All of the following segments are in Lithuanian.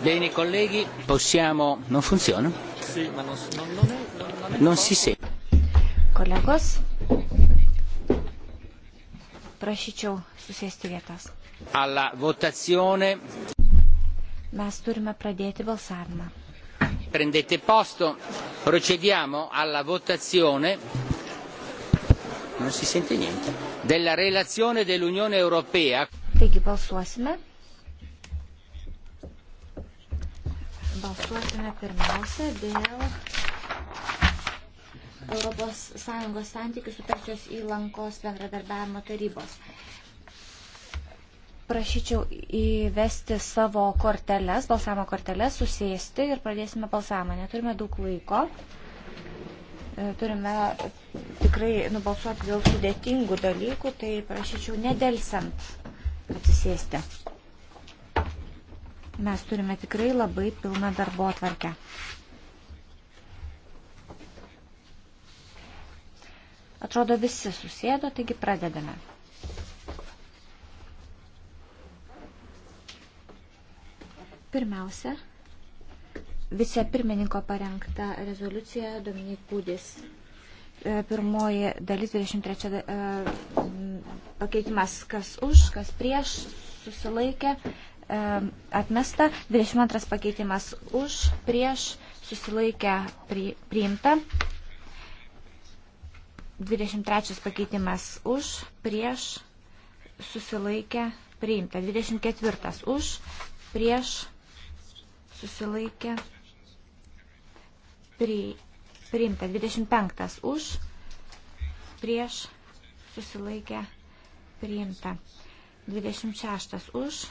Bene colleghi, possiamo... non funziona? Sì, ma non, non, non, è, non, non, è non si sente. Kolegos, prašyčiau susėsti vietas. Alla votazione. Mes turime pradėti balsavimą. Prendete posto, procediamo alla votazione. Non si sente niente. Della relazione dell'Unione Europea. Taigi balsuosime balsuosime pirmiausia dėl ES santykių su Persijos įlankos bendradarbiavimo tarybos. Prašyčiau įvesti savo korteles, balsavimo korteles, susėsti ir pradėsime balsavimą. Neturime daug laiko. E, turime tikrai nubalsuoti dėl sudėtingų dalykų, tai prašyčiau nedelsant atsisėsti. Mes turime tikrai labai pilną darbo atvarkę. Atrodo, visi susėdo, taigi pradedame. Pirmiausia, vicepirmininko parengta rezoliucija Dominik Būdis. E, pirmoji dalis 23 e, pakeitimas, kas už, kas prieš, susilaikė, atmesta, 22 pakeitimas už, prieš, susilaikę priimta, 23 pakeitimas už, prieš, susilaikę priimta, 24 už, prieš, susilaikę pri, priimta, 25 už, prieš, susilaikę priimta, 26 už,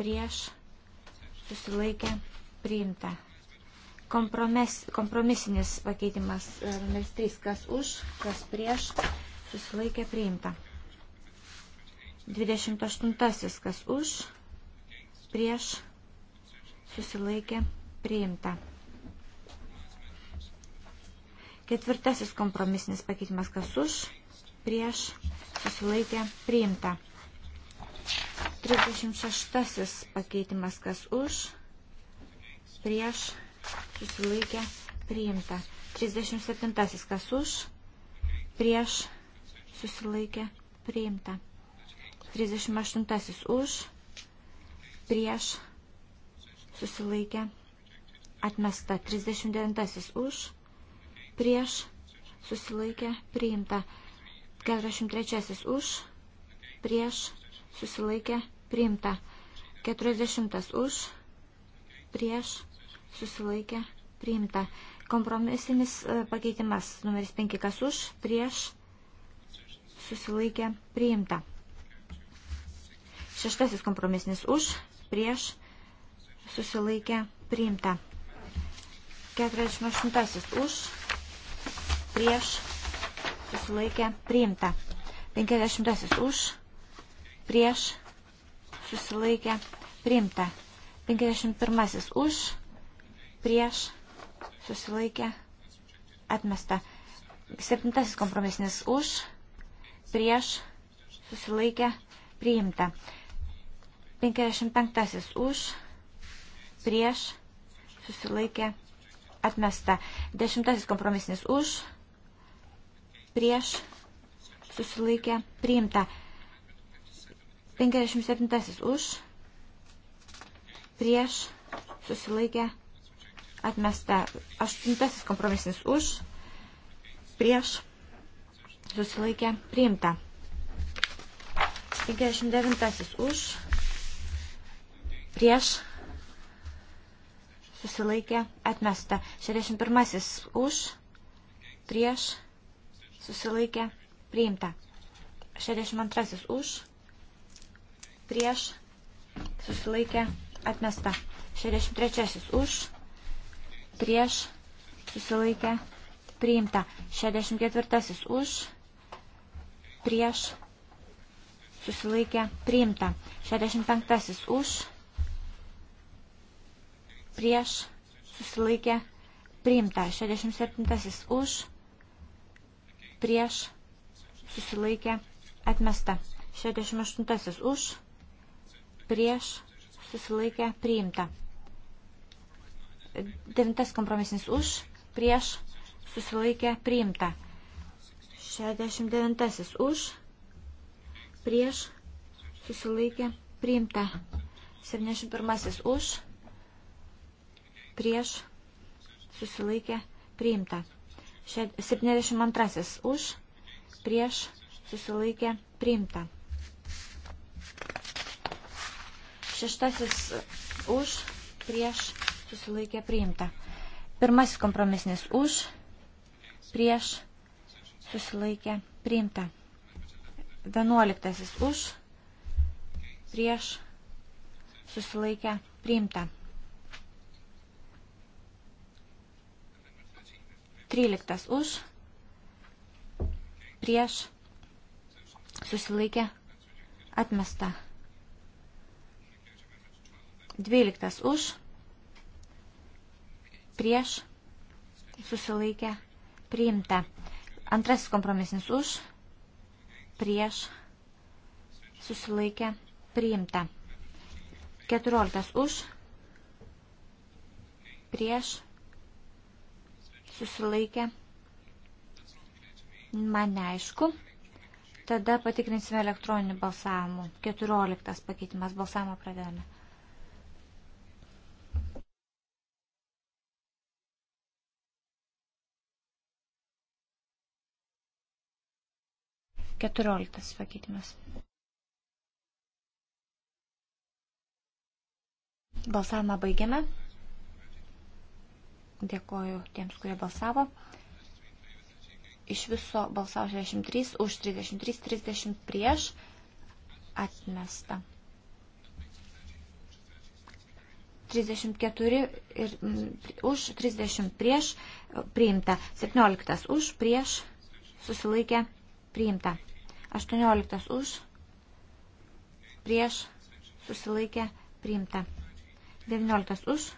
prieš, susilaikė, priimta. Kompromis, kompromisinis pakeitimas e, numeris 3, kas už, kas prieš, susilaikė, priimta. 28, kas už, prieš, susilaikė, priimta. Ketvirtasis kompromisinis pakeitimas, kas už, prieš, susilaikė, priimta. 36 pakeitimas kas už, prieš, susilaikė, priimta. 37 kas už, prieš, susilaikė, priimta. 38 už, prieš, susilaikė, atmesta. 39 už, prieš, susilaikė, priimta. 43 už, prieš, susilaikė, priimta priimta. 40 už, prieš, susilaikė, priimta. Kompromisinis e, pakeitimas numeris 5, kas už, prieš, susilaikė, priimta. Šeštasis kompromisinis už, prieš, susilaikė, priimta. 48 už, prieš, susilaikė, priimta. 50 už, prieš, susilaikė priimta. 51 už, prieš susilaikė atmesta. 7 kompromisinis už, prieš susilaikė priimta. 55 už, prieš susilaikė atmesta. 10 kompromisinis už, prieš susilaikė priimta. 57 už, prieš, susilaikė, atmesta. 8 kompromisinis už, prieš, susilaikė, priimta. 59 už, prieš, susilaikė, atmesta. 61 už, prieš, susilaikė, priimta. 62 už, prieš, susilaikė, atmesta. 63 už, prieš, susilaikė, priimta. 64 už, prieš, susilaikė, priimta. 65 už, prieš, susilaikė, priimta. 67 už, prieš, susilaikė, atmesta. 68 už, prieš, susilaikė, priimta. 68 už, prieš susilaikę priimta. Devintas kompromisinis už, prieš susilaikę priimta. 69 už, prieš susilaikę priimta. 71 už, prieš susilaikę priimta. 72 už, prieš susilaikę priimta. Šeštasis už, prieš, susilaikė priimta. Pirmasis kompromisinis už, prieš, susilaikė priimta. Vienuoliktasis už, prieš, susilaikė priimta. Tryliktas už, prieš, susilaikė atmesta. 12 už, prieš, susilaikę, priimta. Antrasis kompromisinis už, prieš, susilaikę, priimta. 14 už, prieš, susilaikę, man neaišku. Tada patikrinsime elektroninių balsavimų. 14 pakeitimas balsavimo pradedame. 14 pakeitimas. Balsavimą baigiame. Dėkoju tiems, kurie balsavo. Iš viso balsavo 63, už 33, 30 prieš atmesta. 34 ir už 30 prieš priimta. 17 už prieš susilaikė priimta. 18 už, prieš, susilaikė, priimta. 19 už,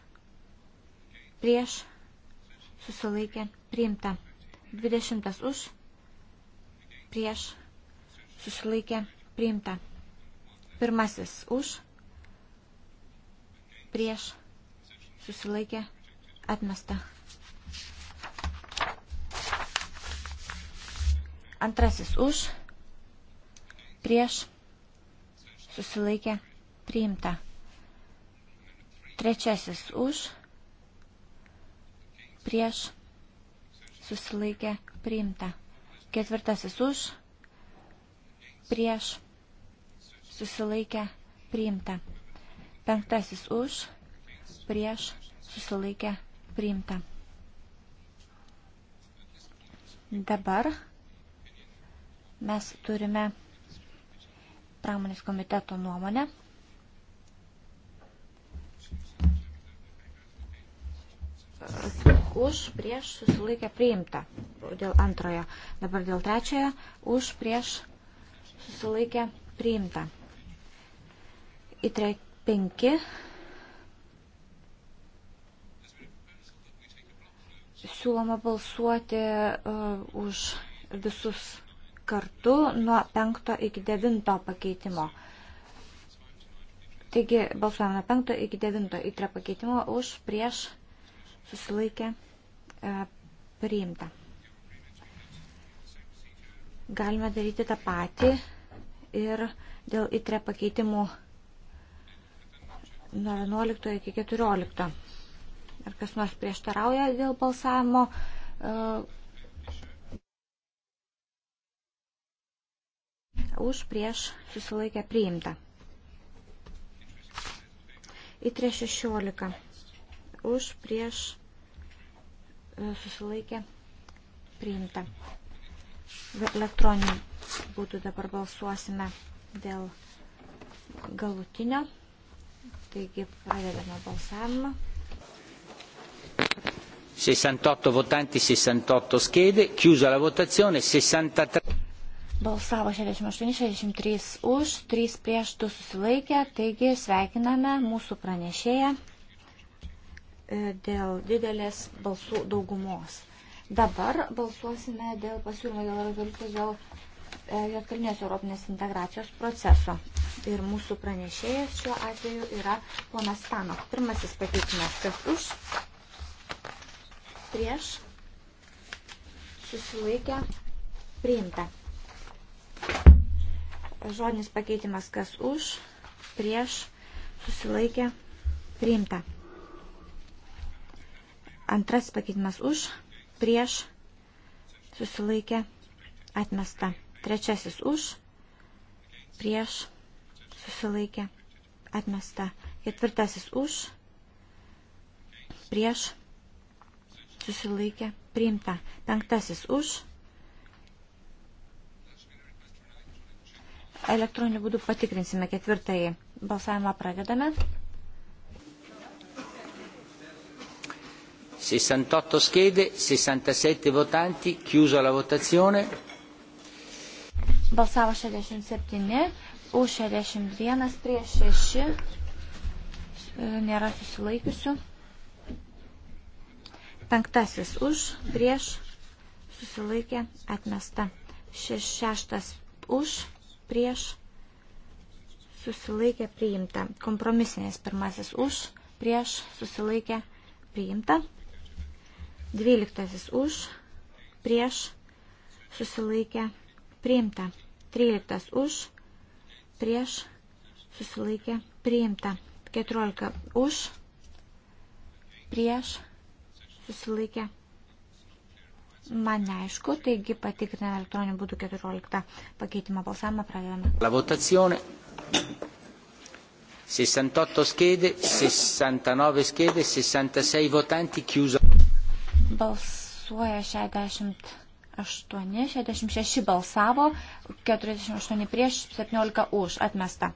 prieš, susilaikė, priimta. 20 už, prieš, susilaikė, priimta. Pirmasis už, prieš, susilaikė, atmesta. Antrasis už, prieš, susilaikė, priimta prieš, susilaikė, priimta. Trečiasis už, prieš, susilaikė, priimta. Ketvirtasis už, prieš, susilaikė, priimta. Penktasis už, prieš, susilaikė, priimta. Dabar mes turime pramonės komiteto nuomonę. Už, prieš, susilaikė priimta. Dėl antrojo. Dabar dėl trečiojo. Už, prieš, susilaikė priimta. Į 5. Siūloma balsuoti uh, už visus kartu nuo 5 iki 9 pakeitimo. Taigi balsuojame nuo 5 iki 9 įtre pakeitimo už prieš susilaikę e, priimta. Galime daryti tą patį ir dėl įtre pakeitimų nuo 11 iki 14. Ar kas nors prieštarauja dėl balsavimo? E, už prieš susilaikę priimta. Įtrė 16 už prieš e, susilaikę priimta. Elektroniniu būdu dabar balsuosime dėl galutinio. Taigi pradedame balsavimą. 68 votanti, 68 schede, chiusa la votazione, 63. Balsavo 68-63 už, 3 prieš 2 susilaikė, taigi sveikiname mūsų pranešėją e, dėl didelės balsų daugumos. Dabar balsuosime dėl pasiūlymo dėl rezoliucijos dėl e, Jotkalnės Europinės integracijos proceso. Ir mūsų pranešėjas šiuo atveju yra ponas Stanok. Pirmasis pateikimas, kas už, prieš, susilaikė, priimta. Žodinis pakeitimas kas už, prieš, susilaikė, priimta. Antrasis pakeitimas už, prieš, susilaikė, atmesta. Trečiasis už, prieš, susilaikė, atmesta. Ketvirtasis už, prieš, susilaikė, priimta. Penktasis už, prieš Elektroniniu būdu patikrinsime ketvirtąjį. Balsavimą pradedame. 68 schede, 67 votanti, chiusa la votazione. Balsavo 67, už 61, prieš 6 e, nėra susilaikiusių. Penktasis už, prieš, susilaikė, atmesta. Šeš, šeštas už, prieš, susilaikė priimta. Kompromisinės pirmasis už, prieš, susilaikė priimta. Dvyliktasis už, prieš, susilaikė priimta. Tryliktas už, prieš, susilaikė priimta. Keturiolika už, prieš, susilaikė priimta Man neaišku, taigi patikrinę elektroniniu būdu 14 pakeitimą balsavimą pradedame. La votazione. 68 schede, 69 schede, 66 votanti chiuso. Balsuoja 68, 66 balsavo, 48 prieš, 17 už atmesta.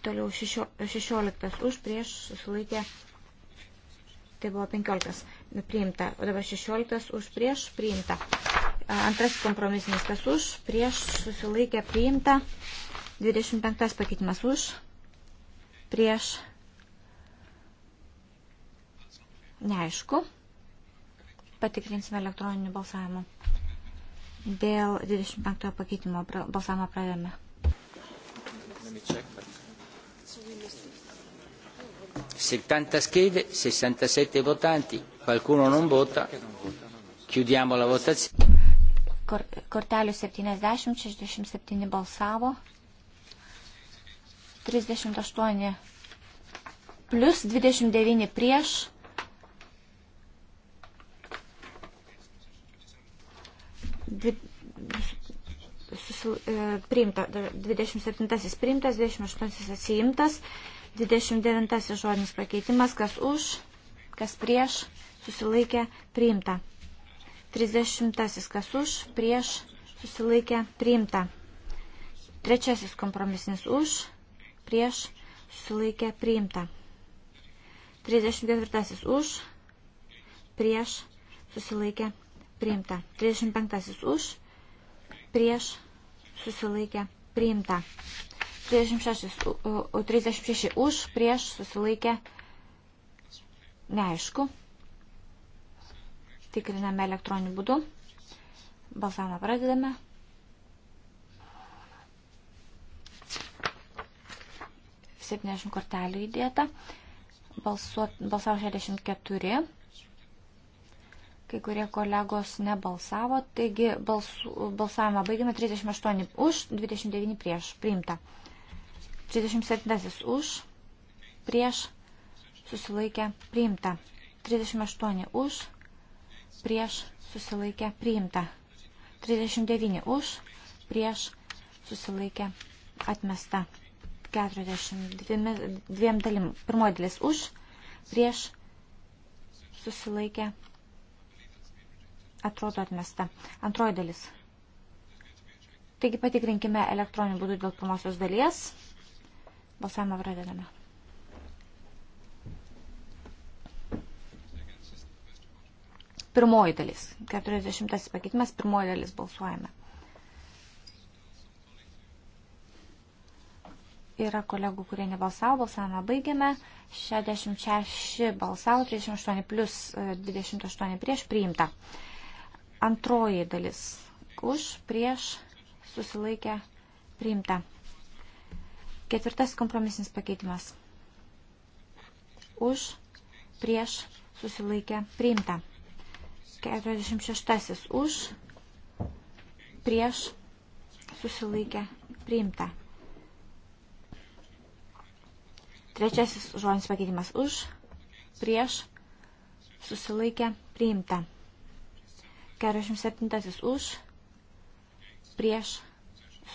Toliau 16 už prieš susilaikė Tai buvo 15 priimta, o dabar 16 už prieš priimta. Antrasis kompromisinis kas už, prieš susilaikė priimta. 25 pakeitimas už, prieš. Neaišku. Patikrinsime elektroninį balsavimą. Dėl 25 pakeitimo balsavimo pradėjome. Let me check. But... So we 70 schede, 67 votanti, qualcuno non vota, chiudiamo la votazione. Kor kortelių 70, 67 balsavo, 38 plus 29 prieš. Dvi, susil, e, priimta, 27 priimtas, 28 atsiimtas, 29 žodinis pakeitimas, kas už, kas prieš, susilaikė, priimta. 30 kas už, prieš, susilaikė, priimta. Trečiasis kompromisinis už, prieš, susilaikė, priimta. 34 už, prieš, susilaikė, priimta. 35 už, prieš, susilaikė, priimta. 36, 36 už, prieš susilaikė neaišku. Tikriname elektroniniu būdu. Balsavimą pradedame. Septyniasdešimt kortelių įdėta. Balsuot, balsavo 64. Kai kurie kolegos nebalsavo, taigi balsu, balsavimą baigėme 38 už, 29 prieš. Priimta. 37 už, prieš, susilaikė, priimta. 38 už, prieš, susilaikė, priimta. 39 už, prieš, susilaikė, atmesta. 42 dviem dalim. Pirmoji dalis už, prieš, susilaikė, atrodo atmesta. Antroji dalis. Taigi patikrinkime elektroniniu būdu dėl pirmosios dalies. Balsavimą pradedame. Pirmoji dalis. 40 pakeitimas, pirmoji dalis balsuojame. Yra kolegų, kurie nebalsavo, balsavimą baigėme. 66 balsavo, 38 plus 28 e, prieš priimta. Antroji dalis. Už, prieš, susilaikę, priimta. Ketvirtas kompromisinis pakeitimas. Už, prieš, susilaikę, priimta. 46. Už, prieš, susilaikę, priimta. Trečiasis žodinis pakeitimas už, prieš, susilaikę, priimta. 47 už, prieš,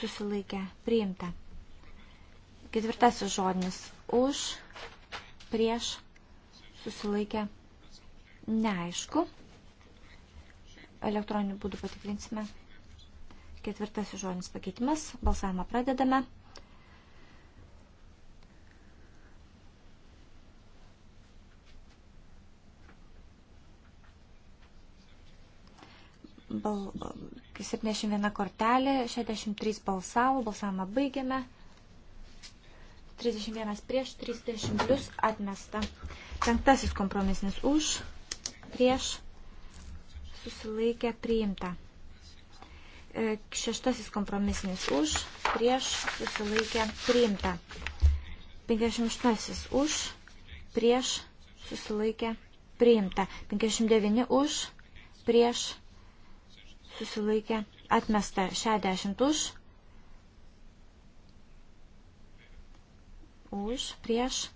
susilaikę, priimta. Ketvirtasis žodinis už, prieš, susilaikė, neaišku. Elektroniniu būdu patikrinsime. Ketvirtasis žodinis pakeitimas. Balsavimą pradedame. Bal, 71 kortelė, 63 balsavo, balsavimą baigiame. 31 prieš, 30 plus atmesta. Penktasis kompromisinis už, prieš, susilaikė priimta. E, šeštasis kompromisinis už, prieš, susilaikė priimta. 58 už, prieš, susilaikė priimta. 59 už, prieš, susilaikė atmesta. 60 už, už, prieš,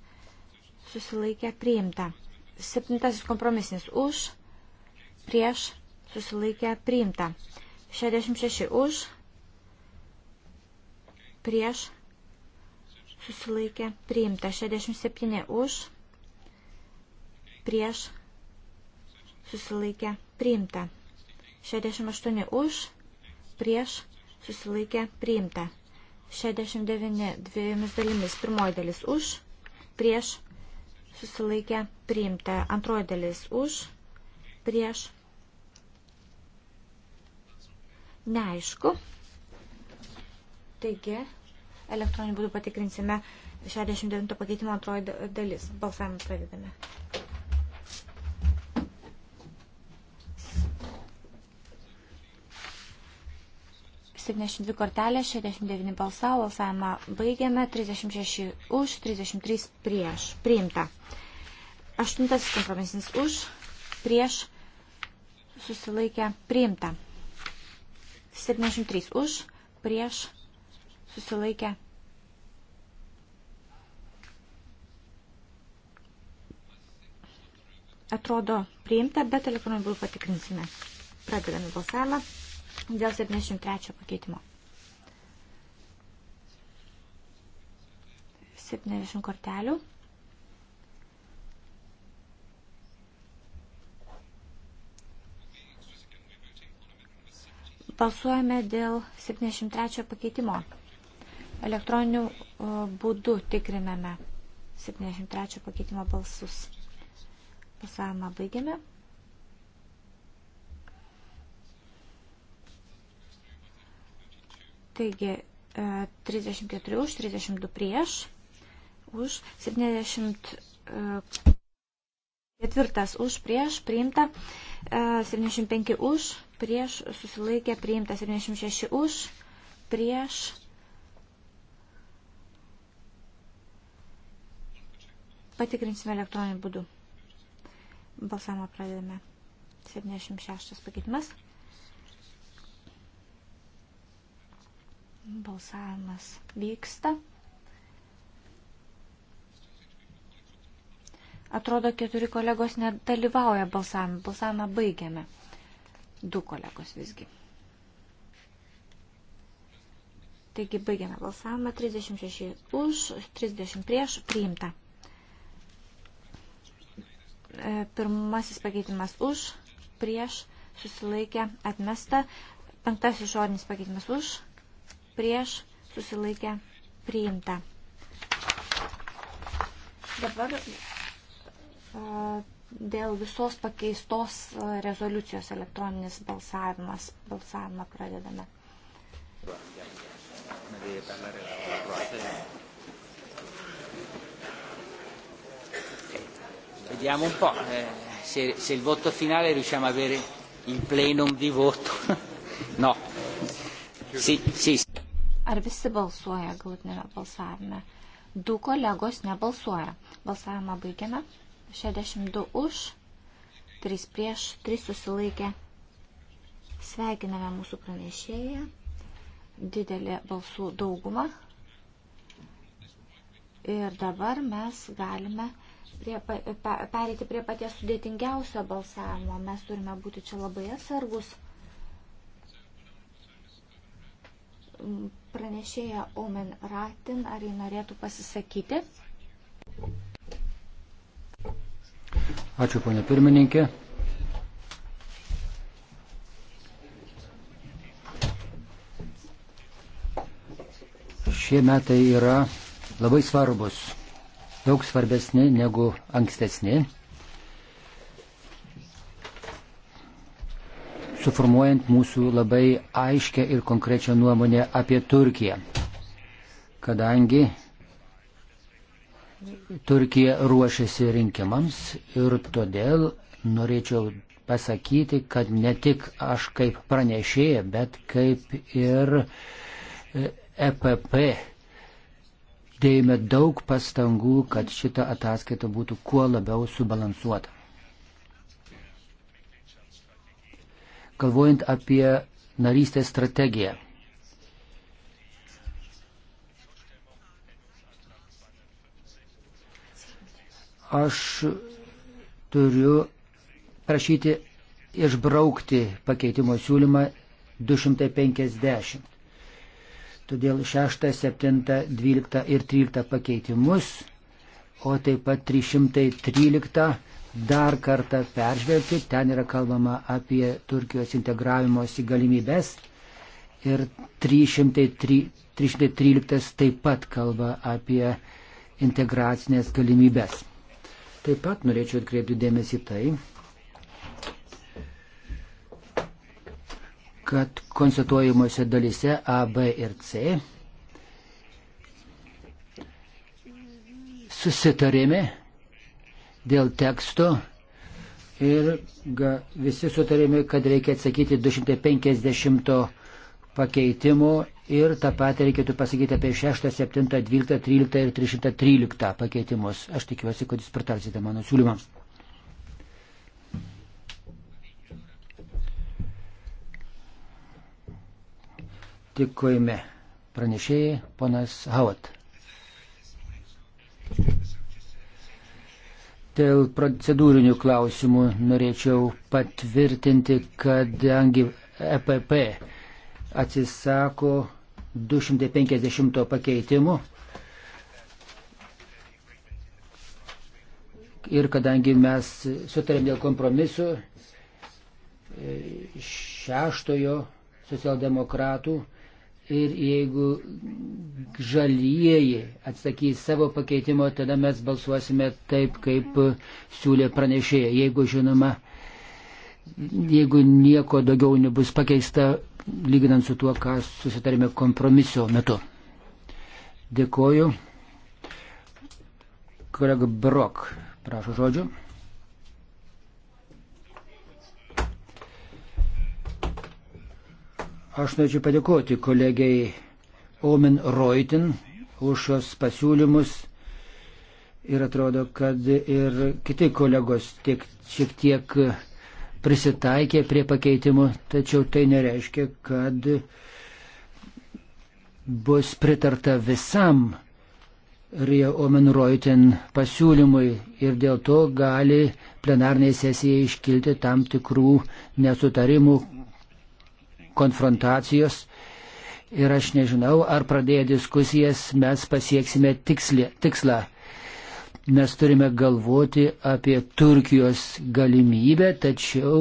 susilaikė priimta. Septintasis kompromisinis už, prieš, susilaikė priimta. 66 už, prieš, susilaikė priimta. 67 už, prieš, susilaikė priimta. 68 už, prieš, susilaikė priimta. 69 dviejomis dalimis. Pirmoji dalis už, prieš, susilaikę, priimta. Antroji dalis už, prieš, neaišku. Taigi, elektroniniu būdu patikrinsime 69 pakeitimo antroji dalis. Balsavimą pradedame. 72 kortelės, 69 balsavo, balsavimą baigėme, 36 už, 33 prieš. Priimta. Aštuntasis kompromisinis už, prieš, susilaikė, priimta. 73 už, prieš, susilaikė. Atrodo priimta, bet elektroniniu būdu patikrinsime. Pradedame balsavimą dėl 73 pakeitimo. 70 kortelių. Balsuojame dėl 73 pakeitimo. Elektroniniu būdu tikriname 73 pakeitimo balsus. Pasavimą baigiame. Taigi 34 e, už, 32 prieš, už 74 e, už prieš priimta, 75 e, už prieš susilaikė priimta, 76 už prieš. Patikrinsime elektroniniu būdu. Balsavimą pradedame. 76 pakeitimas. Balsavimas vyksta. Atrodo, keturi kolegos nedalyvauja balsavime. Balsavimą baigiame. Du kolegos visgi. Taigi baigiame balsavimą. 36 už, 30 prieš, priimta. E, pirmasis pakeitimas už, prieš, susilaikė, atmesta. Penktasis žodinis pakeitimas už, prieš susilaikę priimta. Dabar dėl visos pakeistos rezoliucijos elektroninis balsavimas. Balsavimą pradedame. Vediamo un po' eh, se, se il voto finale riusciamo ad avere il plenum di voto. no. Sì, sì. Ar visi balsuoja galutinėme balsavime? Du kolegos nebalsuoja. Balsavimą baigiame. 62 už, 3 prieš, 3 susilaikė. Sveikiname mūsų pranešėją. Didelė balsų dauguma. Ir dabar mes galime prie, pa, pereiti prie paties sudėtingiausio balsavimo. Mes turime būti čia labai atsargus pranešėja Omen Ratin, ar ji norėtų pasisakyti? Ačiū, ponė pirmininkė. Šie metai yra labai svarbus, daug svarbesni negu ankstesni. suformuojant mūsų labai aiškę ir konkrečią nuomonę apie Turkiją. Kadangi Turkija ruošiasi rinkimams ir todėl norėčiau pasakyti, kad ne tik aš kaip pranešėja, bet kaip ir EPP e dėjome daug pastangų, kad šita ataskaita būtų kuo labiau subalansuota. galvojant apie narystės strategiją. Aš turiu prašyti išbraukti pakeitimo siūlymą 250. Todėl 6, 7, 12 ir 13 pakeitimus, o taip pat 313 dar kartą peržvelgti. Ten yra kalbama apie Turkijos integravimosi galimybės. Ir 303, 313 taip pat kalba apie integracinės galimybės. Taip pat norėčiau atkreipti dėmesį tai, kad konstatuojimuose dalise A, B ir C susitarėme dėl teksto ir ga, visi sutarėme, kad reikia atsakyti 250 pakeitimų ir tą patį reikėtų pasakyti apie 6, 7, 12, 13 ir 313 pakeitimus. Aš tikiuosi, kad jūs pritarsite mano siūlymams. Tikojame pranešėjai, ponas Howard. Dėl procedūrinių klausimų norėčiau patvirtinti, kad Angi EPP atsisako 250 pakeitimų. Ir kadangi mes sutarėm dėl kompromisu e, šeštojo socialdemokratų Ir jeigu žalieji atsakys savo pakeitimo, tada mes balsuosime taip, kaip siūlė pranešėja. Jeigu žinoma, jeigu nieko daugiau nebus pakeista, lyginant su tuo, ką susitarėme kompromiso metu. Dėkoju. Kolega Brok, prašau žodžio. Aš norėčiau padėkoti kolegiai Omen Reutin už šios pasiūlymus ir atrodo, kad ir kiti kolegos tiek, šiek tiek prisitaikė prie pakeitimų, tačiau tai nereiškia, kad bus pritarta visam Rio Omen Reuten pasiūlymui ir dėl to gali plenarnėje sesijoje iškilti tam tikrų nesutarimų, konfrontacijos. Ir aš nežinau, ar pradėję diskusijas mes pasieksime tikslį, tikslą. Mes turime galvoti apie Turkijos galimybę, tačiau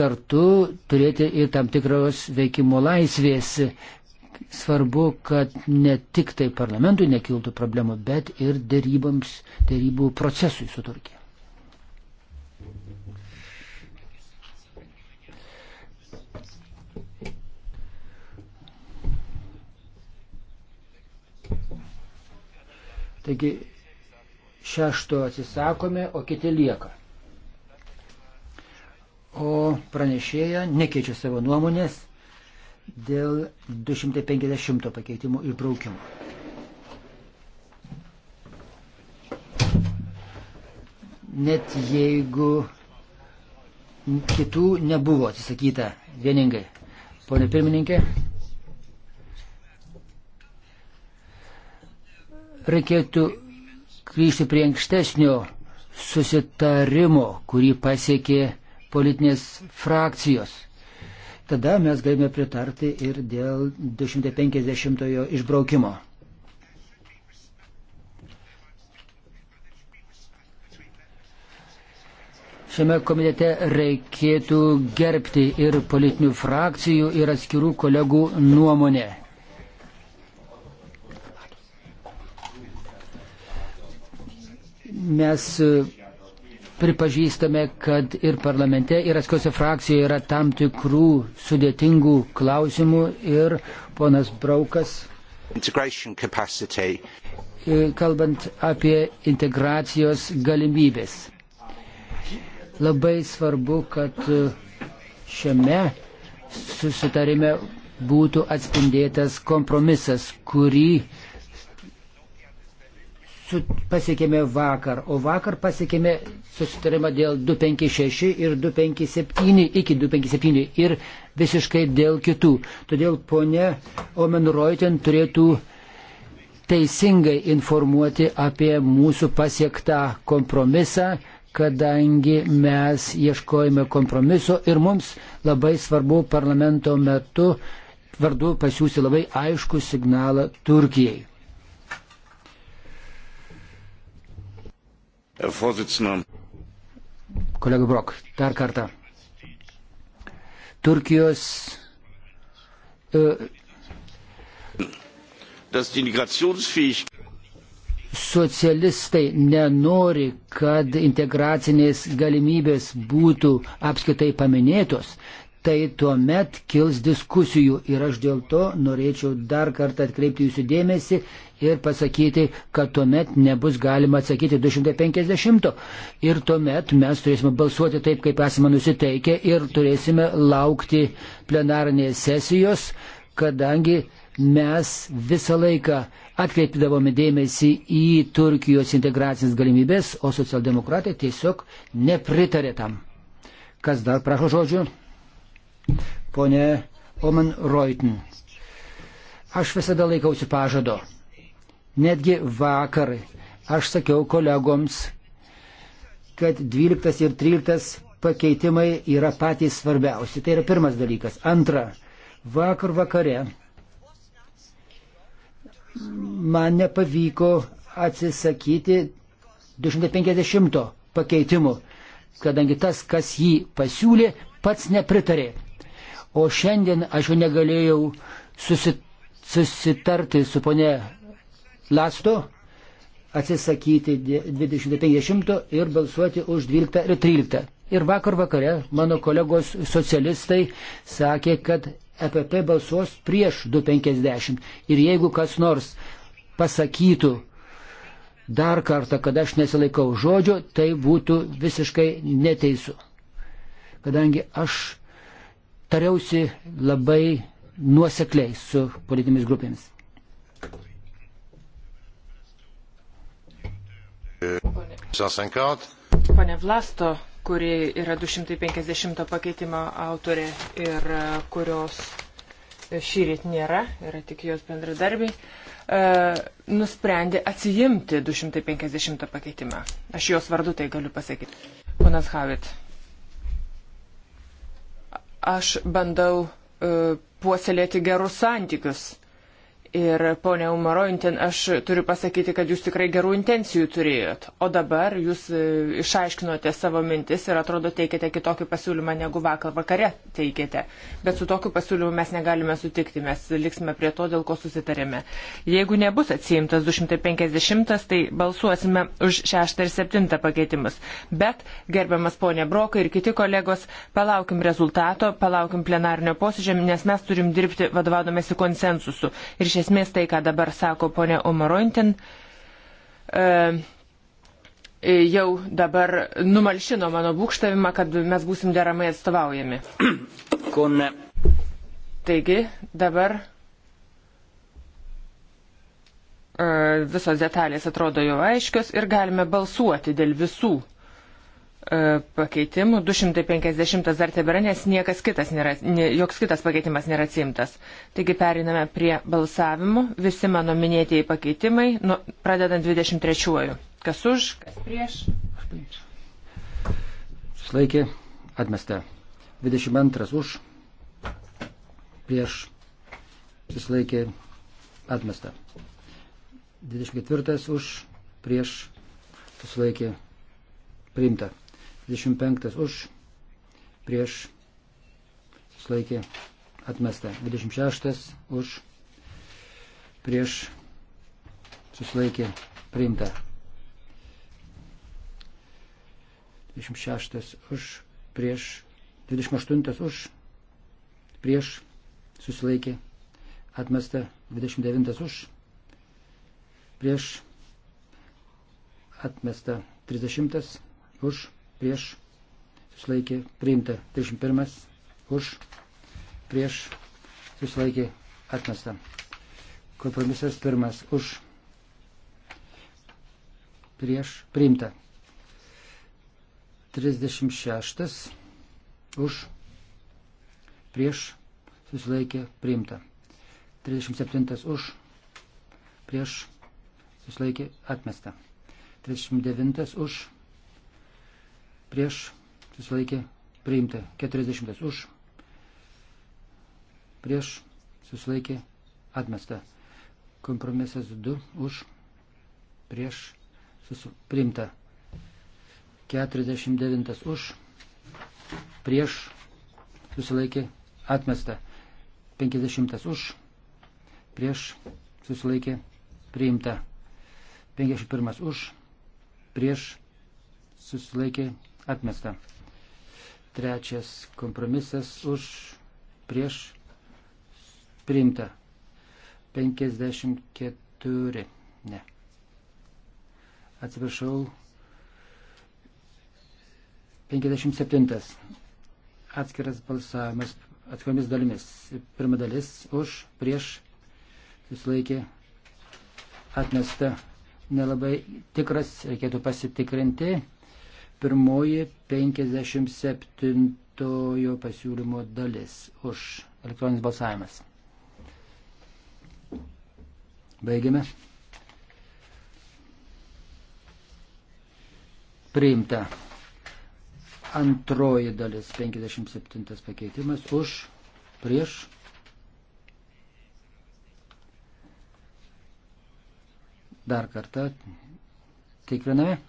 kartu turėti ir tam tikros veikimo laisvės. Svarbu, kad ne tik tai parlamentui nekiltų problemų, bet ir dėryboms, dėrybų procesui su Turkija. Taigi šešto atsisakome, o kiti lieka. O pranešėja nekeičia savo nuomonės dėl 250 pakeitimų įbraukimo. Net jeigu kitų nebuvo atsisakyta vieningai. Pone pirmininkė. reikėtų grįžti prie ankstesnio susitarimo, kurį pasiekė politinės frakcijos. Tada mes galime pritarti ir dėl 250-ojo išbraukimo. Šiame komitete reikėtų gerbti ir politinių frakcijų, ir atskirų kolegų nuomonę. mes e, pripažįstame, kad ir parlamente, ir atskiose frakcijoje yra tam tikrų sudėtingų klausimų ir ponas Braukas. E, kalbant apie integracijos galimybės. Labai svarbu, kad e, šiame susitarime būtų atspindėtas kompromisas, kurį pasiekėme vakar, o vakar pasiekėme susitarimą dėl 256 ir 257 iki 257 ir visiškai dėl kitų. Todėl ponė Omen Reutin turėtų teisingai informuoti apie mūsų pasiektą kompromisą, kadangi mes ieškojame kompromiso ir mums labai svarbu parlamento metu vardu pasiūsti labai aišku signalą Turkijai. Kolega Brok, dar kartą. Turkijos. Uh, socialistai nenori, kad integracinės galimybės būtų apskaitai paminėtos, tai tuo met kils diskusijų ir aš dėl to norėčiau dar kartą atkreipti jūsų dėmesį ir pasakyti, kad tuomet nebus galima atsakyti 250. Ir tuomet mes turėsime balsuoti taip, kaip esame nusiteikę ir turėsime laukti plenarinės sesijos, kadangi mes visą laiką atkreipdavome dėmesį į Turkijos integracinės galimybės, o socialdemokratai tiesiog nepritarė tam. Kas dar prašo žodžių? Pone Oman Reutin, aš visada laikausi pažado. Netgi vakar aš sakiau kolegoms, kad 12 ir 13 pakeitimai yra patys svarbiausi. Tai yra pirmas dalykas. Antra, vakar vakare man nepavyko atsisakyti 250 pakeitimu, kadangi tas, kas jį pasiūlė, pats nepritarė. O šiandien aš jau negalėjau susi, susitarti su ponė Lasto, atsisakyti 2050 ir balsuoti už 12 ir 13. Ir vakar vakare mano kolegos socialistai sakė, kad EPP balsuos prieš 250. Ir jeigu kas nors pasakytų dar kartą, kad aš nesilaikau žodžio, tai būtų visiškai neteisu. Kadangi aš tariausi labai nuosekliai su politinėmis grupėmis. Pane Vlasto, kuri yra 250 pakeitimo autorė ir e, kurios šį ryt nėra, yra tik jos bendradarbiai, e, nusprendė atsijimti 250 pakeitimą. Aš jos vardu tai galiu pasakyti. Ponas Havit aš bandau e, puoselėti gerus santykius Ir ponia Umarointin, aš turiu pasakyti, kad jūs tikrai gerų intencijų turėjot. O dabar jūs e, išaiškinote savo mintis ir atrodo teikėte kitokį pasiūlymą negu vakar vakare teikėte. Bet su tokiu pasiūlymu mes negalime sutikti, mes liksime prie to, dėl ko susitarėme. Jeigu nebus atsiimtas 250, tai balsuosime už 6 ir 7 pakeitimus. Bet, gerbiamas ponia Brokai ir kiti kolegos, palaukim rezultato, palaukim plenarnio posėdžio, nes mes turim dirbti vadovaudomėsi konsensusu. Ir iš esmės tai, ką dabar sako ponė Omarointin, e, jau dabar numalšino mano būkštavimą, kad mes būsim deramai atstovaujami. Kone. Taigi, dabar e, visos detalės atrodo jau aiškios ir galime balsuoti dėl visų E, pakeitimų, 250 dar tebėra, nes niekas kitas nėra, joks kitas pakeitimas nėra atsimtas. Taigi periname prie balsavimų, visi mano minėtieji pakeitimai, nu, pradedant 23-uoju. Kas už, kas prieš? Slaikė, atmesta. 22 už, prieš, susilaikė, atmesta. 24 už, prieš, susilaikė, priimta. 25 už, prieš susilaikė atmesta. 26 už, prieš susilaikė priimta. 26 už, prieš 28 už, prieš susilaikė atmesta. 29 už, prieš atmesta. 30 už, prieš susilaikė priimta. 31 už prieš susilaikė atmesta. Kompromisas pirmas už prieš priimta. 36 už prieš susilaikė priimta. 37 už prieš susilaikė atmesta. 39 už prieš susilaikė priimta 40 už, prieš susilaikė atmesta. Kompromisas 2 už, prieš susi... priimta 49 už, prieš susilaikė atmesta 50 už, prieš susilaikė priimta 51 už, prieš susilaikė atmesta. Trečias kompromisas už prieš priimta. 54. Ne. Atsiprašau. 57. Atskiras balsavimas atskiromis dalimis. Pirma dalis už prieš susilaikė atmesta. Nelabai tikras, reikėtų pasitikrinti. Pirmoji 57 pasiūlymo dalis už elektroninis balsavimas. Baigiame. Priimta antroji dalis, 57 pakeitimas, už, prieš. Dar kartą tikriname.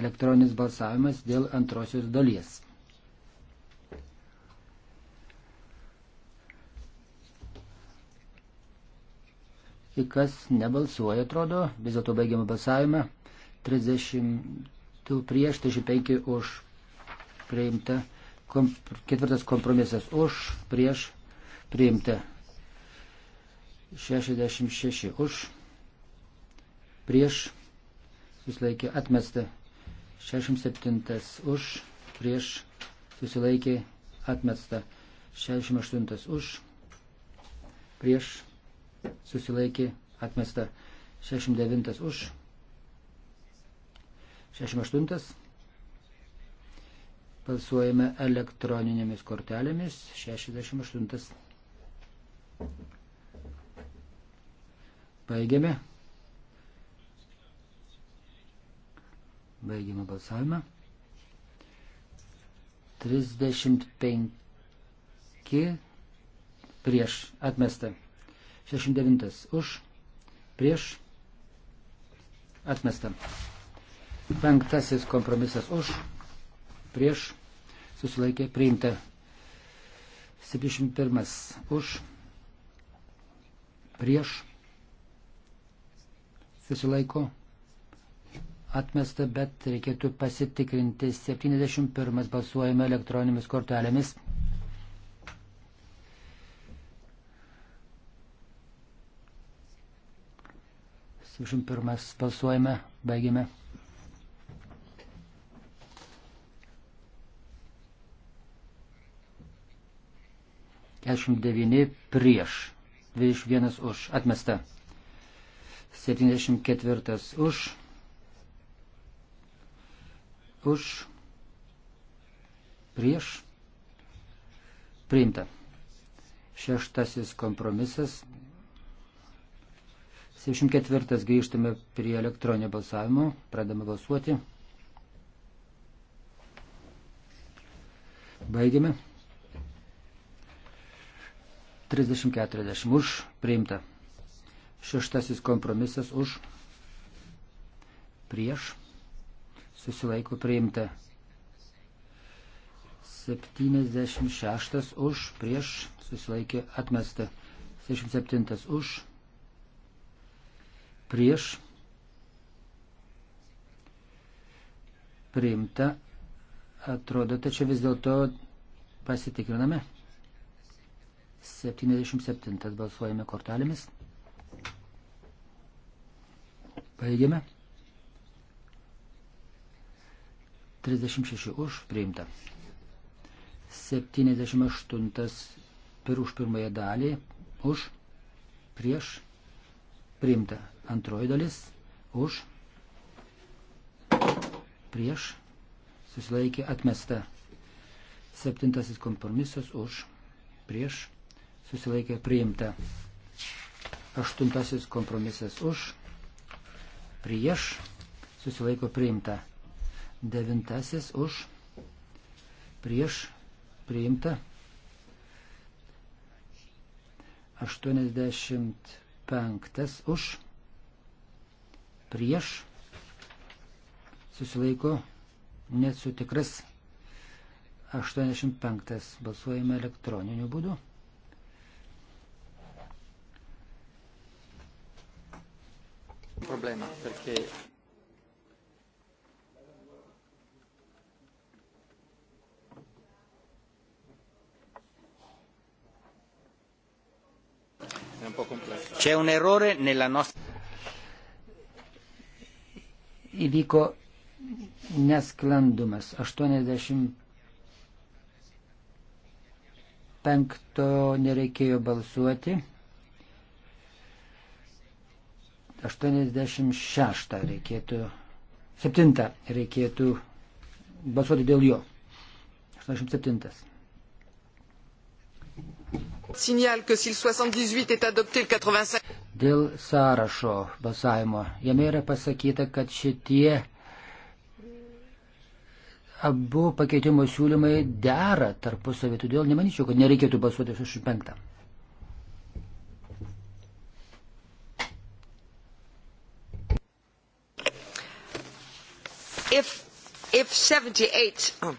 Elektroninis balsavimas dėl antrosios dalies. Ir kas nebalsuoja, atrodo, vis dėlto baigiamą balsavimą. 30 prieš, 35 už priimta. Komp ketvirtas kompromisas už, prieš, priimta. 66 už, prieš, susilaikė atmesta. 67 už, prieš susilaikė atmesta. 68 už, prieš susilaikė atmesta. 69 už, 68. Balsuojame elektroninėmis kortelėmis 68. Baigiame. Baigiame balsavimą. 35 prieš atmestą. 69 už prieš atmestą. Penktasis kompromisas už prieš susilaikė priimta. 71 už prieš susilaiko priimta atmesta, bet reikėtų pasitikrinti. 71 balsuojame elektroninėmis kortelėmis. Dvidešimt pirmas balsuojame, baigėme. Keturiasdešimt devyni prieš, dvidešimt vienas už, atmesta. Septyniasdešimt ketvirtas už už, prieš, priimta. Šeštasis kompromisas. 74 grįžtame prie elektroninio balsavimo, pradame balsuoti. Baigiame. 30-40 už priimta. Šeštasis kompromisas už prieš susilaiko priimta. 76 už, prieš, susilaikė atmesta. 67 už, prieš, priimta. Atrodo, tačiau vis dėlto pasitikriname. 77 balsuojame kortelėmis. Baigiame. 36 už priimta. 78 per už pirmąją dalį už prieš priimta. Antroji dalis už prieš susilaikė atmesta. Septintasis kompromisas už prieš susilaikė priimta. Aštuntasis kompromisas už prieš susilaiko priimta. Devintasis už prieš priimta. 85 už prieš susilaiko nesu tikras 85 balsuojame elektroniniu būdu. Problema, perché È un po' complesso. C'è un errore nella nostra. Įvyko nesklandumas. 85 nereikėjo balsuoti. 86 reikėtų. 7 reikėtų balsuoti dėl jo. 87. Dėl sąrašo balsavimo jame yra pasakyta, kad šitie abu pakeitimo siūlymai dera tarpusavį, todėl nemanyčiau, kad nereikėtų balsuoti 65. If, if 78, oh.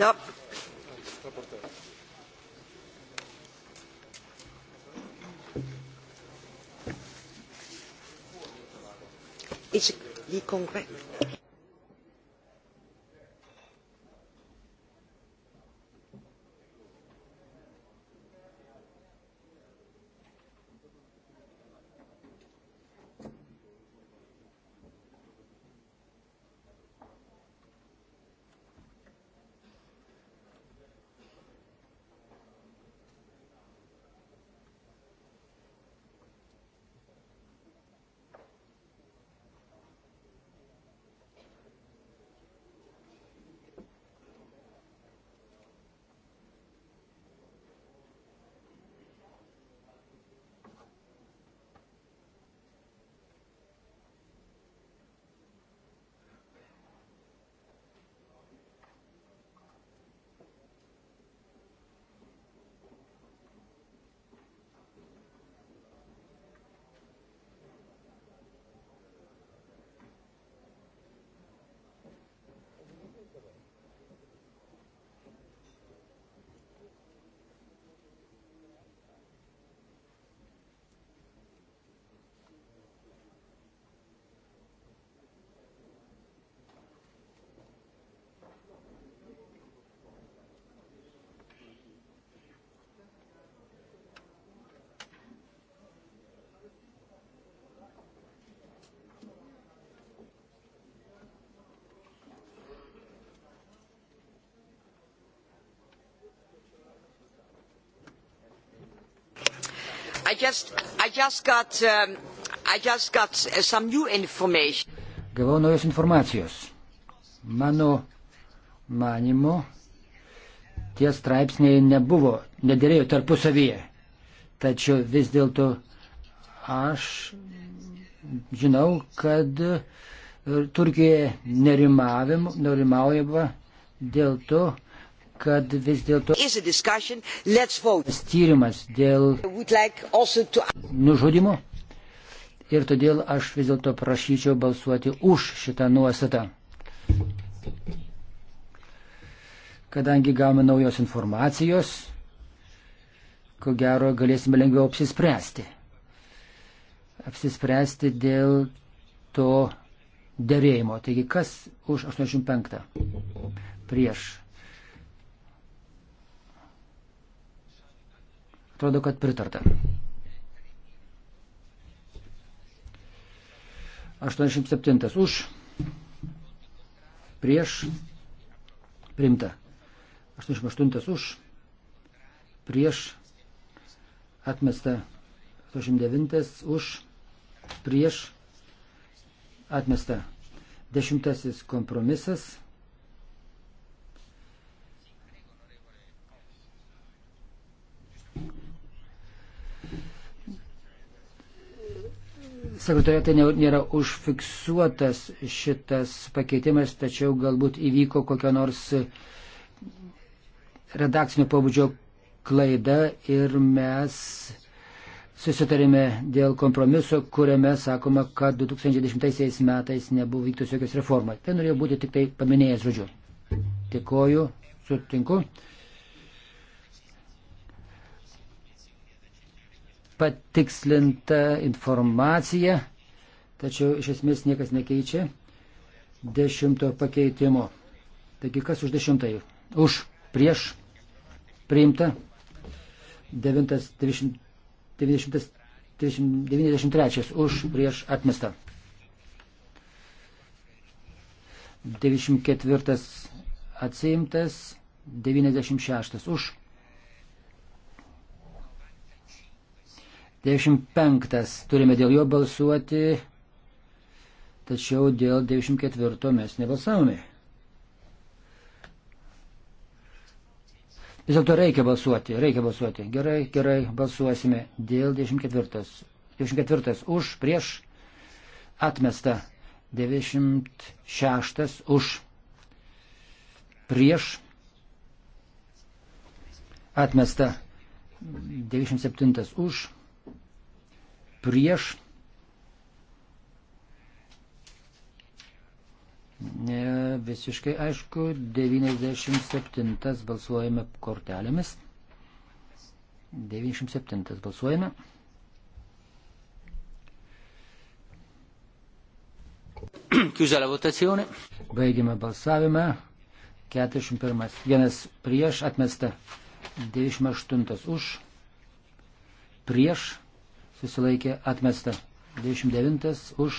Ja. Is die congres? I just, I just got, um, I just got some new information. Gavau naujos informacijos. Mano manimo, tie straipsniai nebuvo, nedėrėjo tarpusavyje. Tačiau vis dėlto aš žinau, kad e, Turkijoje nerimaujama dėl to, kad vis dėlto tyrimas dėl nužudimo. Ir todėl aš vis dėlto prašyčiau balsuoti už šitą nuostatą. Kadangi gavome naujos informacijos, ko gero galėsime lengviau apsispręsti. Apsispręsti dėl to dėrėjimo. Taigi kas už 85? Prieš Atrodo, kad pritarta. 87 už, prieš, primta. 88 už, prieš, atmesta. 89 už, prieš, atmesta. Dešimtasis kompromisas sekretoriate nėra užfiksuotas šitas pakeitimas, tačiau galbūt įvyko kokia nors redakcinio pobūdžio klaida ir mes susitarėme dėl kompromiso, kuriame sakoma, kad 2010 metais nebuvo vyktos jokios reformos. Tai norėjau būti tik tai paminėjęs žodžiu. Dėkoju, sutinku. patikslinta informacija, tačiau iš esmės niekas nekeičia dešimto pakeitimo. Taigi kas už dešimtąjį? Už, prieš, priimta. 993 už, prieš, atmesta. 94 atsiimtas, 96 už, 95 turime dėl jo balsuoti, tačiau dėl 94 mes nebalsavome. Vis dėlto reikia balsuoti, reikia balsuoti. Gerai, gerai, balsuosime dėl 24. 24 už, prieš, atmesta. 96 už, prieš, atmesta. 97 už, prieš. Ne, visiškai aišku, 97 balsuojame kortelėmis. 97 balsuojame. Chiusa la votazione. Baigime balsavimą. 41. Vienas prieš atmesta. 98 už. Prieš susilaikė atmesta. 29 už,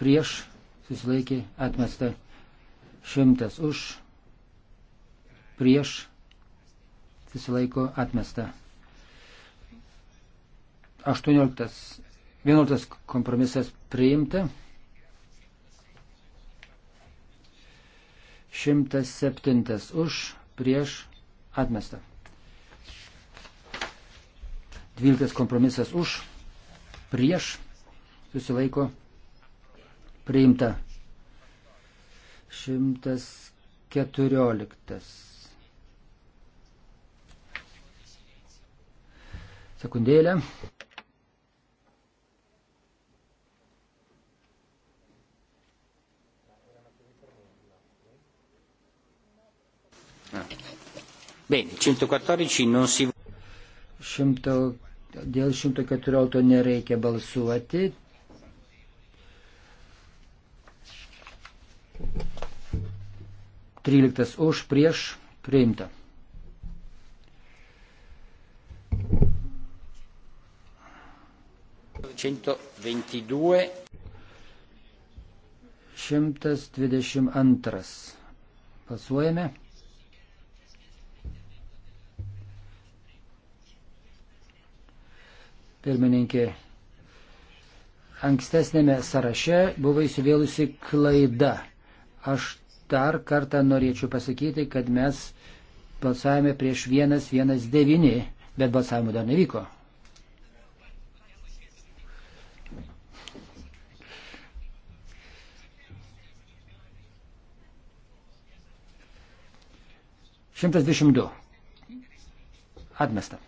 prieš, susilaikė atmesta. 100 už, prieš, susilaiko atmesta. 18, 11 kompromisas priimta. 107 už, prieš, atmesta. 12 kompromisas už, prieš, susilaiko, priimta. 114. Sekundėlę. Bene, 114 non si... 100, dėl 114 nereikia balsuoti. Tryliktas už, prieš, priimta. Šimtas dvidešimt antras. Pasuojame. pirmininkė. Ankstesnėme sąraše buvo įsivėlusi klaida. Aš dar kartą norėčiau pasakyti, kad mes balsavome prieš 119, bet balsavimo dar nevyko. Šimtas dvidešimt du. Atmesta.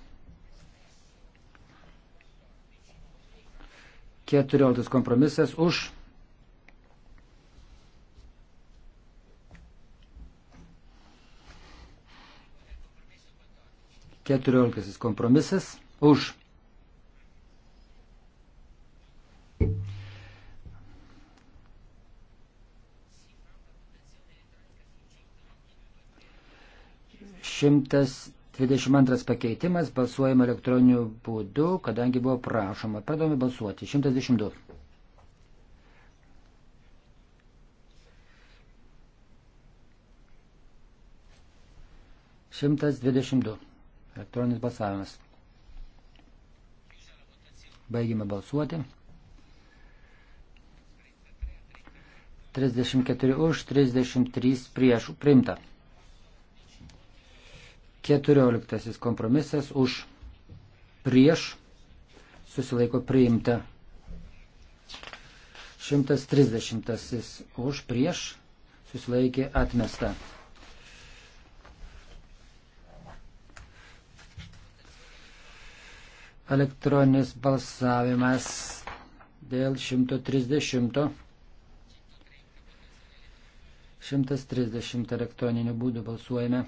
14 kompromisas už. Keturioliktasis kompromisas už. Šimtas 22 pakeitimas, balsuojama elektroniniu būdu, kadangi buvo prašoma. Pradome balsuoti. 112. Šimtas dvidešimt du. Elektroninis balsavimas. Baigime balsuoti. 34 už, 33 prieš. Primta. Keturioliktasis kompromisas už prieš susilaiko priimta. 130 už prieš susilaikė atmesta. Elektroninis balsavimas dėl 130. 130 elektroninių būdų balsuojame.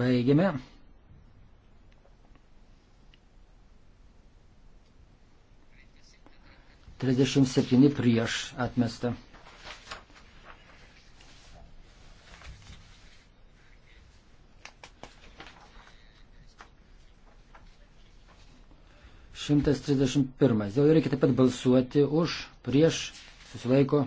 Baigiame. Trisdešimt septyni prieš atmestą. Šimtas trisdešimt pirmas. Dėl jo reikia taip pat balsuoti už, prieš, susilaiko.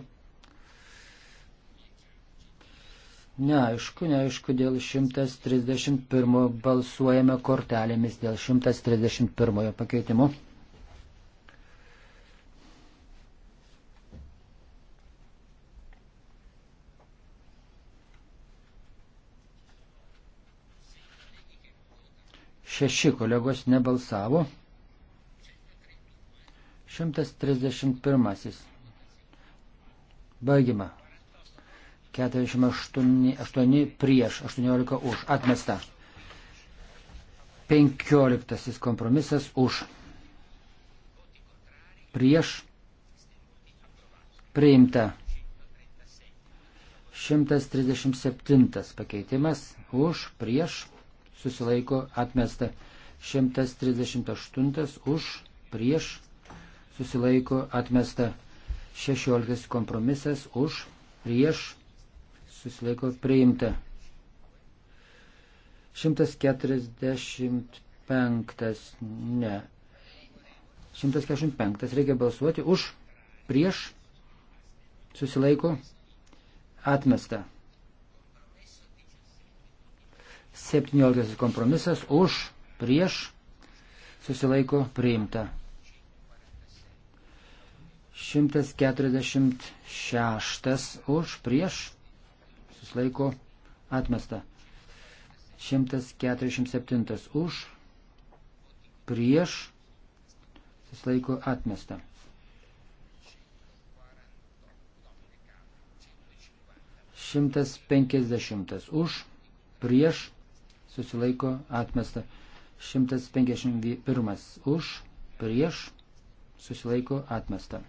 Neaišku, neaišku, dėl 131 balsuojame kortelėmis, dėl 131 pakeitimo. Šeši kolegos nebalsavo. 131. Baigime 48 prieš, 18 už. Atmesta. 15 kompromisas už. Prieš. Priimta. 137 pakeitimas už, prieš. Susilaiko atmesta. 138 už, prieš. Susilaiko atmesta. 16 kompromisas už, prieš susilaiko priimta. 145, ne. 145 reikia balsuoti už, prieš, susilaiko, atmesta. 17 kompromisas už, prieš, susilaiko, priimta. 146 už, prieš, susilaiko atmesta. 147 už, prieš, susilaiko atmesta. 150 už, prieš, susilaiko atmesta. 151 už, prieš, susilaiko atmesta.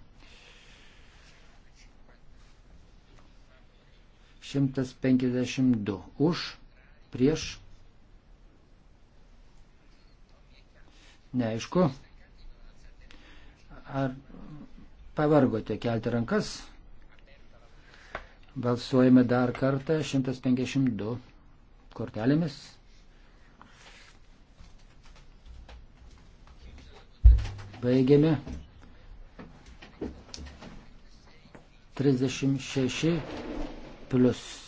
152 už, prieš. Neaišku. Ar pavargote kelti rankas? Balsuojame dar kartą 152 kortelėmis. Baigiame. 36 plus.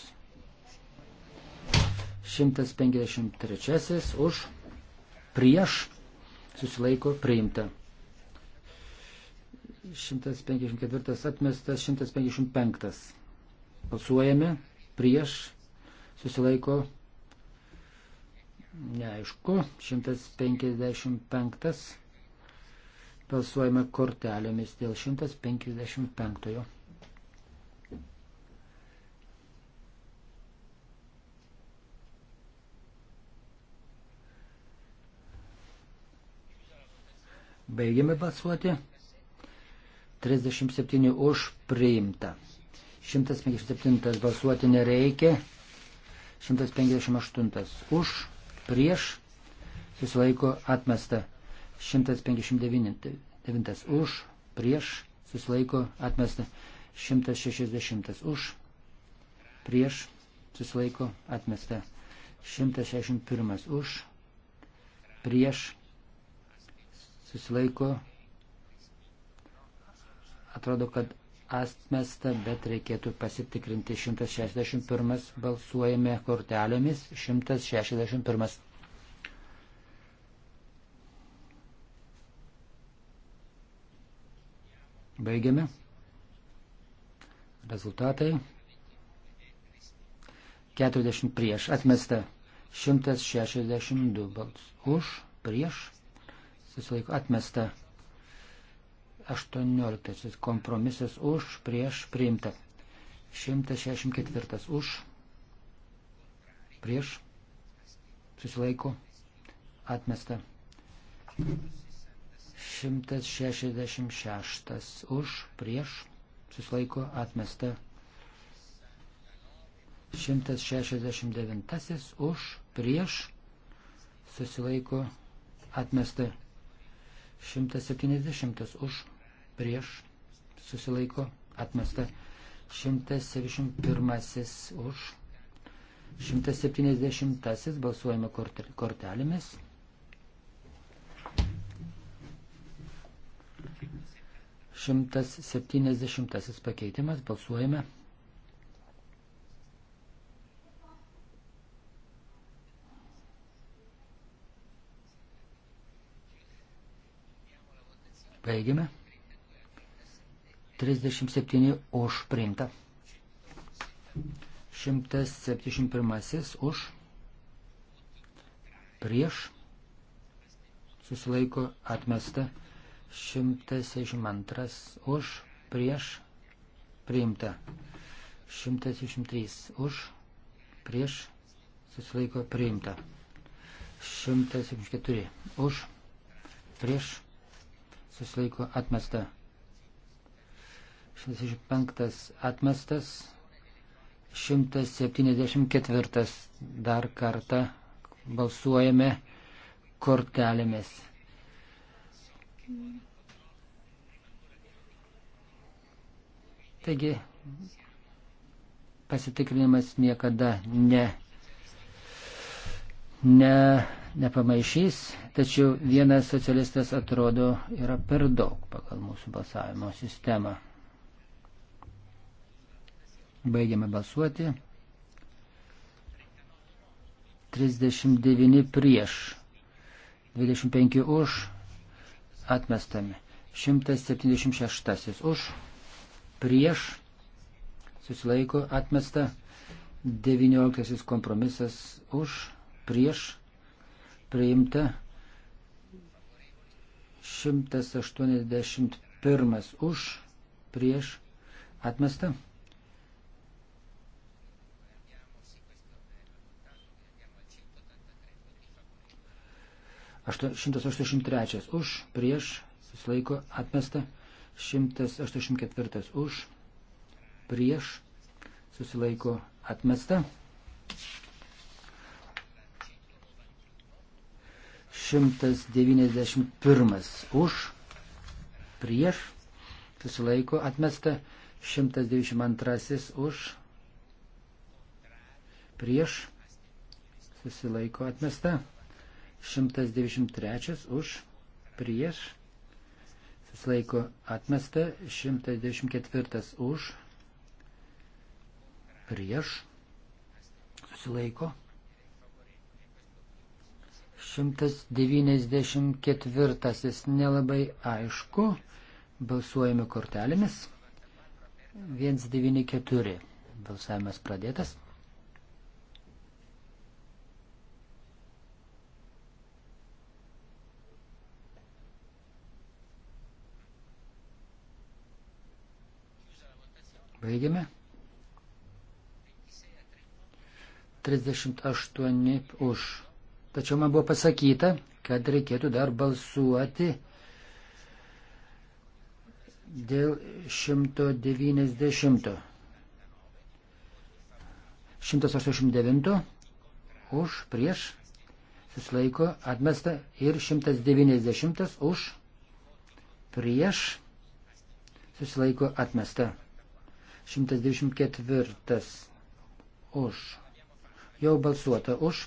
153 už prieš susilaiko priimta. 154 atmestas, 155. Balsuojame prieš susilaiko neaišku. 155. Balsuojame kortelėmis dėl 155. Baigiame balsuoti. 37 už priimta. 157 balsuoti nereikia. 158 už, prieš, susilaiko atmesta. 159 už, prieš, susilaiko atmesta. 160 už, prieš, susilaiko atmesta. 161 už, prieš, susilaiko. Atrodo, kad atmesta, bet reikėtų pasitikrinti 161. Balsuojame kortelėmis 161. Baigiame. Rezultatai. 40 prieš. Atmesta. 162 balsų už, prieš susilaiko atmesta. 18 kompromisas už, prieš, priimta. 164 už, prieš, susilaiko, atmesta. 166 už, prieš, susilaiko, atmesta. 169 už, prieš, susilaiko, atmesta. 170 už, prieš, susilaiko, atmesta. 171 už, 170 balsuojame kortelėmis. Šimtas septyniasdešimtasis pakeitimas, balsuojame. Baigiame. 37 už priimta. 171 už prieš susilaiko atmesta 162 už prieš priimta 163 už prieš susilaiko priimta 174 už prieš susilaiko atmesta. 65 atmestas, 174 dar kartą balsuojame kortelėmis. Taigi pasitikrinimas niekada ne, ne nepamaišys, tačiau vienas socialistas atrodo yra per daug pagal mūsų balsavimo sistemą. Baigiame balsuoti. 39 prieš, 25 už, atmestami. 176 už, prieš, susilaiko, atmesta. 19 kompromisas už, prieš, priimta 181 už prieš atmestą. Ašto, 183 už prieš susilaiko atmestą. 184 už prieš susilaiko atmestą. 191 už, prieš, susilaiko, atmesta 192 už, prieš, susilaiko, atmesta 193 už, prieš, susilaiko, atmesta 194 už, prieš, susilaiko, atmesta 194 nelabai aišku. Balsuojame kortelėmis. 194. Balsavimas pradėtas. Baigiame. 38 už Tačiau man buvo pasakyta, kad reikėtų dar balsuoti dėl 190. 189 už prieš susilaiko atmesta ir 190 už prieš susilaiko atmesta. 124 už. Jau balsuota už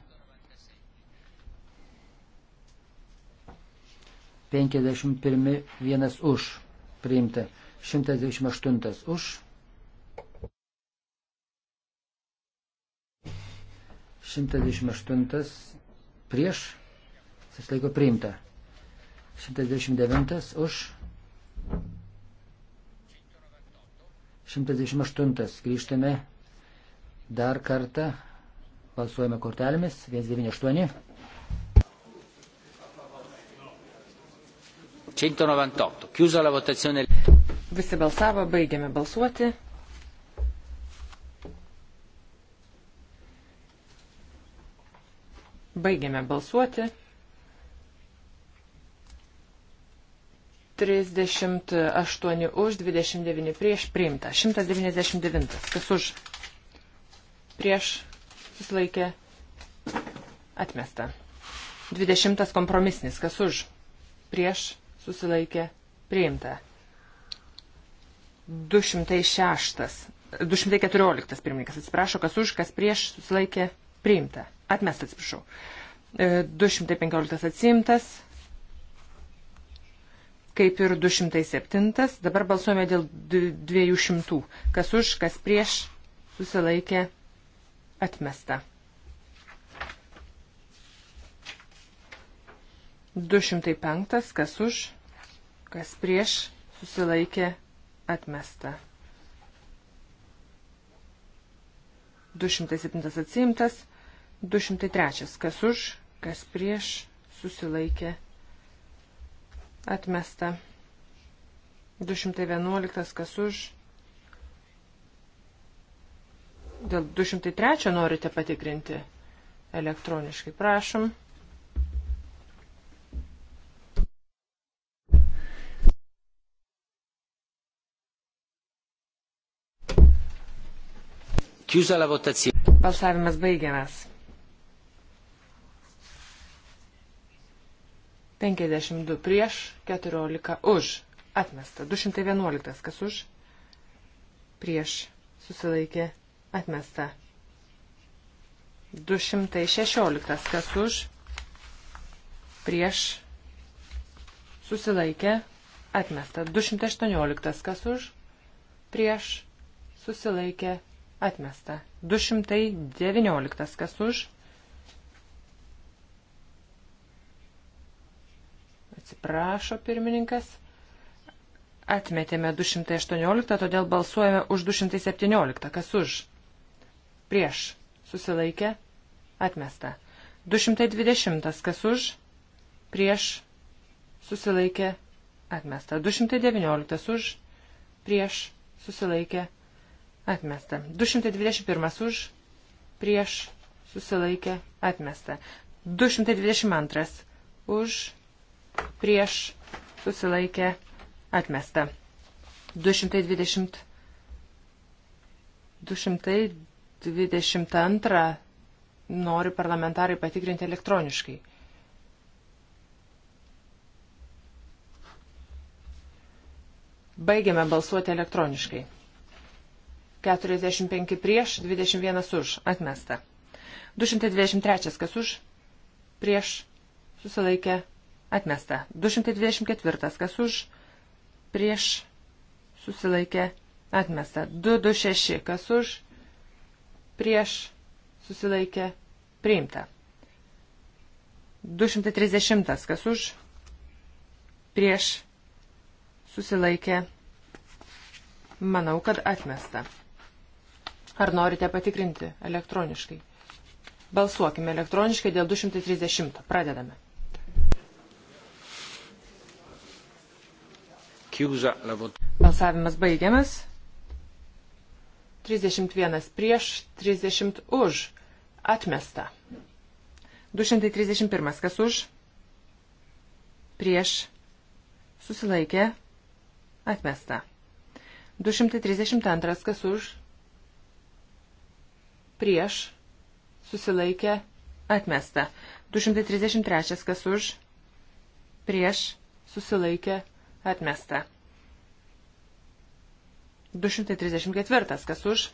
51 vienas už priimta, 128 už, 128 prieš, susilaiko priimta, 129 už, 128 grįžtame dar kartą, balsuojame kortelėmis, 198. 198. Chiusa la votazione. Visi balsavo, baigiame balsuoti. Baigiame balsuoti. 38 už, 29 prieš priimta. 199. Kas už? Prieš susilaikė atmesta. 20 kompromisnis. Kas už? Prieš susilaikė priimta. 206. 214 pirmininkas atsiprašo, kas už, kas prieš susilaikė priimta. Atmest atsiprašau. 215 e, atsimtas, kaip ir 207. Dabar balsuojame dėl 200. Kas už, kas prieš susilaikė atmesta. 205, kas už, kas prieš, susilaikė atmesta. 207 atsiimtas, 203, kas už, kas prieš, susilaikė atmesta. 211, kas už. Dėl 203 norite patikrinti elektroniškai, prašom. Chiusa la votazione. Balsavimas baigiamas. 52 prieš, 14 už. Atmesta. 211 kas už. Prieš. Susilaikė. Atmesta. 216 kas už. Prieš. Susilaikė. Atmesta. 218 kas už. Prieš. Susilaikė. Atmesta. 219. Kas už? Atsiprašo pirmininkas. Atmetėme 218, todėl balsuojame už 217. Kas už? Prieš. Susilaikė. Atmesta. 220. Kas už? Prieš. Susilaikė. Atmesta. 219. Už. Prieš. Susilaikė. Atmesta Atmesta. 221 už, prieš, susilaikė, atmesta. 222 už, prieš, susilaikė, atmesta. 220. 222 nori parlamentarai patikrinti elektroniškai. Baigiame balsuoti elektroniškai. 45 prieš, 21 už, atmesta. 223 kas už, prieš, susilaikė, atmesta. 224 kas už, prieš, susilaikė, atmesta. 226 kas už, prieš, susilaikė, priimta. 230 kas už, prieš, susilaikė, Manau, kad atmesta. Ar norite patikrinti elektroniškai? Balsuokime elektroniškai dėl 230. Pradedame. Balsavimas baigiamas. 31 prieš, 30 už. Atmesta. 231. Kas už? Prieš. Susilaikė. Atmesta. 232. Kas už? prieš, susilaikė, atmesta. 233 kas už, prieš, susilaikė, atmesta. 234 kas už.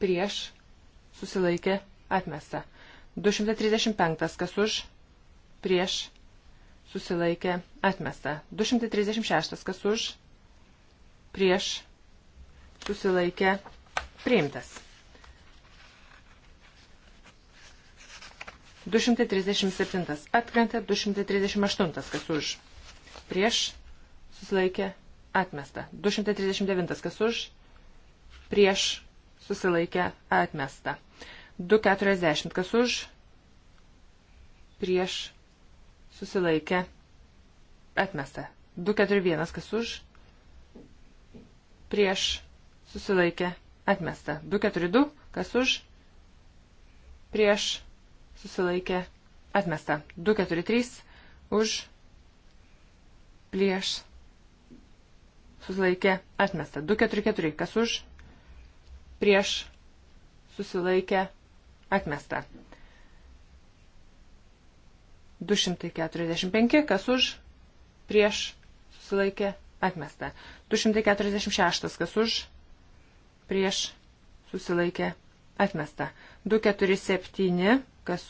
Prieš susilaikė atmesta. 235 kas už. Prieš susilaikė atmesta. 236 kas už prieš susilaikę priimtas. 237 atkrenta, 238 kas už prieš susilaikė atmesta, 239 kas už prieš susilaikė atmesta, 240 kas už prieš susilaikė atmesta, 241 kas už prieš susilaikė atmesta. 242, kas už, prieš susilaikė atmesta. 243, už, prieš susilaikė atmesta. 244, kas už, prieš susilaikė atmesta. 245, kas už, prieš susilaikė atmesta Atmesta. 246. Kas už? Prieš. Susilaikė. Atmesta. 247. Kas.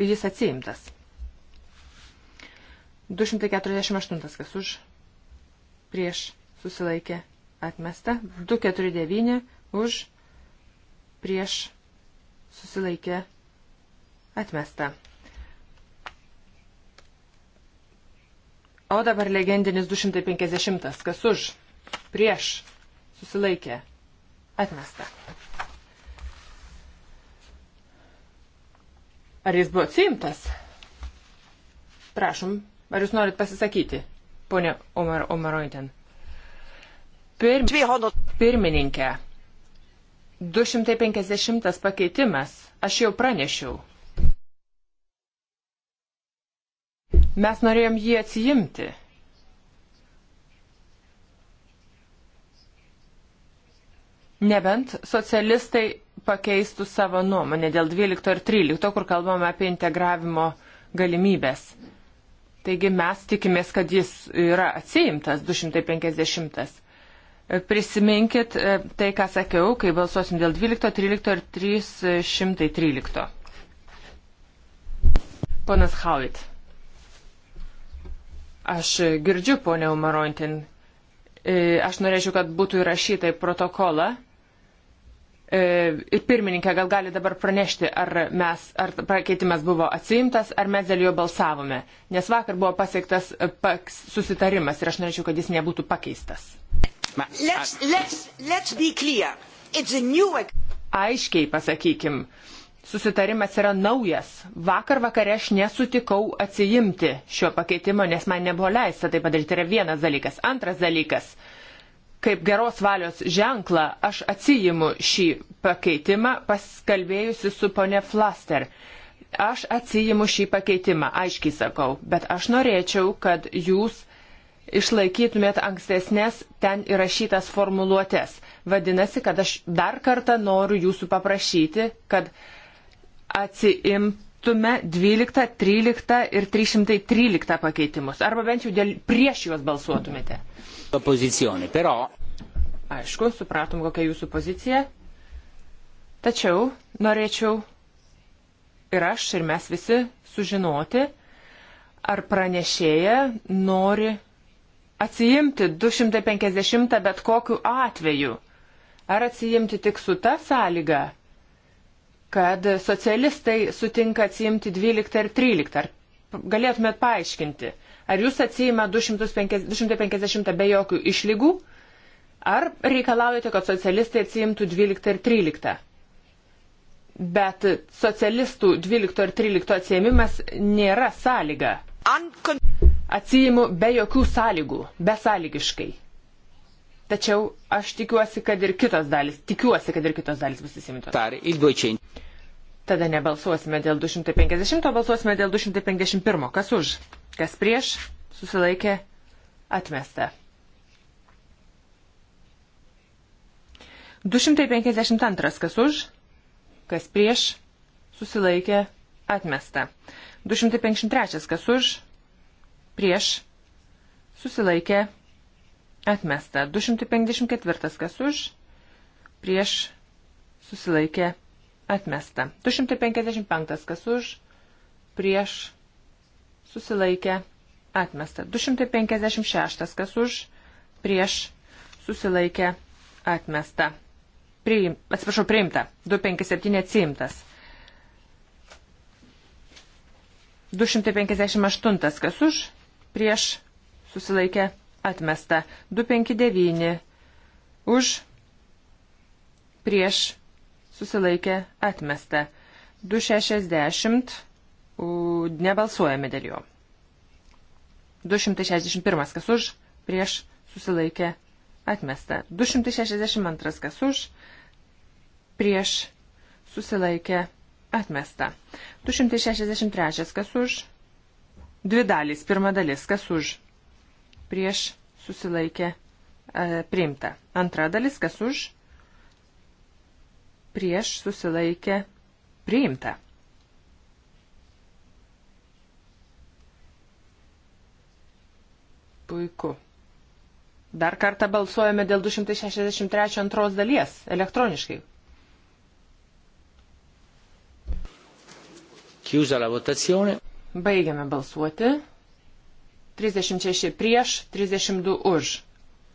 Jis atsiimtas. 248. Kas už? Prieš. Susilaikė. Atmesta. 249. Už. Prieš. Susilaikė. Atmesta. O dabar legendinis 250. Kas už? Prieš. Susilaikė. Atmesta. Ar jis buvo atsiimtas? Prašom, ar jūs norit pasisakyti, ponė Omar Omarointen? Pirm... Pirmininkė, 250 pakeitimas, aš jau pranešiau. Mes norėjom jį atsijimti. Nebent socialistai pakeistų savo nuomonę dėl 12 ir 13, kur kalbame apie integravimo galimybės. Taigi mes tikimės, kad jis yra atsiimtas 250. Prisiminkit e, tai, ką sakiau, kai balsuosim dėl 12, 13 ir 313. Ponas Howitt. Aš girdžiu, ponia Umarontin. E, aš norėčiau, kad būtų įrašyta į protokolą. E, ir pirmininkė gal gali dabar pranešti, ar, mes, ar pakeitimas buvo atsiimtas, ar mes dėl jo balsavome. Nes vakar buvo pasiektas e, susitarimas ir aš norėčiau, kad jis nebūtų pakeistas. Let's, let's, let's new... Aiškiai pasakykim, susitarimas yra naujas. Vakar vakare aš nesutikau atsijimti šio pakeitimo, nes man nebuvo leista tai padaryti. Tai yra vienas dalykas. Antras dalykas. Kaip geros valios ženklą aš atsijimu šį pakeitimą, paskalbėjusi su ponė Flaster. Aš atsijimu šį pakeitimą, aiškiai sakau, bet aš norėčiau, kad jūs išlaikytumėt ankstesnės ten įrašytas formuluotės. Vadinasi, kad aš dar kartą noriu jūsų paprašyti, kad uh, atsiimtume 12, 13 ir 313 pakeitimus, arba bent jau dėl, prieš juos balsuotumėte. Pozicionė, però. Aišku, supratom, kokia jūsų pozicija. Tačiau norėčiau ir aš, ir mes visi sužinoti, ar pranešėja nori atsijimti 250 bet kokiu atveju. Ar atsijimti tik su ta sąlyga, kad socialistai sutinka atsiimti 12 ar 13. Ar galėtumėt paaiškinti, ar jūs atsiima 250 be jokių išlygų, ar reikalaujate, kad socialistai atsiimtų 12 ar 13? Bet socialistų 12 ar 13 atsiemimas nėra sąlyga. Atsijimu be jokių sąlygų, besąlygiškai. Tačiau aš tikiuosi, kad ir kitos dalis, tikiuosi, kad ir kitos dalis bus įsimtos. Tada nebalsuosime dėl 250, o balsuosime dėl 251. Kas už? Kas prieš? Susilaikė atmesta. 252. Kas už? Kas prieš? Susilaikė atmesta. 253. Kas už? Prieš? Susilaikė atmesta Atmesta. 254 kas už, prieš susilaikė atmesta. 255 kas už, prieš susilaikė atmesta. 256 kas už, prieš susilaikė atmesta. Priim, atsiprašau, priimta. 257 atsiimtas. 258 kas už, prieš susilaikė atmesta atmesta. 259 už, prieš, susilaikė, atmesta. 260 nebalsuojame dėl jo. 261 kas už, prieš, susilaikė, atmesta. 262 kas už, prieš, susilaikė, atmesta. 263 kas už, dvi dalys, pirma dalis, kas už, prieš susilaikė e, priimta. Antra dalis, kas už, prieš susilaikė priimta. Puiku. Dar kartą balsuojame dėl 263 antros dalies elektroniškai. Chiusa la votazione. Baigiame balsuoti. 36 prieš, 32 už.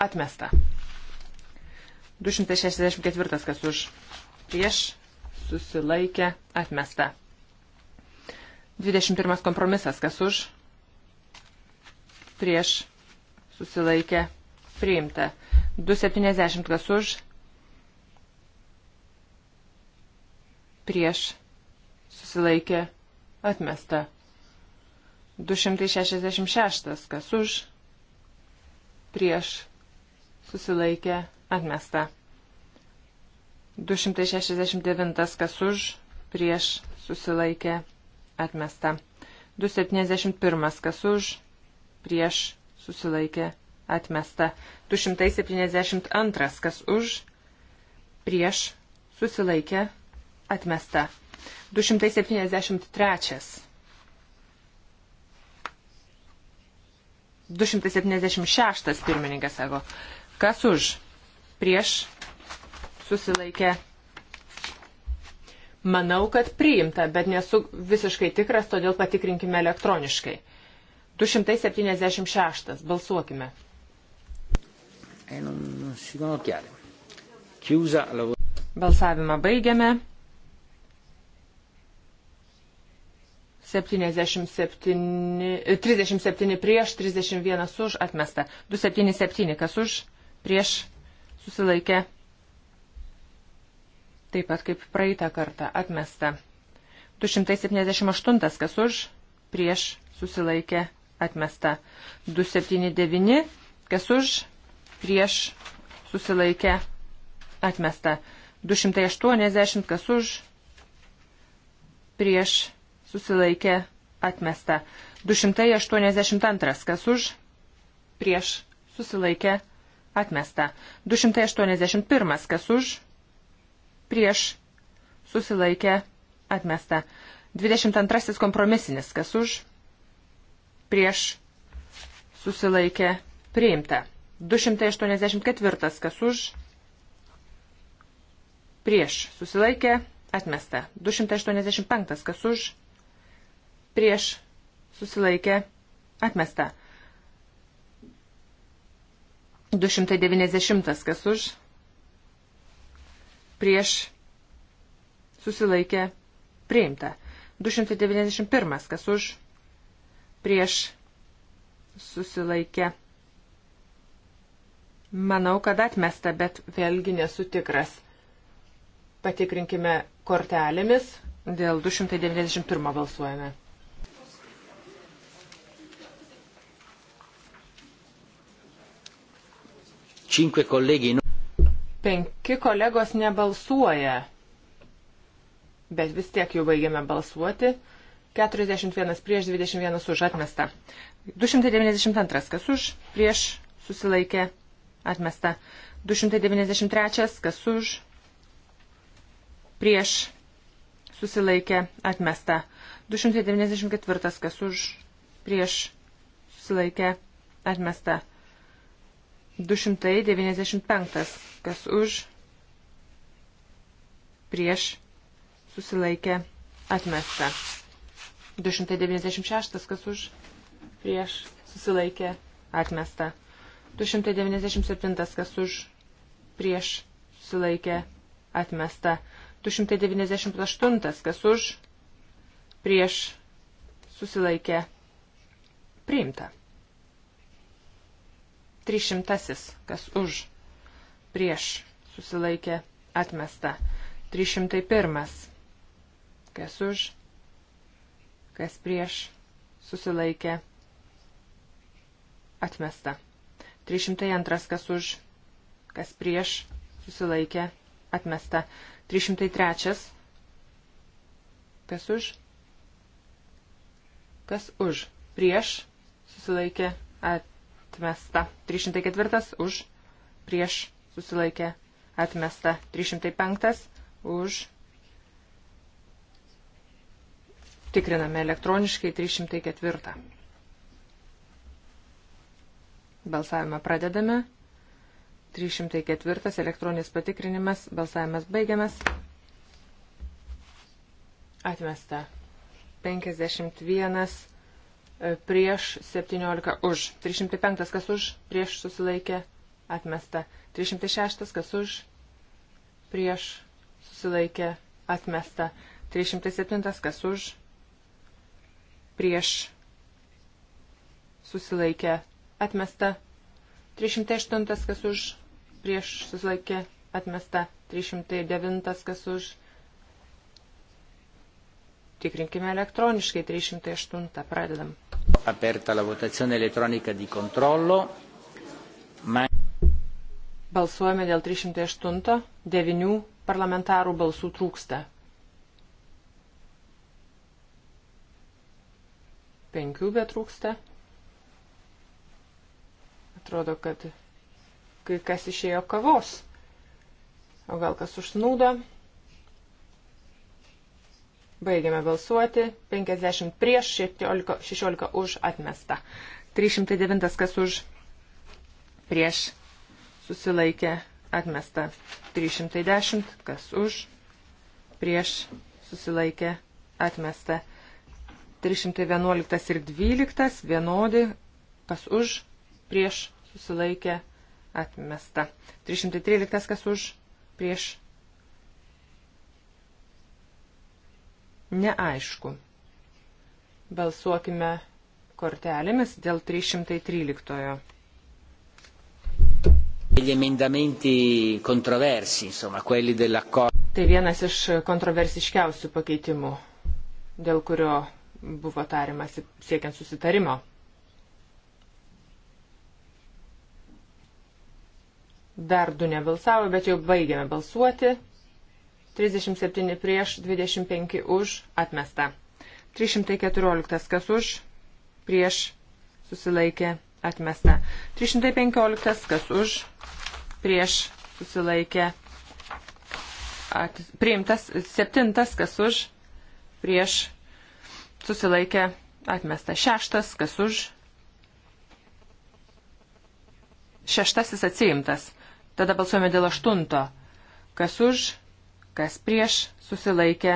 Atmesta. 264 kas už. Prieš, susilaikė, atmesta. 21 kompromisas kas už. Prieš, susilaikė, priimta. 270 kas už. Prieš, susilaikė, atmesta. 266. Kas už? Prieš. Susilaikė. Atmesta. 269. Kas už? Prieš. Susilaikė. Atmesta. 271. Kas už? Prieš. Susilaikė. Atmesta. 272. Kas už? Prieš. Susilaikė. Atmesta. 273 276 pirmininkas sako. Kas už? Prieš susilaikė. Manau, kad priimta, bet nesu visiškai tikras, todėl patikrinkime elektroniškai. 276. Balsuokime. E Balsavimą baigiame. 77, 37 prieš, 31 už atmesta. 277 kas už, prieš susilaikė. Taip pat kaip praeitą kartą atmesta. 278 kas už, prieš susilaikė atmesta. 279 kas už, prieš susilaikė atmesta. 280 kas už, prieš susilaikė atmesta. 282 kas už, prieš susilaikė atmesta. 281 kas už, prieš susilaikė atmesta. 22 kompromisinis kas už, prieš susilaikė priimta. 284 kas už, prieš susilaikė atmesta. 285 kas už, prieš prieš susilaikė atmesta. 290 kas už prieš susilaikė priimta. 291 kas už prieš susilaikė. Manau, kad atmesta, bet vėlgi nesu tikras. Patikrinkime kortelėmis, dėl 291 balsuojame. Cinque colleghi. Penki kolegos nebalsuoja, bet vis tiek jau baigėme balsuoti. 41 prieš 21 už atmesta. 292 kas už, prieš susilaikė atmesta. 293 kas už, prieš susilaikė atmesta. 294 kas už, prieš susilaikė atmesta. 295. Kas už, prieš, susilaikė, atmesta. 296. Kas už, prieš, susilaikė, atmesta. 297. Kas už, prieš, susilaikė, atmesta. 298. Kas už, prieš, susilaikė, priimta. 300. Kas už? Prieš. Susilaikė. Atmesta. 301. Kas už? Kas prieš? Susilaikė. Atmesta. 302. Kas už? Kas prieš? Susilaikė. Atmesta. 303. Kas už? Kas už? Prieš? Susilaikė. Atmesta atmesta. 304 už prieš susilaikė atmesta. 305 už. Tikriname elektroniškai 304. Balsavimą pradedame. 304 elektroninis patikrinimas. Balsavimas baigiamas. Atmesta. 51 prieš 17 už. 305 kas už, prieš susilaikė, atmesta. 306 kas už, prieš susilaikė, atmesta. 307 kas už, prieš susilaikė, atmesta. 308 kas už, prieš susilaikė, atmesta. 309 kas už, Tikrinkime elektroniškai 308. Pradedam aperta la votazione elettronica di controllo. Ma... Balsuojame dėl 308, 9 parlamentarų balsų trūksta. 5 betrūksta. Atrodo, kad kai kas išėjo kavos, o gal kas užsnūdo. Baigiame balsuoti. 50 prieš, 16, 16 už atmesta. 309 kas už prieš susilaikė atmesta. 310 kas už prieš susilaikė atmesta. 311 ir 12 vienodi kas už prieš susilaikė atmesta. 313 kas už prieš neaišku. Balsuokime kortelėmis dėl 313. Tai vienas iš kontroversiškiausių pakeitimų, dėl kurio buvo tariamasi siekiant susitarimo. Dar du nebalsavo, bet jau baigėme balsuoti. 37 prieš, 25 už, atmesta. 314 kas už, prieš, susilaikė, atmesta. 315 kas už, prieš, susilaikė, at, priimtas. 7 kas už, prieš, susilaikė, atmesta. 6 kas už, šeštasis atsiimtas. Tada balsuojame dėl aštunto. Kas už, kas prieš susilaikė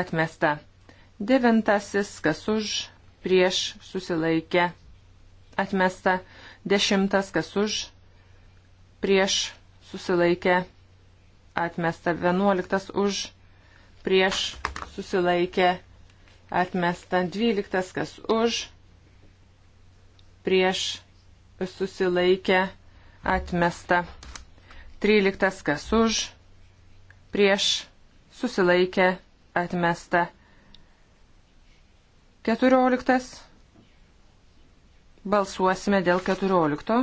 atmesta. Devintasis, kas už prieš susilaikė atmesta. Dešimtas, kas už prieš susilaikė atmesta. Vienuoliktas už prieš susilaikė atmesta. Dvyliktas, kas už prieš susilaikė atmesta. Tryliktas, kas už prieš susilaikė atmesta prieš susilaikę atmesta. 14. Balsuosime dėl 14.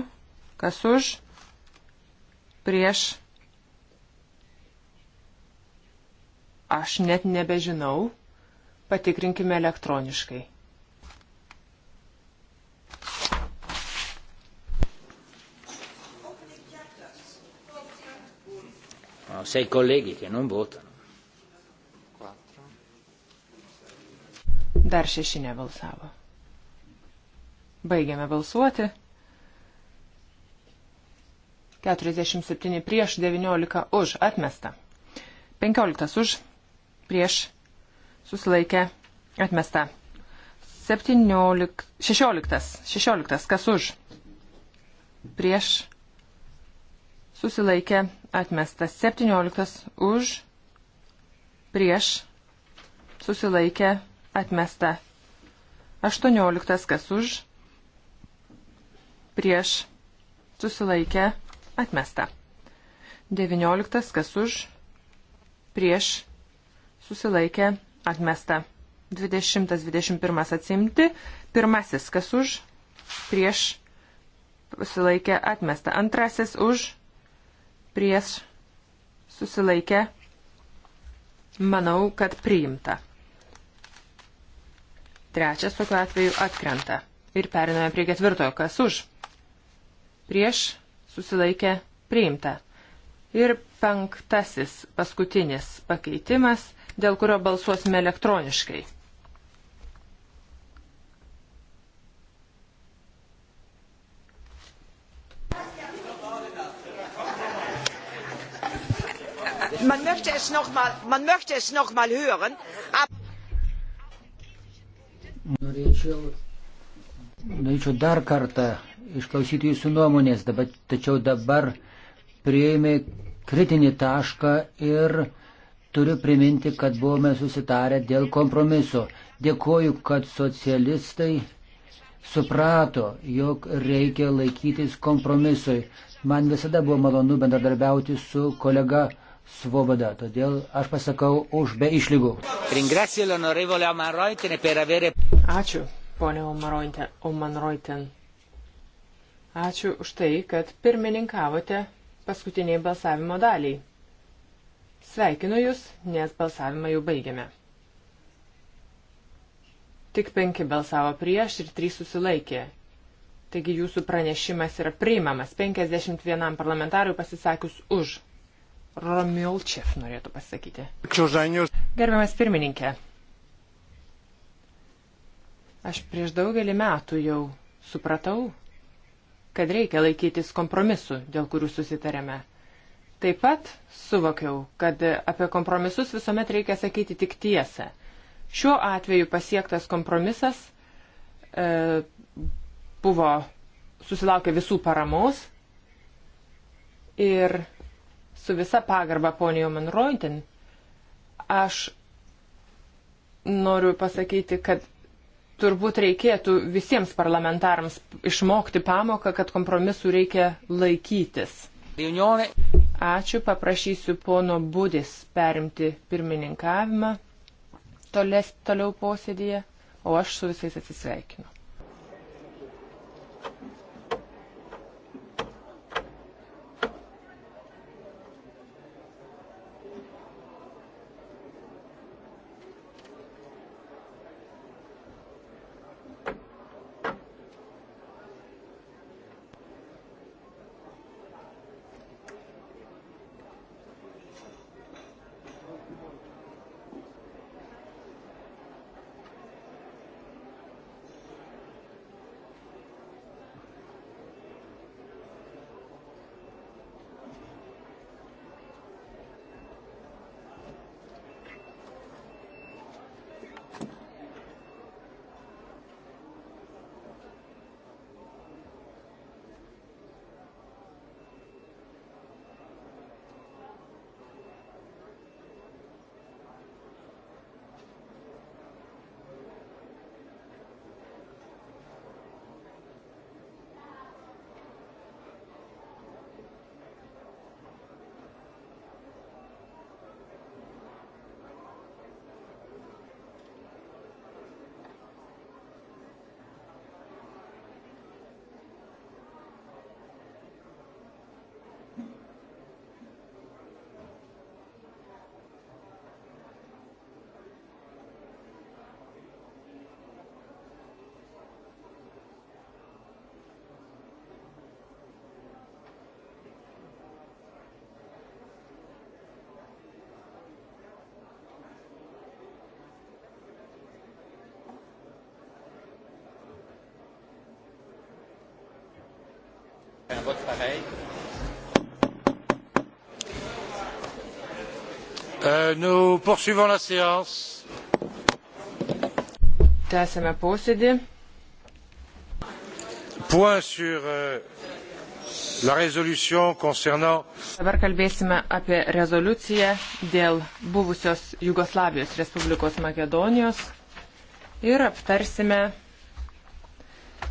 Kas už? Prieš. Aš net nebežinau. Patikrinkime elektroniškai. votano, sei colleghi che non votano. Dar šeši nebalsavo. Baigiame balsuoti. 47 prieš, 19 už, atmesta. 15 už, prieš, susilaikė, atmesta. 17, 16, 16, kas už, prieš, susilaikė atmestas. 17 už, prieš, susilaikė atmesta. 18 kas už, prieš, susilaikė atmesta. 19 kas už, prieš, susilaikė atmesta. 20-21 atsimti, pirmasis kas už, prieš, susilaikė atmesta. Antrasis už, prieš susilaikę, manau, kad priimta. Trečias tokiu atveju atkrenta. Ir periname prie ketvirtojo, kas už. Prieš susilaikę priimta. Ir penktasis paskutinis pakeitimas, dėl kurio balsuosime elektroniškai. es noch mal, man möchte es noch mal hören. Ab... Norėčiau, norėčiau dar kartą išklausyti jūsų nuomonės, dabar, tačiau dabar prieimė kritinį tašką ir turiu priminti, kad buvome susitarę dėl kompromiso. Dėkoju, kad socialistai suprato, jog reikia laikytis kompromisui. Man visada buvo malonu bendradarbiauti su kolega svoboda. Todėl aš pasakau už be išlygų. Ačiū, ponė Omanroiten. Ačiū už tai, kad pirmininkavote paskutiniai balsavimo daliai. Sveikinu Jūs, nes balsavimą jau baigėme. Tik penki balsavo prieš ir trys susilaikė. Taigi Jūsų pranešimas yra priimamas 51 parlamentariui pasisakius už. Romilčev norėtų pasakyti. Gerbiamas pirmininkė, aš prieš daugelį metų jau supratau, kad reikia laikytis kompromisų, dėl kurių susitarėme. Taip pat suvokiau, kad apie kompromisus visuomet reikia sakyti tik tiesą. Šiuo atveju pasiektas kompromisas e, buvo susilaukė visų paramos ir su visa pagarba ponio Manroitin, aš noriu pasakyti, kad turbūt reikėtų visiems parlamentarams išmokti pamoką, kad kompromisų reikia laikytis. Ačiū, paprašysiu pono Budis perimti pirmininkavimą toles, toliau posėdėje, o aš su visais atsisveikinu. un vote pareil. Euh, nous poursuivons la séance. Tęsėme posėdį. Point sur euh, la résolution concernant. Dabar kalbėsime apie rezoliuciją dėl buvusios Jugoslavijos Respublikos Makedonijos ir aptarsime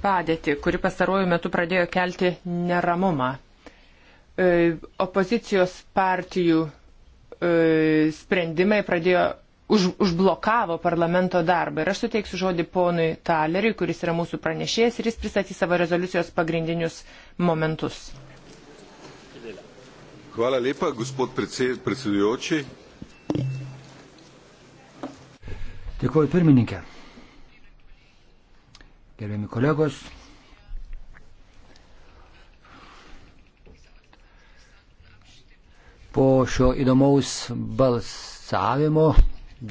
padėtį, kuri pastaruoju metu pradėjo kelti neramumą. E, opozicijos partijų e, sprendimai pradėjo už, užblokavo parlamento darbą. Ir aš suteiksiu žodį ponui Taleriui, kuris yra mūsų pranešėjas ir jis pristatys savo rezoliucijos pagrindinius momentus. Hvala lepa, gospod predsedujoči. Dėkuoju pirmininkė gerbiami kolegos. Po šio įdomaus balsavimo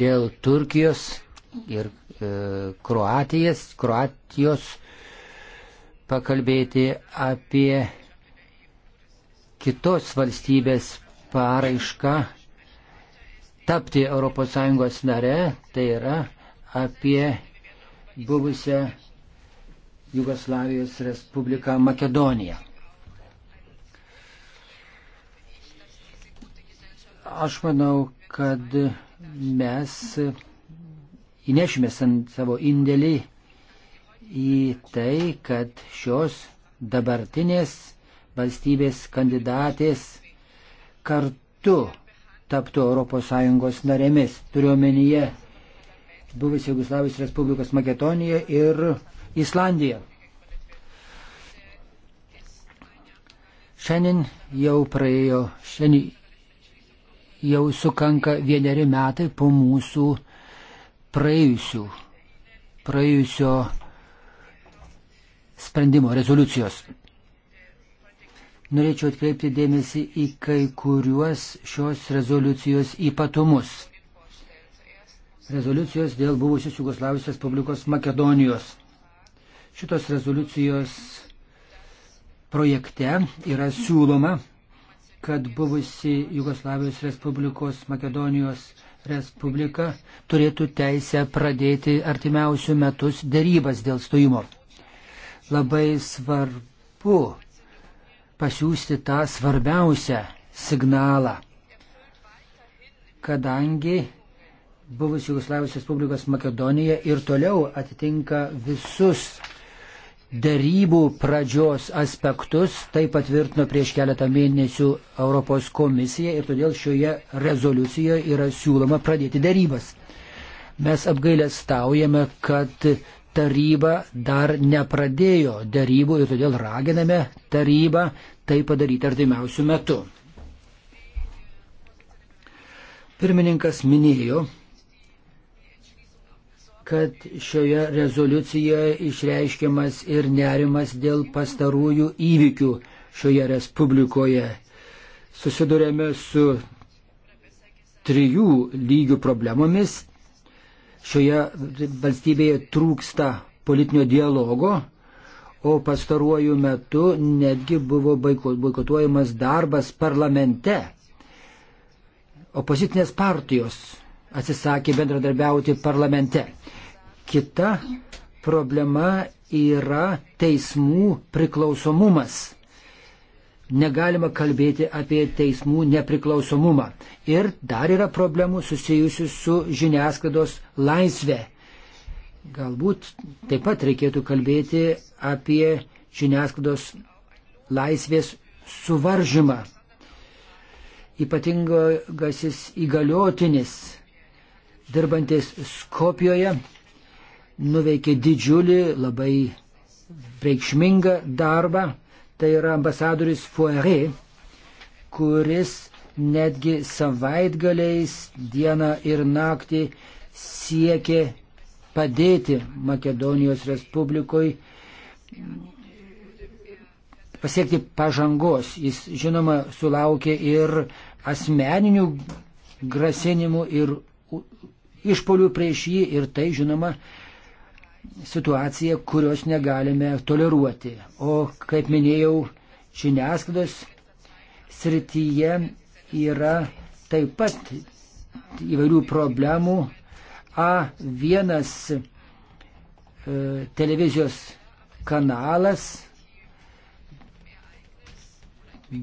dėl Turkijos ir e, Kroatijas, Kroatijos pakalbėti apie kitos valstybės paraišką tapti ES nare, tai yra apie buvusią Jugoslavijos Respubliką Makedoniją. Aš manau, kad mes įnešime savo indėlį į tai, kad šios dabartinės valstybės kandidatės kartu taptų ES narėmis. Turiuomenyje buvusi Jugoslavijos Respublikos Makedonija ir Islandija. Šiandien jau praėjo, šiandien jau sukanka vieneri metai po mūsų praėjusių, praėjusio sprendimo rezoliucijos. Norėčiau atkreipti dėmesį į kai kuriuos šios rezoliucijos ypatumus. Rezoliucijos dėl buvusios Jugoslavijos Respublikos Makedonijos. Šitos rezoliucijos projekte yra siūloma, kad buvusi Jugoslavijos Respublikos Makedonijos Respublika turėtų teisę pradėti artimiausių metus dėrybas dėl stojimo. Labai svarbu pasiūsti tą svarbiausią signalą, kadangi buvus Jugoslavijos Respublikos Makedonija ir toliau atitinka visus dėrybų pradžios aspektus, tai patvirtino prieš keletą mėnesių Europos komisija ir todėl šioje rezoliucijoje yra siūloma pradėti dėrybas. Mes apgailę staujame, kad taryba dar nepradėjo dėrybų ir todėl raginame tarybą tai padaryti artimiausių metų. Pirmininkas minėjo, kad šioje rezoliucijoje išreiškiamas ir nerimas dėl pastarųjų įvykių šioje Respublikoje. Susidurėme su trijų lygių problemomis. Šioje valstybėje trūksta politinio dialogo, o pastaruoju metu netgi buvo boikotuojamas darbas parlamente. Opozicinės partijos atsisakė bendradarbiauti parlamente. Kita problema yra teismų priklausomumas. Negalima kalbėti apie teismų nepriklausomumą. Ir dar yra problemų susijusių su žiniasklaidos laisvė. Galbūt taip pat reikėtų kalbėti apie žiniasklaidos laisvės suvaržymą. Ypatingasis įgaliotinis, dirbantis Skopijoje, nuveikė didžiulį, labai reikšmingą darbą. Tai yra ambasadoris Fuere, kuris netgi savaitgaliais dieną ir naktį siekė padėti Makedonijos Respublikoj pasiekti pažangos. Jis, žinoma, sulaukė ir asmeninių grasinimų ir išpolių prieš jį ir tai, žinoma, situacija, kurios negalime toleruoti. O kaip minėjau, žiniasklaidos srityje yra taip pat įvairių problemų. A1 e, televizijos kanalas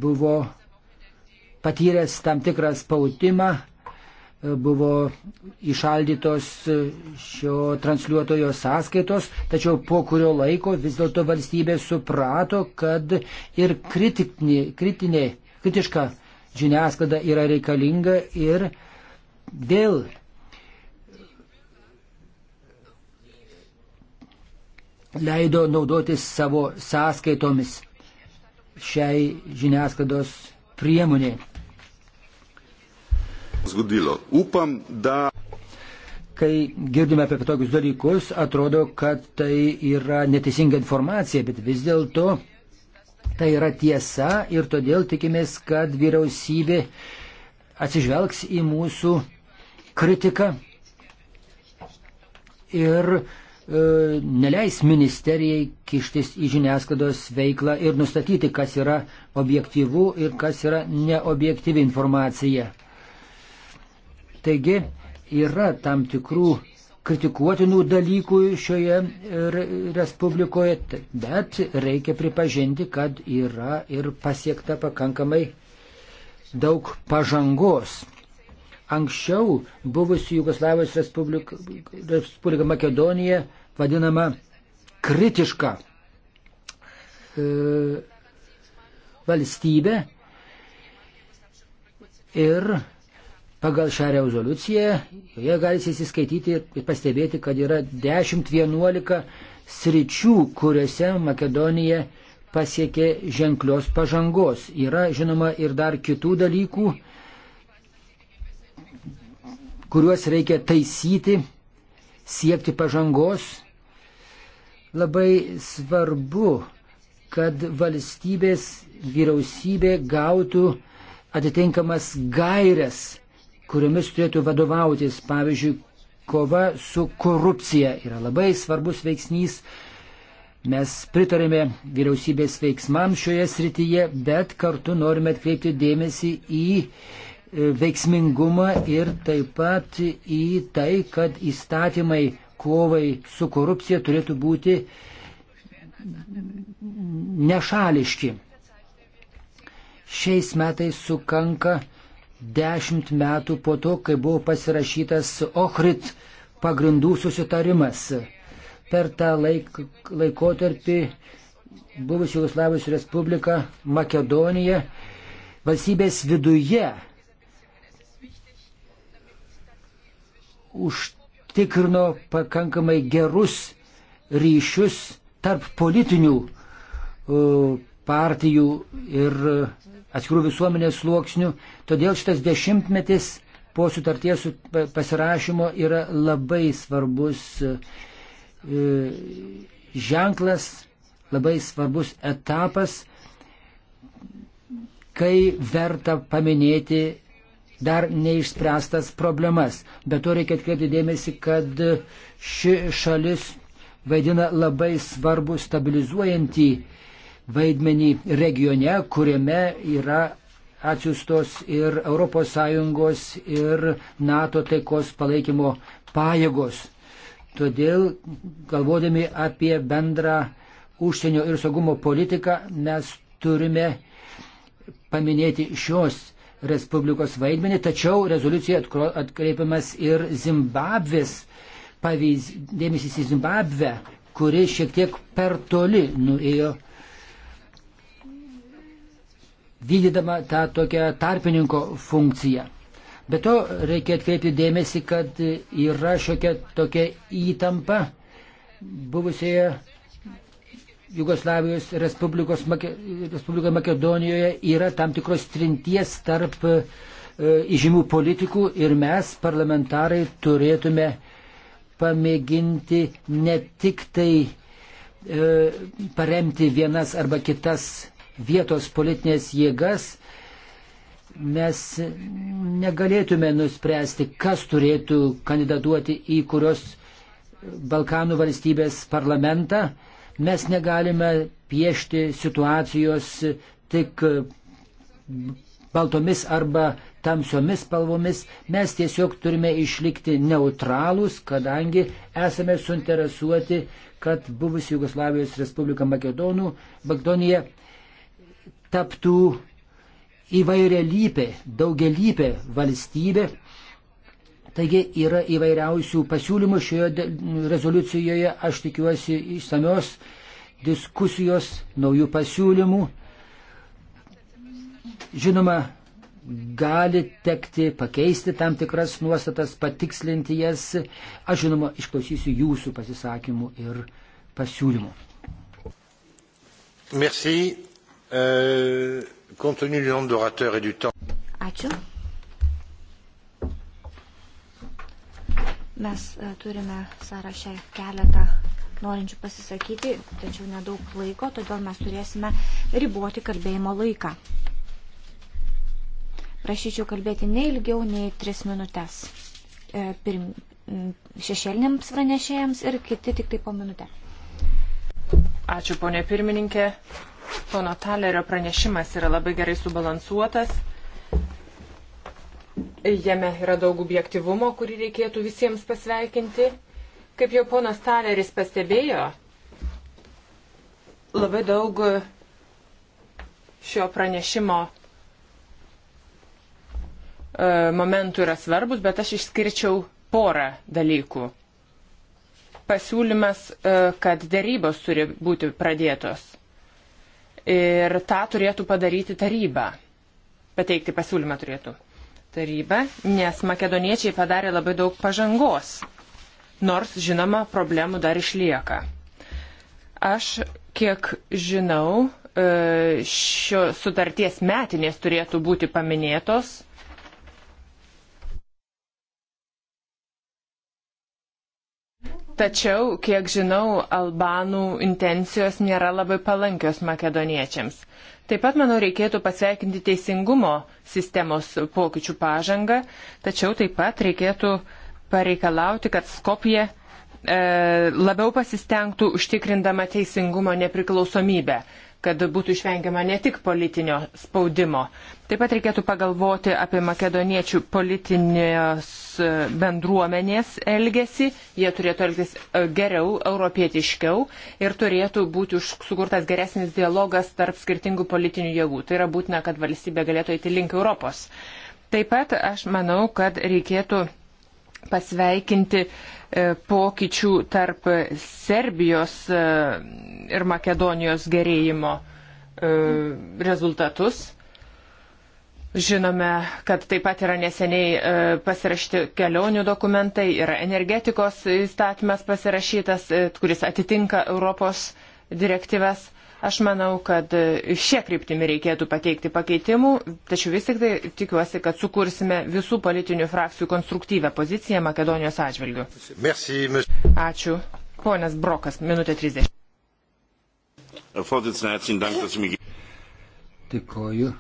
buvo patyręs tam tikrą spaudimą buvo išaldytos šio transliuotojo sąskaitos, tačiau po kurio laiko vis dėlto valstybė suprato, kad ir kritinė, kritinė, kritiška žiniasklaida yra reikalinga ir dėl leido naudotis savo sąskaitomis šiai žiniasklaidos priemonė. Zgodilo. Upam, da. Kai girdime apie tokius dalykus, atrodo, kad tai yra neteisinga informacija, bet vis dėlto tai yra tiesa ir todėl tikimės, kad vyriausybė atsižvelgs į mūsų kritiką ir e, neleis ministerijai kištis į žiniasklaidos veiklą ir nustatyti, kas yra objektyvu ir kas yra neobjektyvi informacija. Taigi yra tam tikrų kritikuotinų dalykų šioje Respublikoje, bet reikia pripažinti, kad yra ir pasiekta pakankamai daug pažangos. Anksčiau buvusi Jugoslavijos Respublika, Respublika Makedonija vadinama kritiška e, valstybė ir Pagal šią rezoliuciją joje galite įsiskaityti ir pastebėti, kad yra 10-11 sričių, kuriuose Makedonija pasiekė ženklios pažangos. Yra, žinoma, ir dar kitų dalykų, kuriuos reikia taisyti, siekti pažangos. Labai svarbu, kad valstybės vyriausybė gautų atitinkamas gairias kuriomis turėtų vadovautis. Pavyzdžiui, kova su korupcija yra labai svarbus veiksnys. Mes pritarėme vyriausybės veiksmams šioje srityje, bet kartu norime atkreipti dėmesį į e, veiksmingumą ir taip pat į tai, kad įstatymai kovai su korupcija turėtų būti nešališki. Šiais metais sukanka dešimt metų po to, kai buvo pasirašytas Ohrid pagrindų susitarimas. Per tą laik, laikotarpį buvusi Jugoslavijos Respublika Makedonija valstybės viduje užtikrino pakankamai gerus ryšius tarp politinių uh, partijų ir atskirų visuomenės sluoksnių. Todėl šitas dešimtmetis po sutarties pasirašymo yra labai svarbus e, ženklas, labai svarbus etapas, kai verta paminėti dar neišspręstas problemas. Bet to reikia atkreipti dėmesį, kad ši šalis vaidina labai svarbu stabilizuojantį vaidmenį regione, kuriame yra atsiustos ir ES ir NATO taikos palaikymo pajėgos. Todėl, galvodami apie bendrą užsienio ir saugumo politiką, mes turime paminėti šios Respublikos vaidmenį, tačiau rezoliucijoje atkreipiamas ir Zimbabvės pavyzdys, dėmesys į Zimbabvę, kuri šiek tiek per toli nuėjo vykdydama tą tokią tarpininko funkciją. Be to reikia atkreipti dėmesį, kad yra šiokia tokia įtampa buvusioje Jugoslavijos Respublikos, Respublikoje Makedonijoje yra tam tikros trinties tarp e, įžymių politikų ir mes, parlamentarai, turėtume pamėginti ne tik tai e, paremti vienas arba kitas vietos politinės jėgas, mes negalėtume nuspręsti, kas turėtų kandidatuoti į kurios Balkanų valstybės parlamentą. Mes negalime piešti situacijos tik baltomis arba tamsiomis spalvomis, mes tiesiog turime išlikti neutralūs, kadangi esame suinteresuoti, kad buvusi Jugoslavijos Respublika Makedonų, Makedonija taptų įvairialypė, daugialypė valstybė. Taigi yra įvairiausių pasiūlymų šioje rezoliucijoje, aš tikiuosi išsamios diskusijos, naujų pasiūlymų. Žinoma, gali tekti pakeisti tam tikras nuostatas, patikslinti jas. Aš žinoma, išklausysiu jūsų pasisakymų ir pasiūlymų. Merci. Euh, compte tenu du nombre d'orateurs et du temps. Ačiū. Mes e, turime sąrašę keletą norinčių pasisakyti, tačiau nedaug laiko, todėl mes turėsime riboti kalbėjimo laiką. Prašyčiau kalbėti ne ilgiau nei 3 minutės. E, pirm, šešėliniams pranešėjams ir kiti tik tai po minutę. Ačiū, ponė pirmininkė. Pono Talerio pranešimas yra labai gerai subalansuotas. Jame yra daug objektivumo, kurį reikėtų visiems pasveikinti. Kaip jau ponas Taleris pastebėjo, labai daug šio pranešimo e, momentų yra svarbus, bet aš išskirčiau porą dalykų. Pasiūlymas, e, kad dėrybos turi būti pradėtos Ir tą turėtų padaryti taryba. Pateikti pasiūlymą turėtų taryba, nes makedoniečiai padarė labai daug pažangos. Nors, žinoma, problemų dar išlieka. Aš, kiek žinau, e, šio sutarties metinės turėtų būti paminėtos Tačiau, kiek žinau, Albanų intencijos nėra labai palankios makedoniečiams. Taip pat, manau, reikėtų pasveikinti teisingumo sistemos pokyčių pažangą, tačiau taip pat reikėtų pareikalauti, kad Skopje e, labiau pasistengtų užtikrindama teisingumo nepriklausomybę kad būtų išvengiama ne tik politinio spaudimo. Taip pat reikėtų pagalvoti apie makedoniečių politinės e, bendruomenės elgesį. Jie turėtų elgtis e, geriau, europietiškiau ir turėtų būti sukurtas geresnis dialogas tarp skirtingų politinių jėgų. Tai yra būtina, kad valstybė galėtų eiti link Europos. Taip pat aš manau, kad reikėtų pasveikinti e, pokyčių tarp Serbijos e, ir Makedonijos gerėjimo e, rezultatus. Žinome, kad taip pat yra neseniai pasirašyti kelionių dokumentai, yra energetikos įstatymas pasirašytas, kuris atitinka Europos direktyves. Aš manau, kad šie kryptimi reikėtų pateikti pakeitimų, tačiau vis tik tai tikiuosi, kad sukursime visų politinių frakcijų konstruktyvę poziciją Makedonijos atžvilgių. Merci, Ačiū. Ponas Brokas, minutė 30. Dėkoju,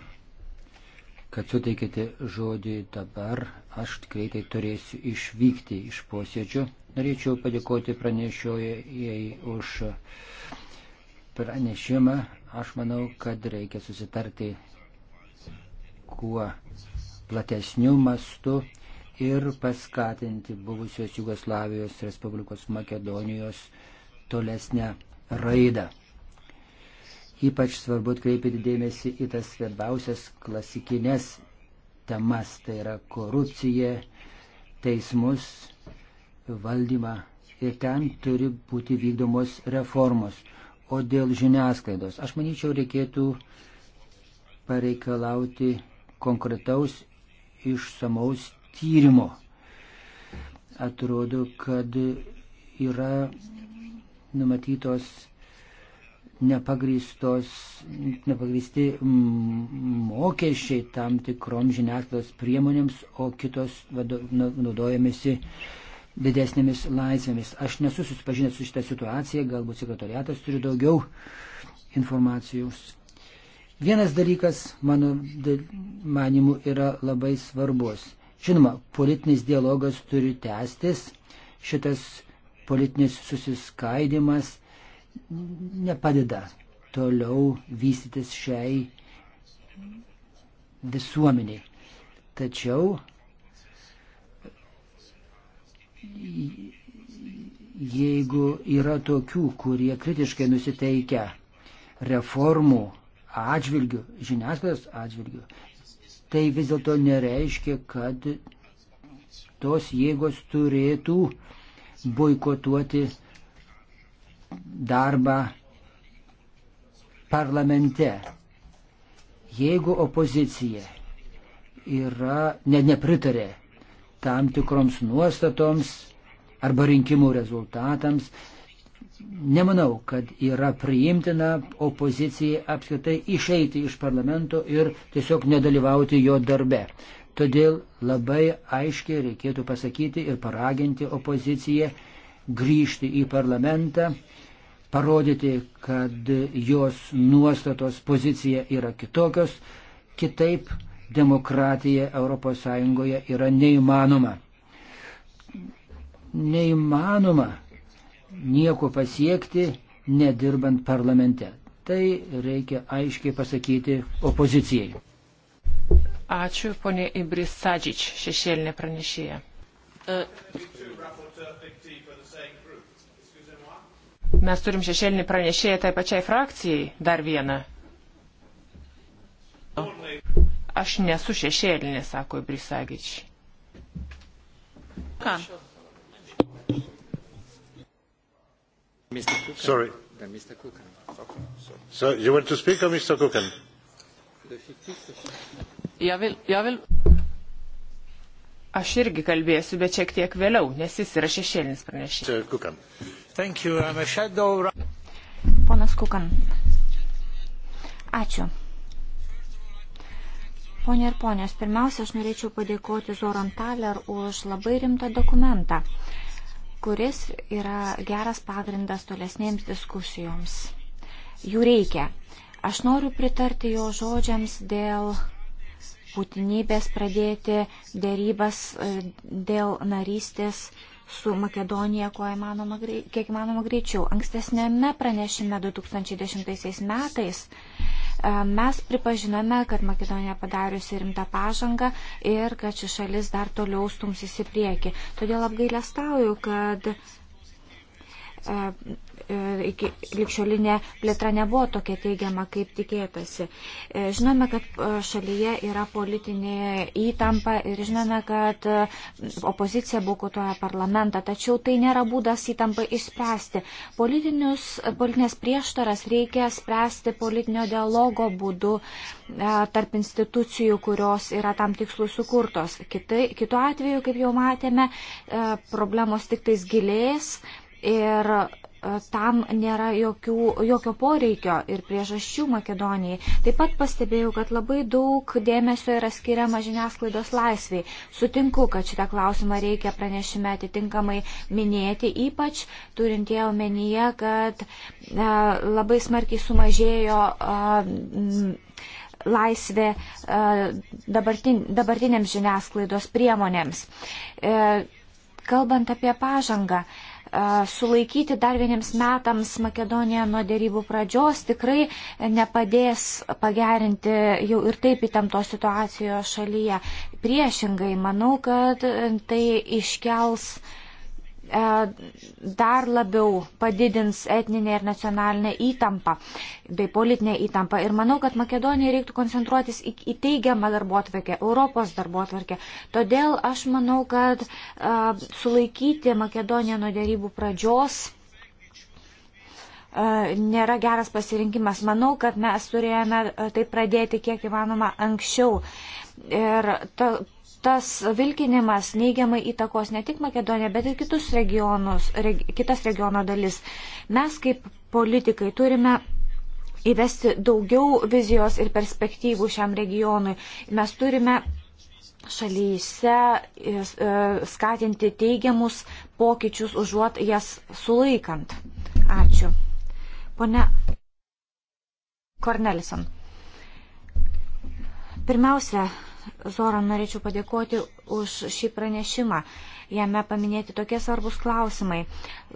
kad suteikėte žodį dabar. Aš greitai turėsiu išvykti iš posėdžio. Norėčiau padėkoti pranešėjai už uh, pranešimą, aš manau, kad reikia susitarti kuo platesnių mastų ir paskatinti buvusios Jugoslavijos Respublikos Makedonijos tolesnę raidą. Ypač svarbu atkreipti dėmesį į tas svarbiausias klasikinės temas, tai yra korupcija, teismus, valdymą ir ten turi būti vykdomos reformos. O dėl žiniasklaidos, aš manyčiau, reikėtų pareikalauti konkretaus išsamaus tyrimo. Atrodo, kad yra numatytos nepagristi mokesčiai tam tikrom žiniasklaidos priemonėms, o kitos naudojamėsi didesnėmis laisvėmis. Aš nesu susipažinęs su šitą situaciją, galbūt sekretariatas turi daugiau informacijos. Vienas dalykas, mano manimu, yra labai svarbus. Žinoma, politinis dialogas turi tęstis, šitas politinis susiskaidimas nepadeda toliau vystytis šiai visuomeniai. Tačiau jeigu yra tokių, kurie kritiškai nusiteikia reformų atžvilgių, žiniasklaidos atžvilgių, tai vis dėlto nereiškia, kad tos jėgos turėtų boikotuoti darbą parlamente. Jeigu opozicija yra, ne, nepritarė tam tikroms nuostatoms arba rinkimų rezultatams. Nemanau, kad yra priimtina opozicijai apskritai išeiti iš parlamento ir tiesiog nedalyvauti jo darbe. Todėl labai aiškiai reikėtų pasakyti ir paraginti opoziciją grįžti į parlamentą, parodyti, kad jos nuostatos pozicija yra kitokios, kitaip demokratija ES yra neįmanoma. Neįmanoma nieko pasiekti, nedirbant parlamente. Tai reikia aiškiai pasakyti opozicijai. Ačiū, ponė Ibris Sadžič, šešėlinė pranešėja. E, Mes turim šešėlinį pranešėją tai pačiai frakcijai, dar vieną. Aš nesu šešėlinė, sako Brisagič. Ką? Sorry. So you want to speak or Mr. Kukan? Jag vill, jag vill... Aš irgi kalbėsiu, bet šiek tiek vėliau, nes jis yra šešėlinis pranešėjas. Ponas Kukan. Ačiū. Pone ir ponės, pirmiausia, aš norėčiau padėkoti Zoran Taler už labai rimtą dokumentą, kuris yra geras pagrindas tolesnėms diskusijoms. Jų reikia. Aš noriu pritarti jo žodžiams dėl būtinybės pradėti dėrybas e, dėl narystės su Makedonija, įmanoma, kiek įmanoma greičiau. Ankstesnėme pranešime 2010 metais E, mes pripažinome, kad Makedonija padariusi rimtą pažangą ir kad ši šalis dar toliau stumsis į priekį. Todėl apgailestauju, kad E, e, iki likščiolinė plėtra nebuvo tokia teigiama, kaip tikėtasi. E, žinome, kad šalyje yra politinė įtampa ir žinome, kad opozicija bokotoja parlamentą, tačiau tai nėra būdas įtampai išspręsti. Politinius, politinės prieštaras reikia spręsti politinio dialogo būdu tarp institucijų, kurios yra tam tikslui sukurtos. Kitai, kitu atveju, kaip jau matėme, problemos tik tais gilės ir e, tam nėra jokių, jokio poreikio ir priežasčių Makedonijai. Taip pat pastebėjau, kad labai daug dėmesio yra skiriama žiniasklaidos laisviai. Sutinku, kad šitą klausimą reikia pranešime atitinkamai minėti, ypač turintie omenyje, kad e, labai smarkiai sumažėjo. E, laisvė e, dabartin, dabartinėms žiniasklaidos priemonėms. E, kalbant apie pažangą, sulaikyti dar vieniems metams Makedoniją nuo dėrybų pradžios tikrai nepadės pagerinti jau ir taip įtemptos situacijos šalyje. Priešingai, manau, kad tai iškels uh, E, dar labiau padidins etninę ir nacionalinę įtampą bei politinę įtampą. Ir manau, kad Makedonijai reiktų koncentruotis į, į teigiamą darbotvarkę, Europos darbotvarkę. Todėl aš manau, kad a, e, sulaikyti Makedoniją nuo dėrybų pradžios e, nėra geras pasirinkimas. Manau, kad mes turėjome tai pradėti kiek įmanoma anksčiau. Ir ta, tas vilkinimas neigiamai įtakos ne tik Makedoniją, bet ir kitus regionus, reg, kitas regiono dalis. Mes kaip politikai turime įvesti daugiau vizijos ir perspektyvų šiam regionui. Mes turime šalyse e, skatinti teigiamus pokyčius, užuot jas sulaikant. Ačiū. Pone Kornelison. Pirmiausia, Zoran, norėčiau padėkoti už šį pranešimą. Jame paminėti tokie svarbus klausimai.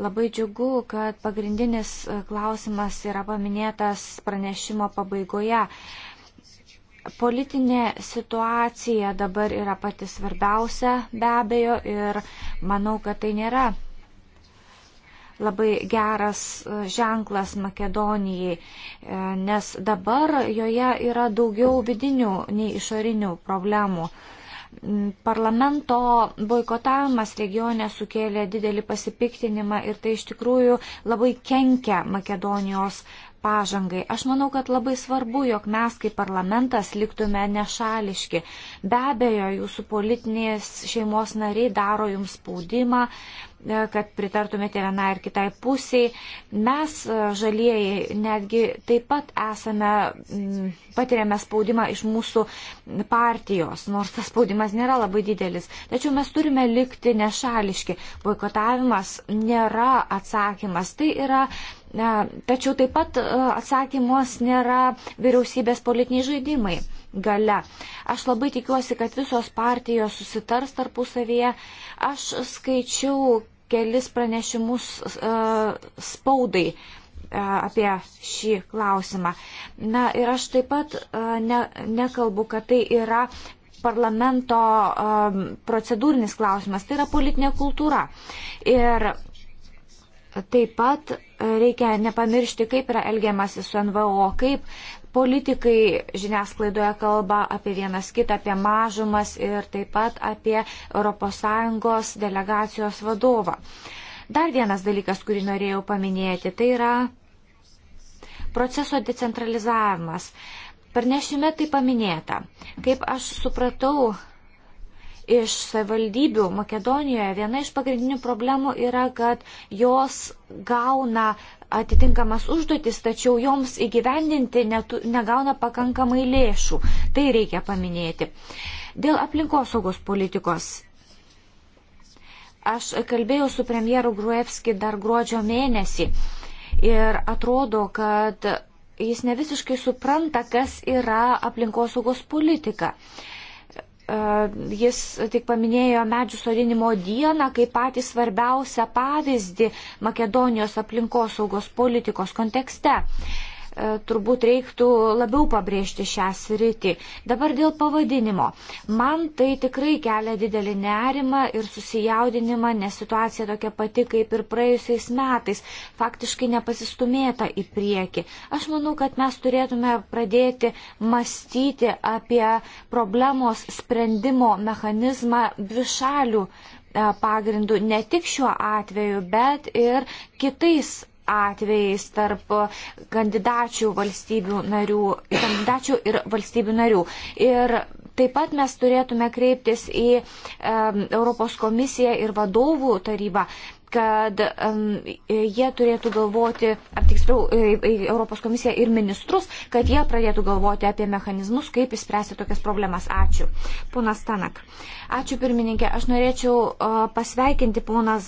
Labai džiugu, kad pagrindinis e, klausimas yra paminėtas pranešimo pabaigoje. Politinė situacija dabar yra pati svarbiausia be abejo ir manau, kad tai nėra labai geras e, ženklas Makedonijai, e, nes dabar joje yra daugiau vidinių nei išorinių problemų. Mm, parlamento boikotavimas regione sukėlė didelį pasipiktinimą ir tai iš tikrųjų labai kenkia Makedonijos pažangai. Aš manau, kad labai svarbu, jog mes kaip parlamentas liktume nešališki. Be abejo, jūsų politinės šeimos nariai daro jums spaudimą, kad pritartumėte vienai ar kitai pusiai. Mes, e, žalieji, netgi taip pat esame, patiriame spaudimą iš mūsų partijos, nors tas spaudimas nėra labai didelis. Tačiau mes turime likti nešališki. Boikotavimas nėra atsakymas. Tai yra Tačiau taip pat e, atsakymas nėra vyriausybės politiniai žaidimai gale. Aš labai tikiuosi, kad visos partijos susitars tarpusavėje. Aš skaičiau kelis pranešimus e, spaudai e, apie šį klausimą. Na ir aš taip pat ne, nekalbu, kad tai yra parlamento um, procedūrinis klausimas, tai yra politinė kultūra. Ir taip pat reikia nepamiršti, kaip yra elgiamasi su NVO, kaip politikai žiniasklaidoje kalba apie vienas kitą, apie mažumas ir taip pat apie ES delegacijos vadovą. Dar vienas dalykas, kurį norėjau paminėti, tai yra proceso decentralizavimas. Parnešime tai paminėta. Kaip aš supratau, iš savivaldybių Makedonijoje viena iš pagrindinių problemų yra, kad jos gauna atitinkamas užduotis, tačiau joms įgyvendinti netu, negauna pakankamai lėšų. Tai reikia paminėti. Dėl aplinkosaugos politikos. Aš kalbėjau su premjeru Gruevski dar gruodžio mėnesį ir atrodo, kad jis ne visiškai supranta, kas yra aplinkosaugos politika. Uh, Jis tik paminėjo medžių sodinimo dieną kaip patį svarbiausią pavyzdį Makedonijos aplinkosaugos politikos kontekste. E, turbūt reiktų labiau pabrėžti šią sritį. Dabar dėl pavadinimo. Man tai tikrai kelia didelį nerimą ir susijaudinimą, nes situacija tokia pati kaip ir praėjusiais metais. Faktiškai nepasistumėta į priekį. Aš manau, kad mes turėtume pradėti mąstyti apie problemos sprendimo mechanizmą dvišalių e, pagrindų ne tik šiuo atveju, bet ir kitais atvejais tarp kandidačių valstybių narių, kandidačių ir valstybių narių. Ir taip pat mes turėtume kreiptis į e, Europos komisiją ir vadovų tarybą kad um, jie turėtų galvoti, aptiksliau, Europos komisija ir ministrus, kad jie pradėtų galvoti apie mechanizmus, kaip įspręsti tokias problemas. Ačiū. Ponas Tanak. Uh, Ačiū pirmininkė. Aš norėčiau uh, pasveikinti poną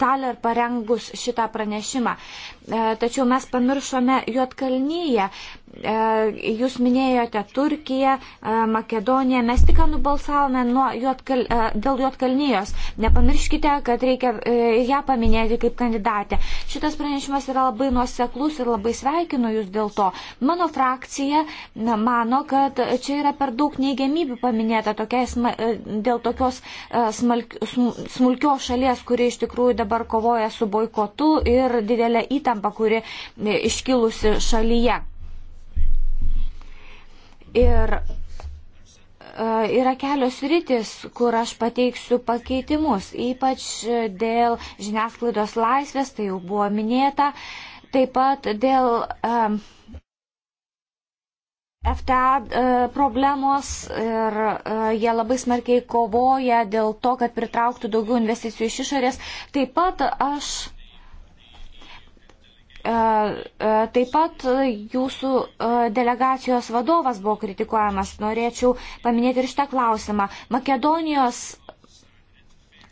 Taler parengus šitą pranešimą. Uh, tačiau mes pamiršome Juotkalnyje. Uh, e, jūs minėjote Turkiją, uh, Makedoniją. Mes tik nubalsavome nuo Juotkal, uh, dėl Juotkalnyjos. Nepamirškite, kad reikia uh, ją paminėti kaip kandidatę. Šitas pranešimas yra labai nuoseklus ir labai sveikinu jūs dėl to. Mano frakcija mano, kad čia yra per daug neigiamybių paminėta tokiais, dėl tokios e, smalk, smulkios šalies, kuri iš tikrųjų dabar kovoja su boikotu ir didelė įtampa, kuri e, iškilusi šalyje. Ir e, yra kelios rytis, kur aš pateiksiu pakeitimus, ypač dėl žiniasklaidos laisvės, tai jau buvo minėta, taip pat dėl. Um, FTA e, problemos ir e, jie labai smarkiai kovoja dėl to, kad pritrauktų daugiau investicijų iš išorės. Taip pat aš. E, taip pat jūsų delegacijos vadovas buvo kritikuojamas. Norėčiau paminėti ir šitą klausimą. Makedonijos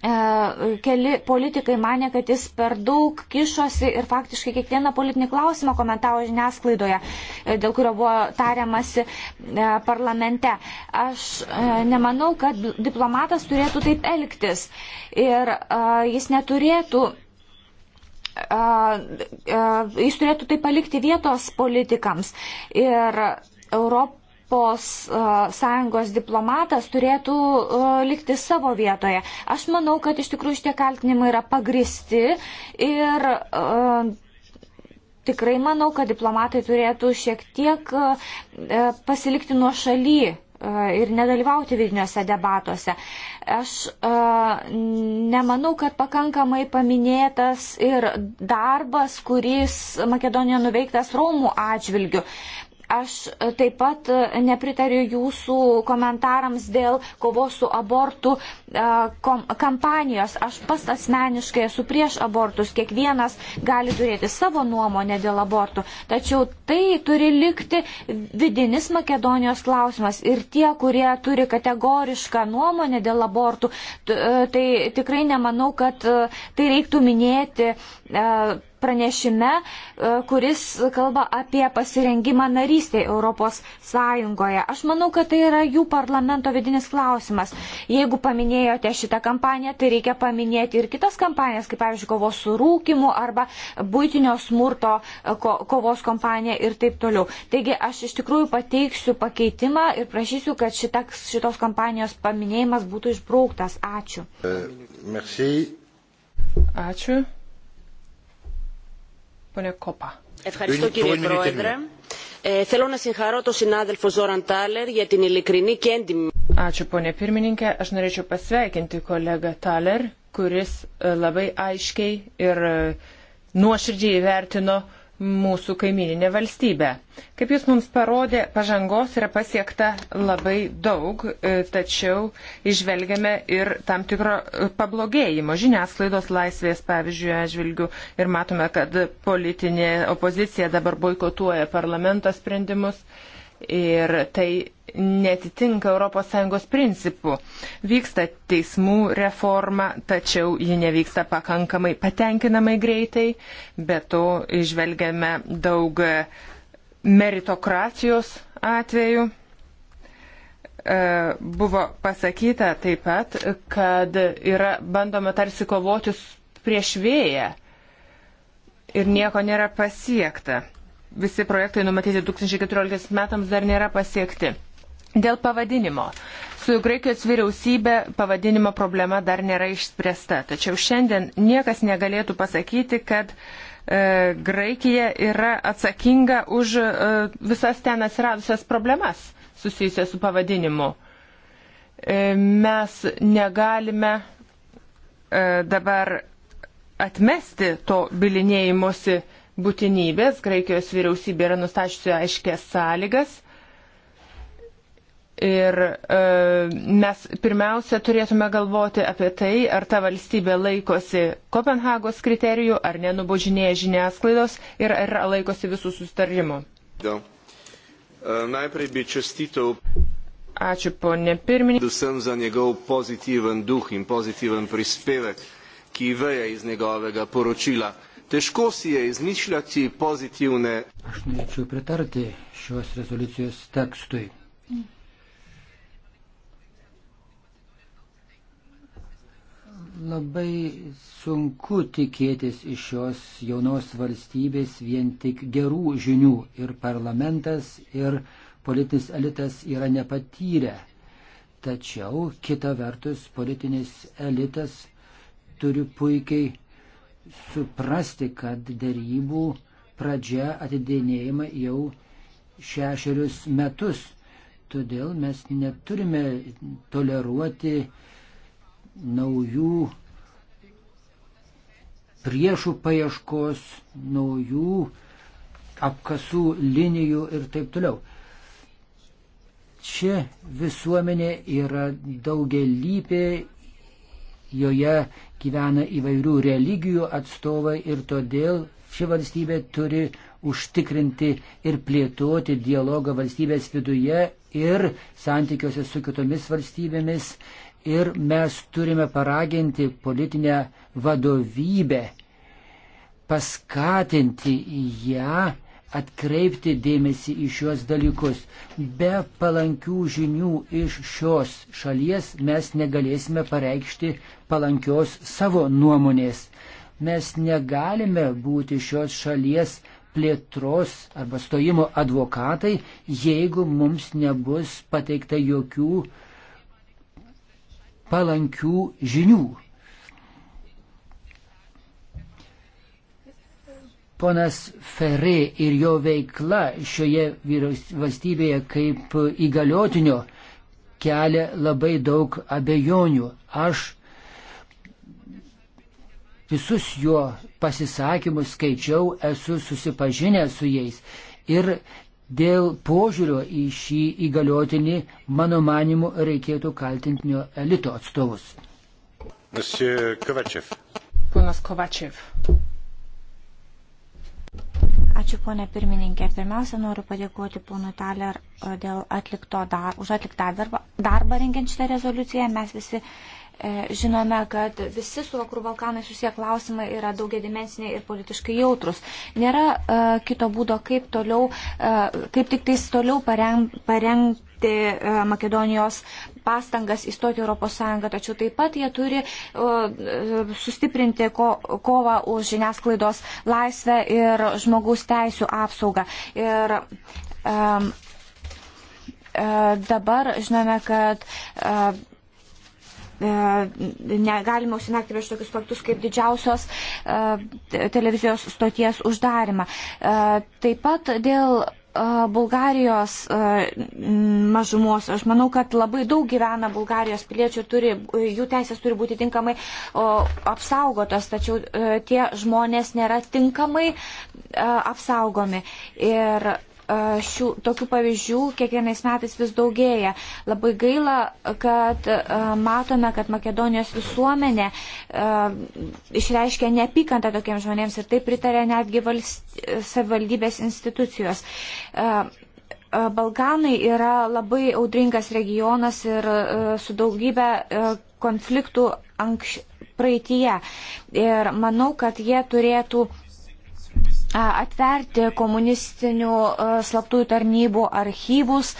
E, keli politikai mane, kad jis per daug kišosi ir faktiškai kiekvieną politinį klausimą komentavo žiniasklaidoje, e, dėl kurio buvo tariamasi e, parlamente. Aš nemanau, kad diplomatas turėtų taip elgtis ir jis neturėtų. Uh, uh, jis turėtų tai palikti vietos politikams. Ir Europ, Europos Sąjungos diplomatas turėtų likti savo vietoje. Aš manau, kad iš tikrųjų šitie kaltinimai yra pagristi ir tikrai manau, kad diplomatai turėtų šiek tiek e, pasilikti nuo šaly ir nedalyvauti vidiniuose debatuose. Aš nemanau, kad pakankamai paminėtas ir darbas, kuris Makedonijoje nuveiktas Romų atžvilgiu. Aš e, taip pat e, nepritariu jūsų komentarams dėl kovos su abortų e, kampanijos. Aš pas asmeniškai esu prieš abortus. Kiekvienas gali turėti savo nuomonę dėl abortų. Tačiau tai turi likti vidinis Makedonijos klausimas. Ir tie, kurie turi kategorišką nuomonę dėl abortų, tai tikrai nemanau, kad tai reiktų minėti pranešime, e, kuris kalba apie pasirengimą narystėje Europos Sąjungoje. Aš manau, kad tai yra jų parlamento vidinis klausimas. Jeigu paminėjote šitą kampaniją, tai reikia paminėti ir kitas kampanijas, kaip pavyzdžiui, kovos su rūkimu arba būtinio smurto e, ko kovos kampanija ir taip toliau. Taigi aš iš tikrųjų pateiksiu pakeitimą ir prašysiu, kad šita, šitos kampanijos paminėjimas būtų išbrauktas. Ačiū. Uh, merci. Ačiū. Pone Kopa. Ευχαριστώ κύριε Πρόεδρε. Ε, θέλω να συγχαρώ τον συνάδελφο Ζόραν Τάλερ για την ειλικρινή και έντιμη. Ačiū ponė pirmininkė, aš norėčiau pasveikinti kolegą Taler, kuris e, labai aiškiai ir e, nuoširdžiai įvertino uh, mūsų kaimininė valstybė. Kaip jūs mums parodė, pažangos yra pasiekta labai daug, e, tačiau išvelgiame ir tam tikro e, pablogėjimo žiniasklaidos laisvės, pavyzdžiui, atžvilgių ir matome, kad politinė opozicija dabar boikotuoja parlamento sprendimus. Uh, ir tai netitinka ES principų. Vyksta teismų reforma, tačiau ji nevyksta pakankamai patenkinamai greitai, bet to išvelgiame daug meritokracijos atvejų e, buvo pasakyta taip pat, kad yra bandoma tarsi kovoti prieš vėją ir nieko nėra pasiekta visi projektai numatyti 2014 metams dar nėra pasiekti. Dėl pavadinimo. Su Graikijos vyriausybė pavadinimo problema dar nėra išspręsta. Tačiau šiandien niekas negalėtų pasakyti, kad e, Graikija yra atsakinga už e, visas ten atsiradusias problemas susijusias su pavadinimu. E, mes negalime e, dabar atmesti to bilinėjimosi e, būtinybės. Graikijos vyriausybė yra nustačiusi aiškės sąlygas. Ir e, mes pirmiausia turėtume galvoti apie tai, ar ta valstybė laikosi Kopenhagos kriterijų, ar nenubaudžinėja žiniasklaidos ir ar laikosi visų sustarimų. E, najprej bi čestitev Ačiū ponė pirmininkė. Predvsem za njegov pozitiven duh in pozitiven prispevek, ki veje iz njegovega poročila dyskusje i zmyślać pozytywne. Aš norėčiau pritarti šios rezoliucijos tekstui. Labai sunku tikėtis iš šios jaunos valstybės vien tik gerų žinių ir parlamentas ir politinis elitas yra nepatyrę. Tačiau kita vertus politinis elitas turi puikiai suprasti, kad dėrybų pradžia atidėnėjama jau šešerius metus. Todėl mes neturime toleruoti naujų priešų paieškos, naujų apkasų linijų ir taip toliau. Čia visuomenė yra daugelypė joje gyvena įvairių religijų atstovai ir todėl ši valstybė turi užtikrinti ir plėtoti dialogą valstybės viduje ir santykiuose su kitomis valstybėmis. Ir mes turime paraginti politinę vadovybę, paskatinti ją atkreipti dėmesį į šios dalykus. Be palankių žinių iš šios šalies mes negalėsime pareikšti palankios savo nuomonės. Mes negalime būti šios šalies plėtros arba stojimo advokatai, jeigu mums nebus pateikta jokių palankių žinių. ponas Ferri ir jo veikla šioje valstybėje kaip įgaliotinio kelia labai daug abejonių. Aš visus jo pasisakymus skaičiau, esu susipažinęs su jais. Ir Dėl požiūrio į šį įgaliotinį, mano manimu, reikėtų kaltintinio elito atstovus. Ponas Kovačev. Ačiū, ponė pirmininkė. Pirmiausia, noriu padėkoti ponui Taler e, dėl atlikto dar, už atliktą darbą, darbą rengiant šitą rezoliuciją. Mes visi E, žinome, kad visi su Vakarų Balkanai susiję klausimai yra daugiadimensiniai ir politiškai jautrus. Nėra uh, kito būdo, kaip, toliau, uh, kaip tik tais toliau pareng, parengti uh, Makedonijos pastangas įstoti Europos Sąjungą, tačiau taip pat jie turi uh, sustiprinti ko, kovą už žiniasklaidos laisvę ir žmogaus teisų apsaugą. Ir, um, dabar žinome, kad E, negalima užsinakti prieš tokius faktus kaip didžiausios e, televizijos stoties uždarimą. E, taip pat dėl Bulgarijos mažumos. Aš manau, kad labai daug gyvena Bulgarijos piliečių, turi, jų teisės turi būti tinkamai apsaugotos, tačiau tie žmonės nėra tinkamai apsaugomi. Ir šių tokių pavyzdžių kiekvienais metais vis daugėja. Labai gaila, kad matome, kad Makedonijos visuomenė išreiškia neapykantą tokiems žmonėms ir tai pritarė netgi valst... savivaldybės institucijos. Balkanai yra labai audringas regionas ir su daugybė konfliktų anks... praeitie. Ir manau, kad jie turėtų atverti komunistinių slaptųjų tarnybų archyvus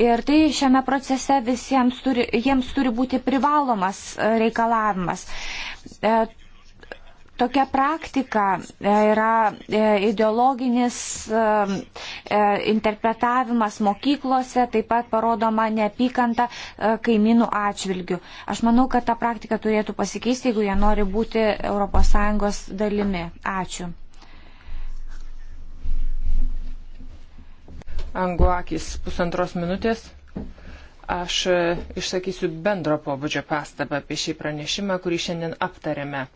ir tai šiame procese visiems turi, jiems turi būti privalomas reikalavimas. Tokia praktika yra ideologinis interpretavimas mokyklose, taip pat parodoma neapykanta kaiminų atžvilgių. Aš manau, kad ta praktika turėtų pasikeisti, jeigu jie nori būti ES dalimi. Ačiū. Anguakis pusantros minutės. Aš e, išsakysiu bendro pobūdžio pastabą apie šį pranešimą, kurį šiandien aptarėme.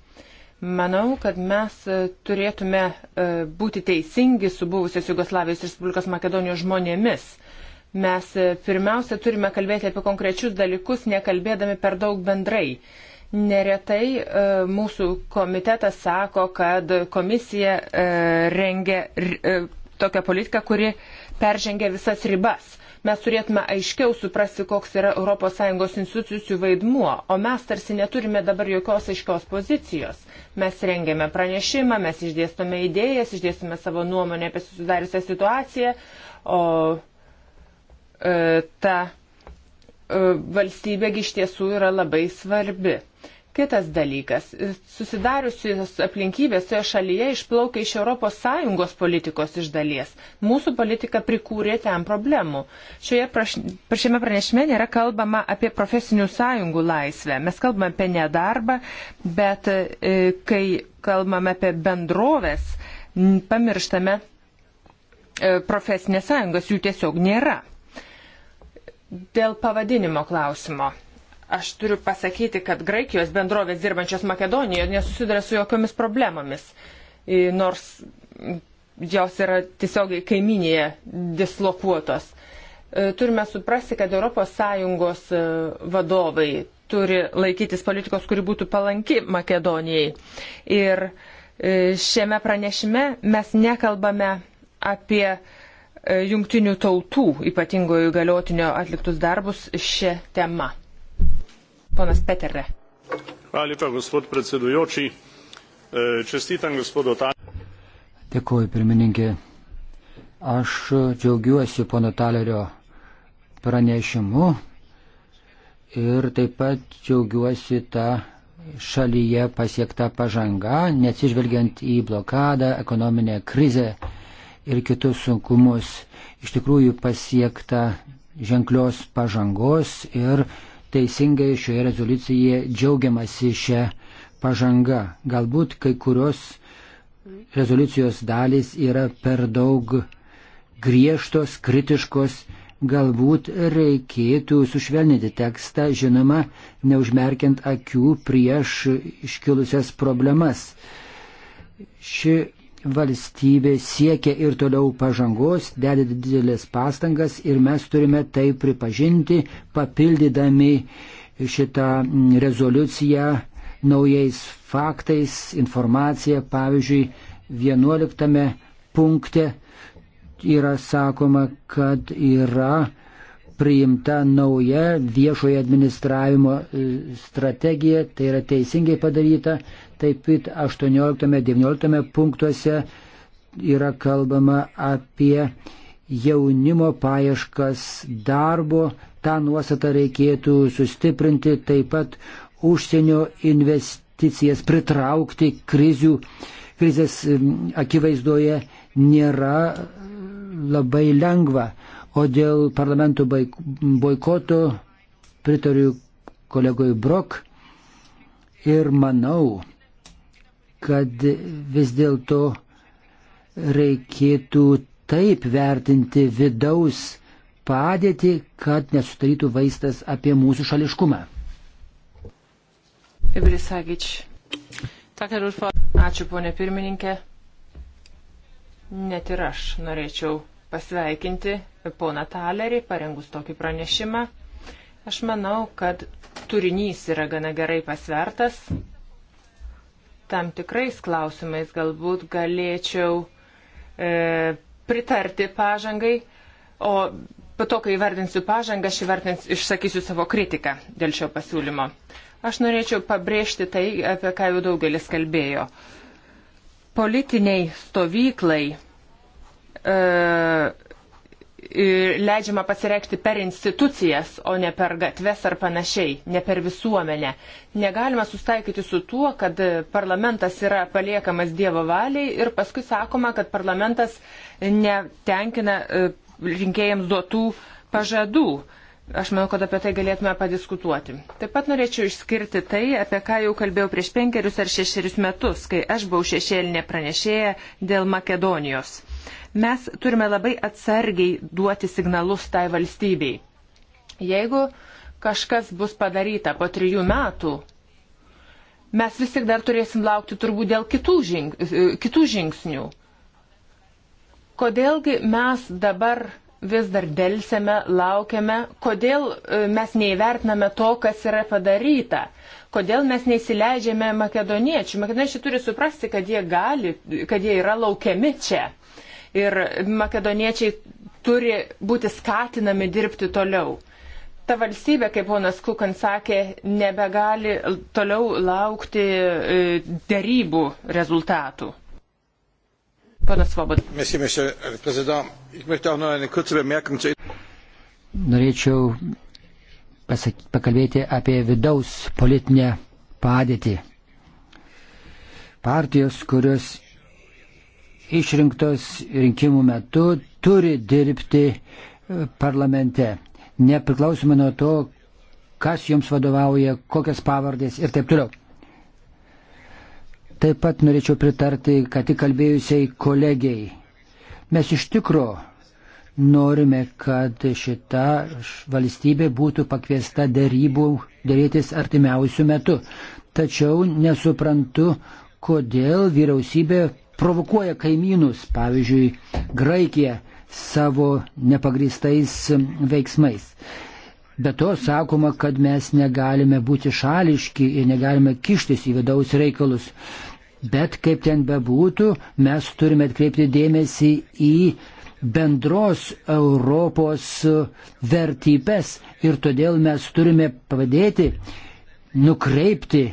Manau, kad mes e, turėtume e, būti teisingi su buvusios Jugoslavijos Respublikos Makedonijos žmonėmis. Mes pirmiausia turime kalbėti apie konkrečius dalykus, nekalbėdami per daug bendrai. Neretai mūsų komitetas sako, kad komisija rengia tokią politiką, kuri peržengia visas ribas. Mes turėtume aiškiau suprasti, koks yra ES institucijų vaidmuo, o mes tarsi neturime dabar jokios aiškios pozicijos. Mes rengiame pranešimą, mes išdėstome idėjas, išdėstome savo nuomonę apie susidariusią situaciją, o e, ta e, valstybėgi iš tiesų yra labai svarbi. Kitas dalykas, susidariusios aplinkybės toje šalyje išplaukia iš ES politikos iš dalies. Mūsų politika prikūrė ten problemų. Šioje praš... šiame pranešime nėra kalbama apie profesinių sąjungų laisvę. Mes kalbame apie nedarbą, bet e, kai kalbame apie bendrovės, pamirštame e, profesinės sąjungos, jų tiesiog nėra. Dėl pavadinimo klausimo. Aš turiu pasakyti, kad Graikijos bendrovės dirbančios Makedonijoje nesusiduria su jokiomis problemomis, nors jos yra tiesiogiai kaiminėje dislokuotos. E, turime suprasti, kad ES e, vadovai turi laikytis politikos, kuri būtų palanki Makedonijai. Ir e, šiame pranešime mes nekalbame apie jungtinių tautų ypatingojo įgaliotinio atliktus darbus šią temą. Ponas Peterle. Hvala lepa, gospod predsedujoči. E, čestitam gospodu Talerju. Dėkuoju, pirmininkė. Aš džiaugiuosi pono Talerio pranešimu ir taip pat džiaugiuosi tą šalyje pasiektą pažangą, neatsižvelgiant į blokadą, ekonominę krizę ir kitus sunkumus. Iš tikrųjų pasiekta ženklios pažangos ir teisingai šioje rezoliucijoje džiaugiamasi šią pažangą. Galbūt kai kurios rezoliucijos dalys yra per daug griežtos, kritiškos, galbūt reikėtų sušvelninti tekstą, žinoma, neužmerkiant akių prieš iškilusias problemas. Ši valstybė siekia ir toliau pažangos, deda didelės pastangas ir mes turime tai pripažinti, papildydami šitą rezoliuciją naujais faktais, informacija. Pavyzdžiui, 11 punkte yra sakoma, kad yra priimta nauja viešoje administravimo e, strategija, tai yra teisingai padaryta. Taip pat 18-19 punktuose yra kalbama apie jaunimo paieškas darbo, tą nuostatą reikėtų sustiprinti, taip pat užsienio investicijas pritraukti krizių, krizės akivaizdoje nėra e, labai lengva. O dėl parlamentų boikoto pritariu kolegoj Brok ir manau, kad vis dėlto reikėtų taip vertinti vidaus padėtį, kad nesudarytų vaistas apie mūsų šališkumą. Ibrisagič. Ačiū, ponė pirmininkė. Net ir aš norėčiau pasveikinti poną Talerį, parengus tokį pranešimą. Aš manau, kad turinys yra gana gerai pasvertas. Tam tikrais klausimais galbūt galėčiau e, pritarti pažangai, o po to, kai įvardinsiu pažangą, aš įvardins, išsakysiu savo kritiką dėl šio pasiūlymo. Aš norėčiau pabrėžti tai, apie ką jau daugelis kalbėjo. Politiniai stovyklai E, leidžiama pasireikšti per institucijas, o ne per gatves ar panašiai, ne per visuomenę. Negalima sustaikyti su tuo, kad parlamentas yra paliekamas Dievo valiai ir paskui sakoma, kad parlamentas netenkina e, rinkėjams duotų pažadų. Aš manau, kad apie tai galėtume padiskutuoti. Taip pat norėčiau išskirti tai, apie ką jau kalbėjau prieš penkerius ar šešerius metus, kai aš buvau šešėlinė pranešėja dėl Makedonijos. Mes turime labai atsargiai duoti signalus tai valstybei. Jeigu kažkas bus padaryta po trijų metų, mes vis tik dar turėsim laukti turbūt dėl kitų, žing, e, kitų žingsnių. Kodėlgi mes dabar vis dar dėlsime, laukiame, kodėl e, mes neįvertiname to, kas yra padaryta, kodėl mes neįsileidžiame makedoniečių. Makedoniečiai turi suprasti, kad jie gali, kad jie yra laukiami čia ir makedoniečiai turi būti skatinami dirbti toliau. Ta valstybė, kaip ponas Kukan sakė, nebegali toliau laukti e, dėrybų rezultatų. Ponas Svobod. Norėčiau pasak, pakalbėti apie vidaus politinę padėtį. Partijos, kurios išrinktos rinkimų metu turi dirbti e, parlamente, nepriklausomai nuo to, kas jums vadovauja, kokias pavardės ir taip toliau. Taip pat norėčiau pritarti, kad tik kalbėjusiai kolegiai. Mes iš tikro norime, kad šita valstybė būtų pakviesta dėrybų dėrėtis artimiausių metų. Tačiau nesuprantu, kodėl vyriausybė provokuoja kaimynus, pavyzdžiui, Graikiją savo nepagristais veiksmais. Be to sakoma, kad mes negalime būti šališki ir negalime kištis į vidaus reikalus. Bet kaip ten bebūtų, mes turime atkreipti dėmesį į bendros Europos e, vertybės ir todėl mes turime padėti nukreipti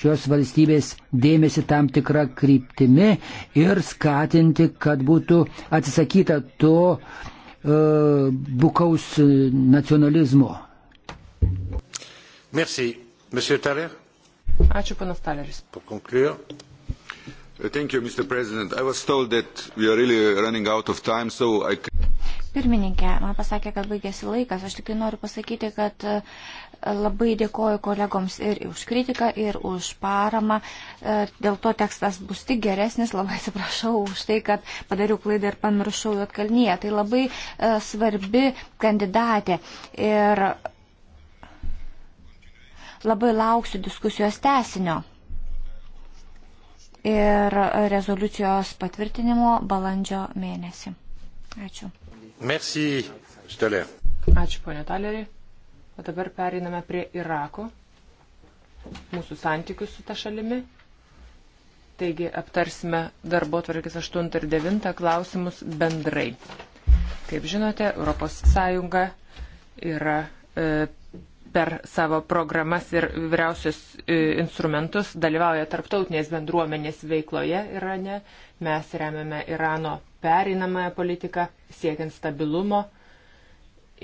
šios valstybės dėmesį tam tikrą kryptimi ir skatinti, kad būtų atsisakyta to uh, bukaus nacionalizmo. Merci. Monsieur Taler. Ačiū, panas Taleris. Thank you, Mr. President. I was told that we are really running out of time, so I can pirmininkė man pasakė, kad baigėsi laikas. Aš tik noriu pasakyti, kad Labai dėkoju kolegoms ir už kritiką, ir už paramą. E, dėl to tekstas bus tik geresnis. Labai atsiprašau už tai, kad padariau klaidą ir pamiršau Jotkalnyje. Tai labai e, svarbi kandidatė. Ir labai lauksiu diskusijos tesinio ir rezoliucijos patvirtinimo balandžio mėnesį. Ačiū. Merci, Stoler. Ačiū, ponė Talerį. O dabar pereiname prie Irako, mūsų santykių su ta šalimi. Taigi aptarsime darbo tvarkės 8 ir 9 klausimus bendrai. Kaip žinote, ES yra e, per savo programas ir vyriausius e, instrumentus dalyvauja tarptautinės bendruomenės veikloje Irane. Mes remiame Irano pereinamąją politiką siekiant stabilumo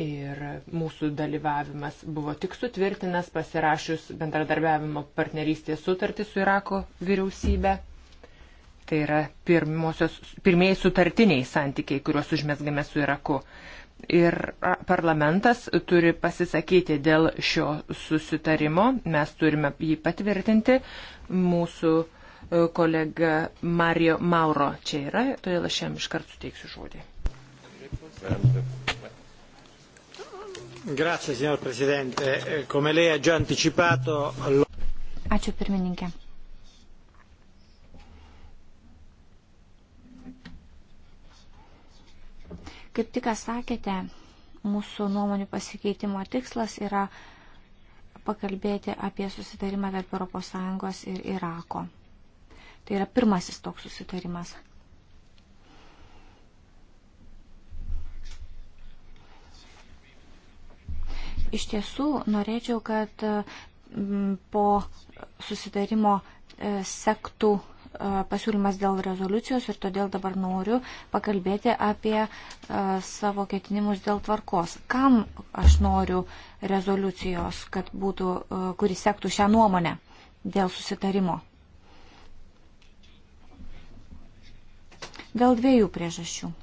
Ir mūsų dalyvavimas buvo tik sutvirtinas pasirašius bendradarbiavimo partnerystės sutartį su Irako vyriausybė. Tai yra pirmieji sutartiniai santykiai, kuriuos užmesgame su Iraku. Ir parlamentas turi pasisakyti dėl šio susitarimo. Mes turime jį patvirtinti. Mūsų e, kolega Mario Mauro čia yra, todėl aš jam iškart suteiksiu žodį. Dėkui. Grazie, signor Presidente. Eh, come lei ha già anticipato... Ačiū pirmininkė. Kaip tik sakėte, mūsų nuomonių pasikeitimo tikslas yra pakalbėti apie susitarimą tarp ES ir Irako. Tai yra pirmasis toks susitarimas. Iš tiesų, norėčiau, kad po susitarimo e, sektų e, pasiūlymas dėl rezoliucijos ir todėl dabar noriu pakalbėti apie e, savo ketinimus dėl tvarkos. Kam aš noriu rezoliucijos, kad būtų, kuris sektų šią nuomonę dėl susitarimo? Dėl dviejų priežasčių.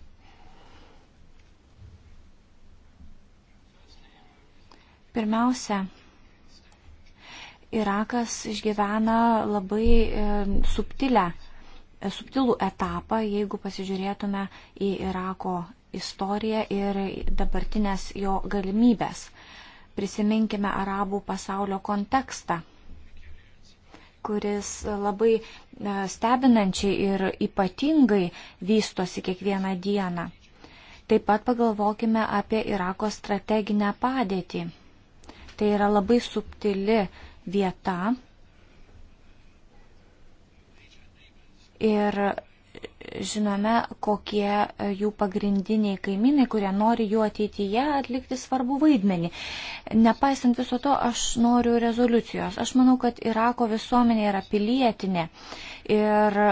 Pirmiausia, Irakas išgyvena labai e, subtilę, e, subtilų etapą, jeigu pasižiūrėtume į Irako istoriją ir dabartinės jo galimybės. Prisiminkime arabų pasaulio kontekstą, kuris labai e, stebinančiai ir ypatingai vystosi kiekvieną dieną. Taip pat pagalvokime apie Irako strateginę padėtį Tai yra labai subtili vieta. Ir žinome, kokie jų pagrindiniai kaimynai, kurie nori jų ateityje atlikti svarbų vaidmenį. Nepaisant viso to, aš noriu rezoliucijos. Aš manau, kad Irako visuomenė yra pilietinė. Ir e,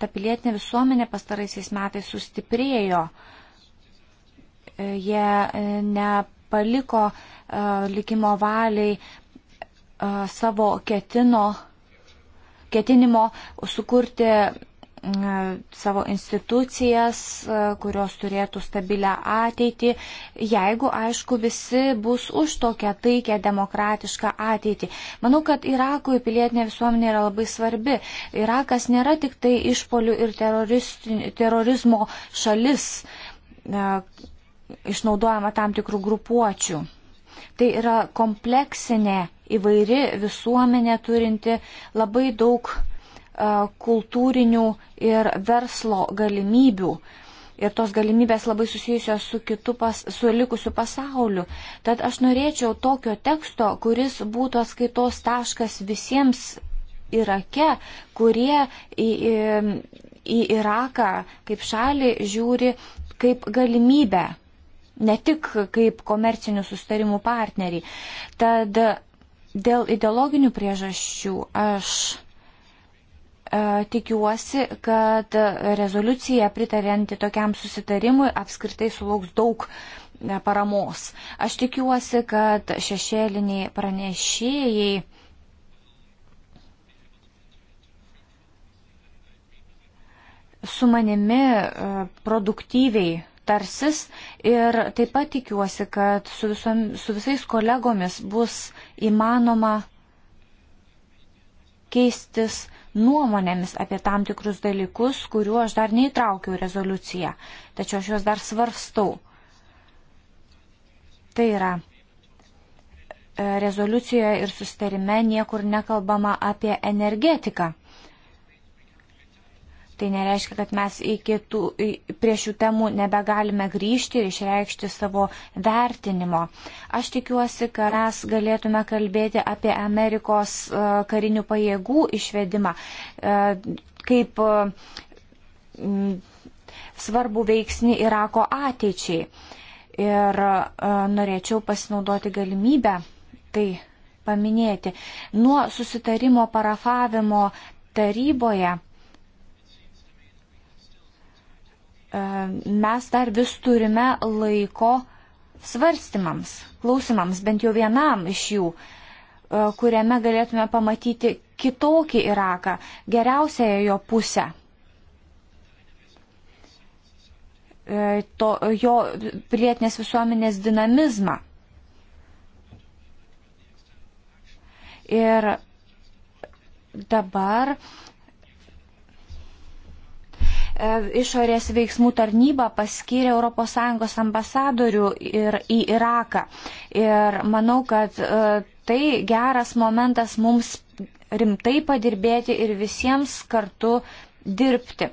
ta pilietinė visuomenė pastaraisiais metais sustiprėjo. E, jie e, nepaliko likimo valiai savo ketino, ketinimo sukurti mm, savo institucijas, kurios turėtų stabilę ateitį, jeigu, aišku, visi bus už tokią taikę demokratišką ateitį. Manau, kad Irakui pilietinė visuomenė yra labai svarbi. Irakas nėra tik tai išpolių ir terorizmo šalis, e, išnaudojama tam tikrų grupuočių. Tai yra kompleksinė, įvairi visuomenė turinti labai daug kultūrinių ir verslo galimybių. Ir tos galimybės labai susijusios su, kitu pas, su likusiu pasauliu. Tad aš norėčiau tokio teksto, kuris būtų atskaitos taškas visiems Irake, kurie į, į, į Iraką kaip šalį žiūri kaip galimybę ne tik kaip komercinių sustarimų partneriai. Tad dėl ideologinių priežasčių aš e, tikiuosi, kad rezoliucija pritarianti tokiam susitarimui apskritai sulauks daug e, paramos. Aš tikiuosi, kad šešėliniai pranešėjai su manimi e, produktyviai tarsis ir taip pat tikiuosi, kad su, visom, su visais kolegomis bus įmanoma keistis nuomonėmis apie tam tikrus dalykus, kuriuo aš dar neįtraukiau rezoliuciją, tačiau aš juos dar svarstau. Tai yra, e, rezoliucijoje ir susitarime niekur nekalbama apie energetiką. Tai nereiškia, kad mes tų, prie šių temų nebegalime grįžti ir išreikšti savo vertinimo. Aš tikiuosi, kad mes galėtume kalbėti apie Amerikos e, karinių pajėgų išvedimą e, kaip e, svarbu veiksni Irako ateičiai. Ir norėčiau pasinaudoti galimybę tai paminėti. Nuo susitarimo parafavimo taryboje mes dar vis turime laiko svarstymams, klausimams, bent jau vienam iš jų, e, kuriame galėtume pamatyti kitokį Iraką, geriausiąją jo pusę. E, to, jo pilietinės visuomenės dinamizmą. Ir dabar E, išorės veiksmų tarnyba paskyrė ES ambasadorių ir į Iraką. Ir manau, kad e, tai geras momentas mums rimtai padirbėti ir visiems kartu dirbti.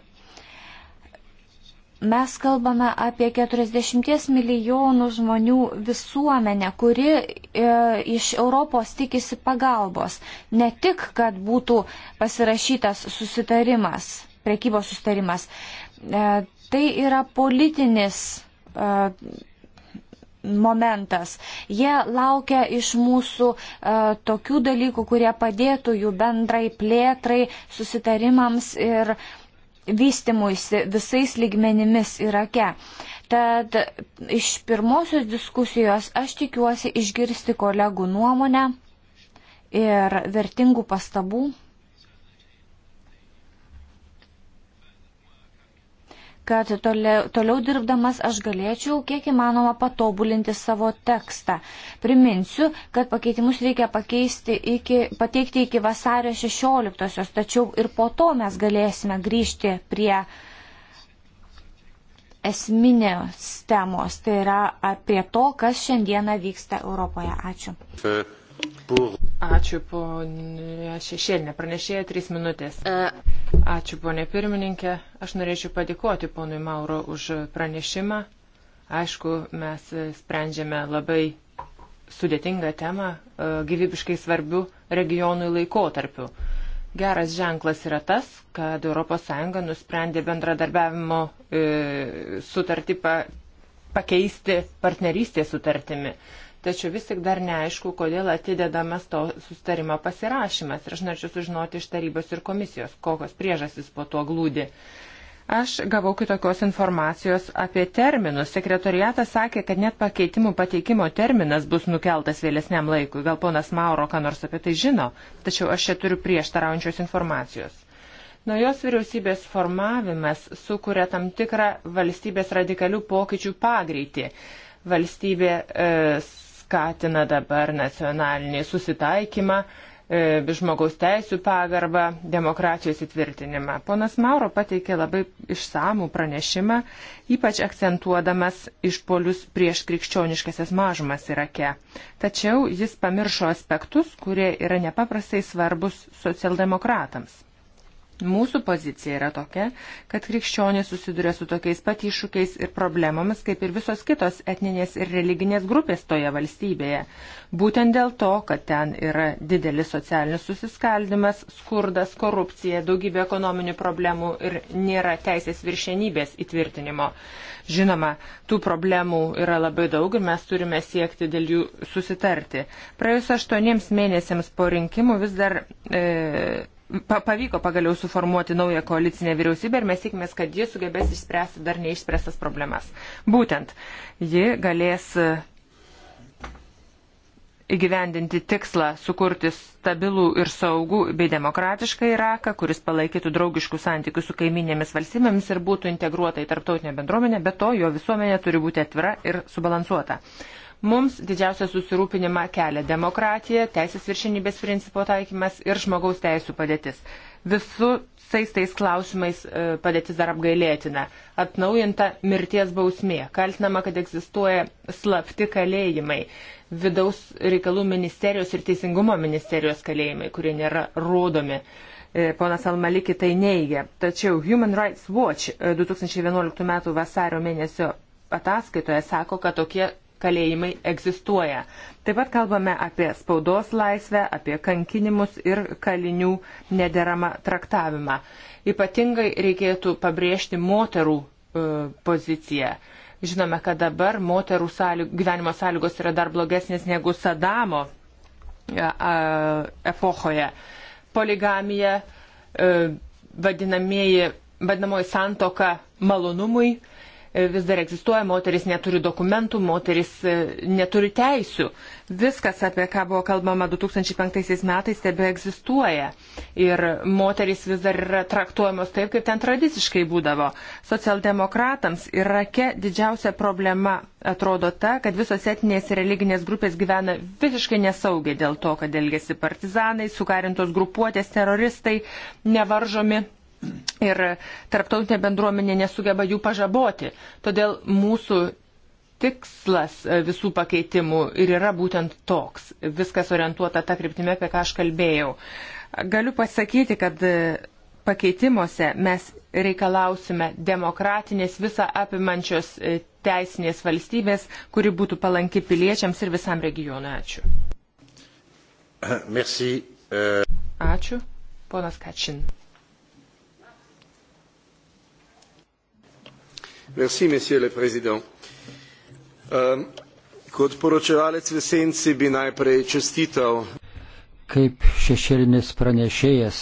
Mes kalbame apie 40 milijonų žmonių visuomenę, kuri e, iš Europos tikisi pagalbos. Ne tik, kad būtų pasirašytas susitarimas prekybos sustarimas. E, tai yra politinis e, momentas. Jie laukia iš mūsų e, tokių dalykų, kurie padėtų jų bendrai plėtrai, susitarimams ir vystimuisi visais lygmenimis Irake. Tad iš pirmosios diskusijos aš tikiuosi išgirsti kolegų nuomonę ir vertingų pastabų. kad toliau, toliau dirbdamas aš galėčiau kiek įmanoma patobulinti savo tekstą. Priminsiu, kad pakeitimus reikia iki, pateikti iki vasario 16-osios, tačiau ir po to mes galėsime grįžti prie esminės temos, tai yra prie to, kas šiandieną vyksta Europoje. Ačiū. Taip pour... Ačiū ponė Šešėlinė, pranešėja 3 minutės. E. Ačiū ponė pirmininkė, aš norėčiau padėkoti ponui Mauro už pranešimą. Aišku, mes sprendžiame labai sudėtingą temą e, gyvybiškai svarbių regionui laikotarpiu. Geras ženklas yra tas, kad ES nusprendė bendradarbiavimo e, sutartį pa, pakeisti partnerystės sutartimi tačiau vis tik dar neaišku, kodėl atidedamas to sustarimo pasirašymas. Ir aš norėčiau sužinoti iš tarybos ir komisijos, kokios priežastys po to glūdi. Aš gavau kitokios informacijos apie terminus. Sekretoriatas sakė, kad net pakeitimų pateikimo terminas bus nukeltas vėlesniam laikui. Gal ponas Mauro, ką nors apie tai žino, tačiau aš čia turiu prieštaraujančios informacijos. Naujos vyriausybės formavimas sukuria tam tikrą valstybės radikalių pokyčių pagreitį. Valstybė e, skatina dabar nacionalinį susitaikymą, e, žmogaus teisų pagarbą, demokratijos įtvirtinimą. Ponas Mauro pateikė labai išsamų pranešimą, ypač akcentuodamas išpolius prieš krikščioniškasias mažumas Irake. Tačiau jis pamiršo aspektus, kurie yra nepaprastai svarbus socialdemokratams. Mūsų pozicija yra tokia, kad krikščionys susiduria su tokiais pat iššūkiais ir problemomis, kaip ir visos kitos etninės ir religinės grupės toje valstybėje. Būtent dėl to, kad ten yra didelis socialinis susiskaldimas, skurdas, korupcija, daugybė ekonominių problemų ir nėra teisės viršenybės įtvirtinimo. Žinoma, tų problemų yra labai daug ir mes turime siekti dėl jų susitarti. Praėjus aštuoniems mėnesiams po rinkimų vis dar. E, pa, pavyko pagaliau suformuoti naują koalicinę vyriausybę ir mes tikimės, kad ji sugebės išspręsti dar neišspręstas problemas. Būtent ji galės e, įgyvendinti tikslą sukurti stabilų ir saugų bei demokratišką Iraką, kuris palaikytų draugiškų santykių su kaiminėmis valstybėmis ir būtų integruota į tarptautinę bendruomenę, bet to jo visuomenė turi būti atvira ir subalansuota. Mums didžiausia susirūpinima kelia demokratija, teisės viršinybės principo taikymas ir žmogaus teisų padėtis. Visais tais klausimais e, padėtis dar apgailėtina. Atnaujinta mirties bausmė, kaltinama, kad egzistuoja slapti kalėjimai, vidaus reikalų ministerijos ir teisingumo ministerijos kalėjimai, kurie nėra rodomi e, ponas Almaliki tai neigia. Tačiau Human Rights Watch 2011 e, m. vasario mėnesio ataskaitoje sako, kad tokie kalėjimai egzistuoja. Taip pat kalbame apie spaudos laisvę, apie kankinimus ir kalinių nederamą traktavimą. Ypatingai reikėtų pabrėžti moterų e, poziciją. Žinome, kad dabar moterų sąlyg, gyvenimo sąlygos yra dar blogesnės negu Sadamo e, e, epochoje. Poligamija, e, vadinamieji, vadinamoji santoka malonumui, e, vis dar egzistuoja, moteris neturi dokumentų, moteris e, neturi teisių. Viskas, apie ką buvo kalbama 2005 metais, tebe egzistuoja. Ir moteris vis dar yra traktuojamos taip, kaip ten tradiciškai būdavo. Socialdemokratams Irake didžiausia problema atrodo ta, kad visos etinės ir religinės grupės gyvena visiškai nesaugiai dėl to, kad elgesi partizanai, sukarintos grupuotės, teroristai, nevaržomi ir tarptautinė bendruomenė nesugeba jų pažaboti. Todėl mūsų tikslas e, visų pakeitimų ir yra būtent toks. Viskas orientuota tą kryptimę, apie ką aš kalbėjau. Galiu pasakyti, kad e, pakeitimuose mes reikalausime demokratinės visą apimančios e, teisinės valstybės, kuri būtų palanki piliečiams ir visam regionui. Ačiū. Merci. Ačiū. Ponas Kačin. Merci, monsieur le président. Um, kot poročevalec v senci bi najprej čestital. Kaip šešėlinis pranešėjas,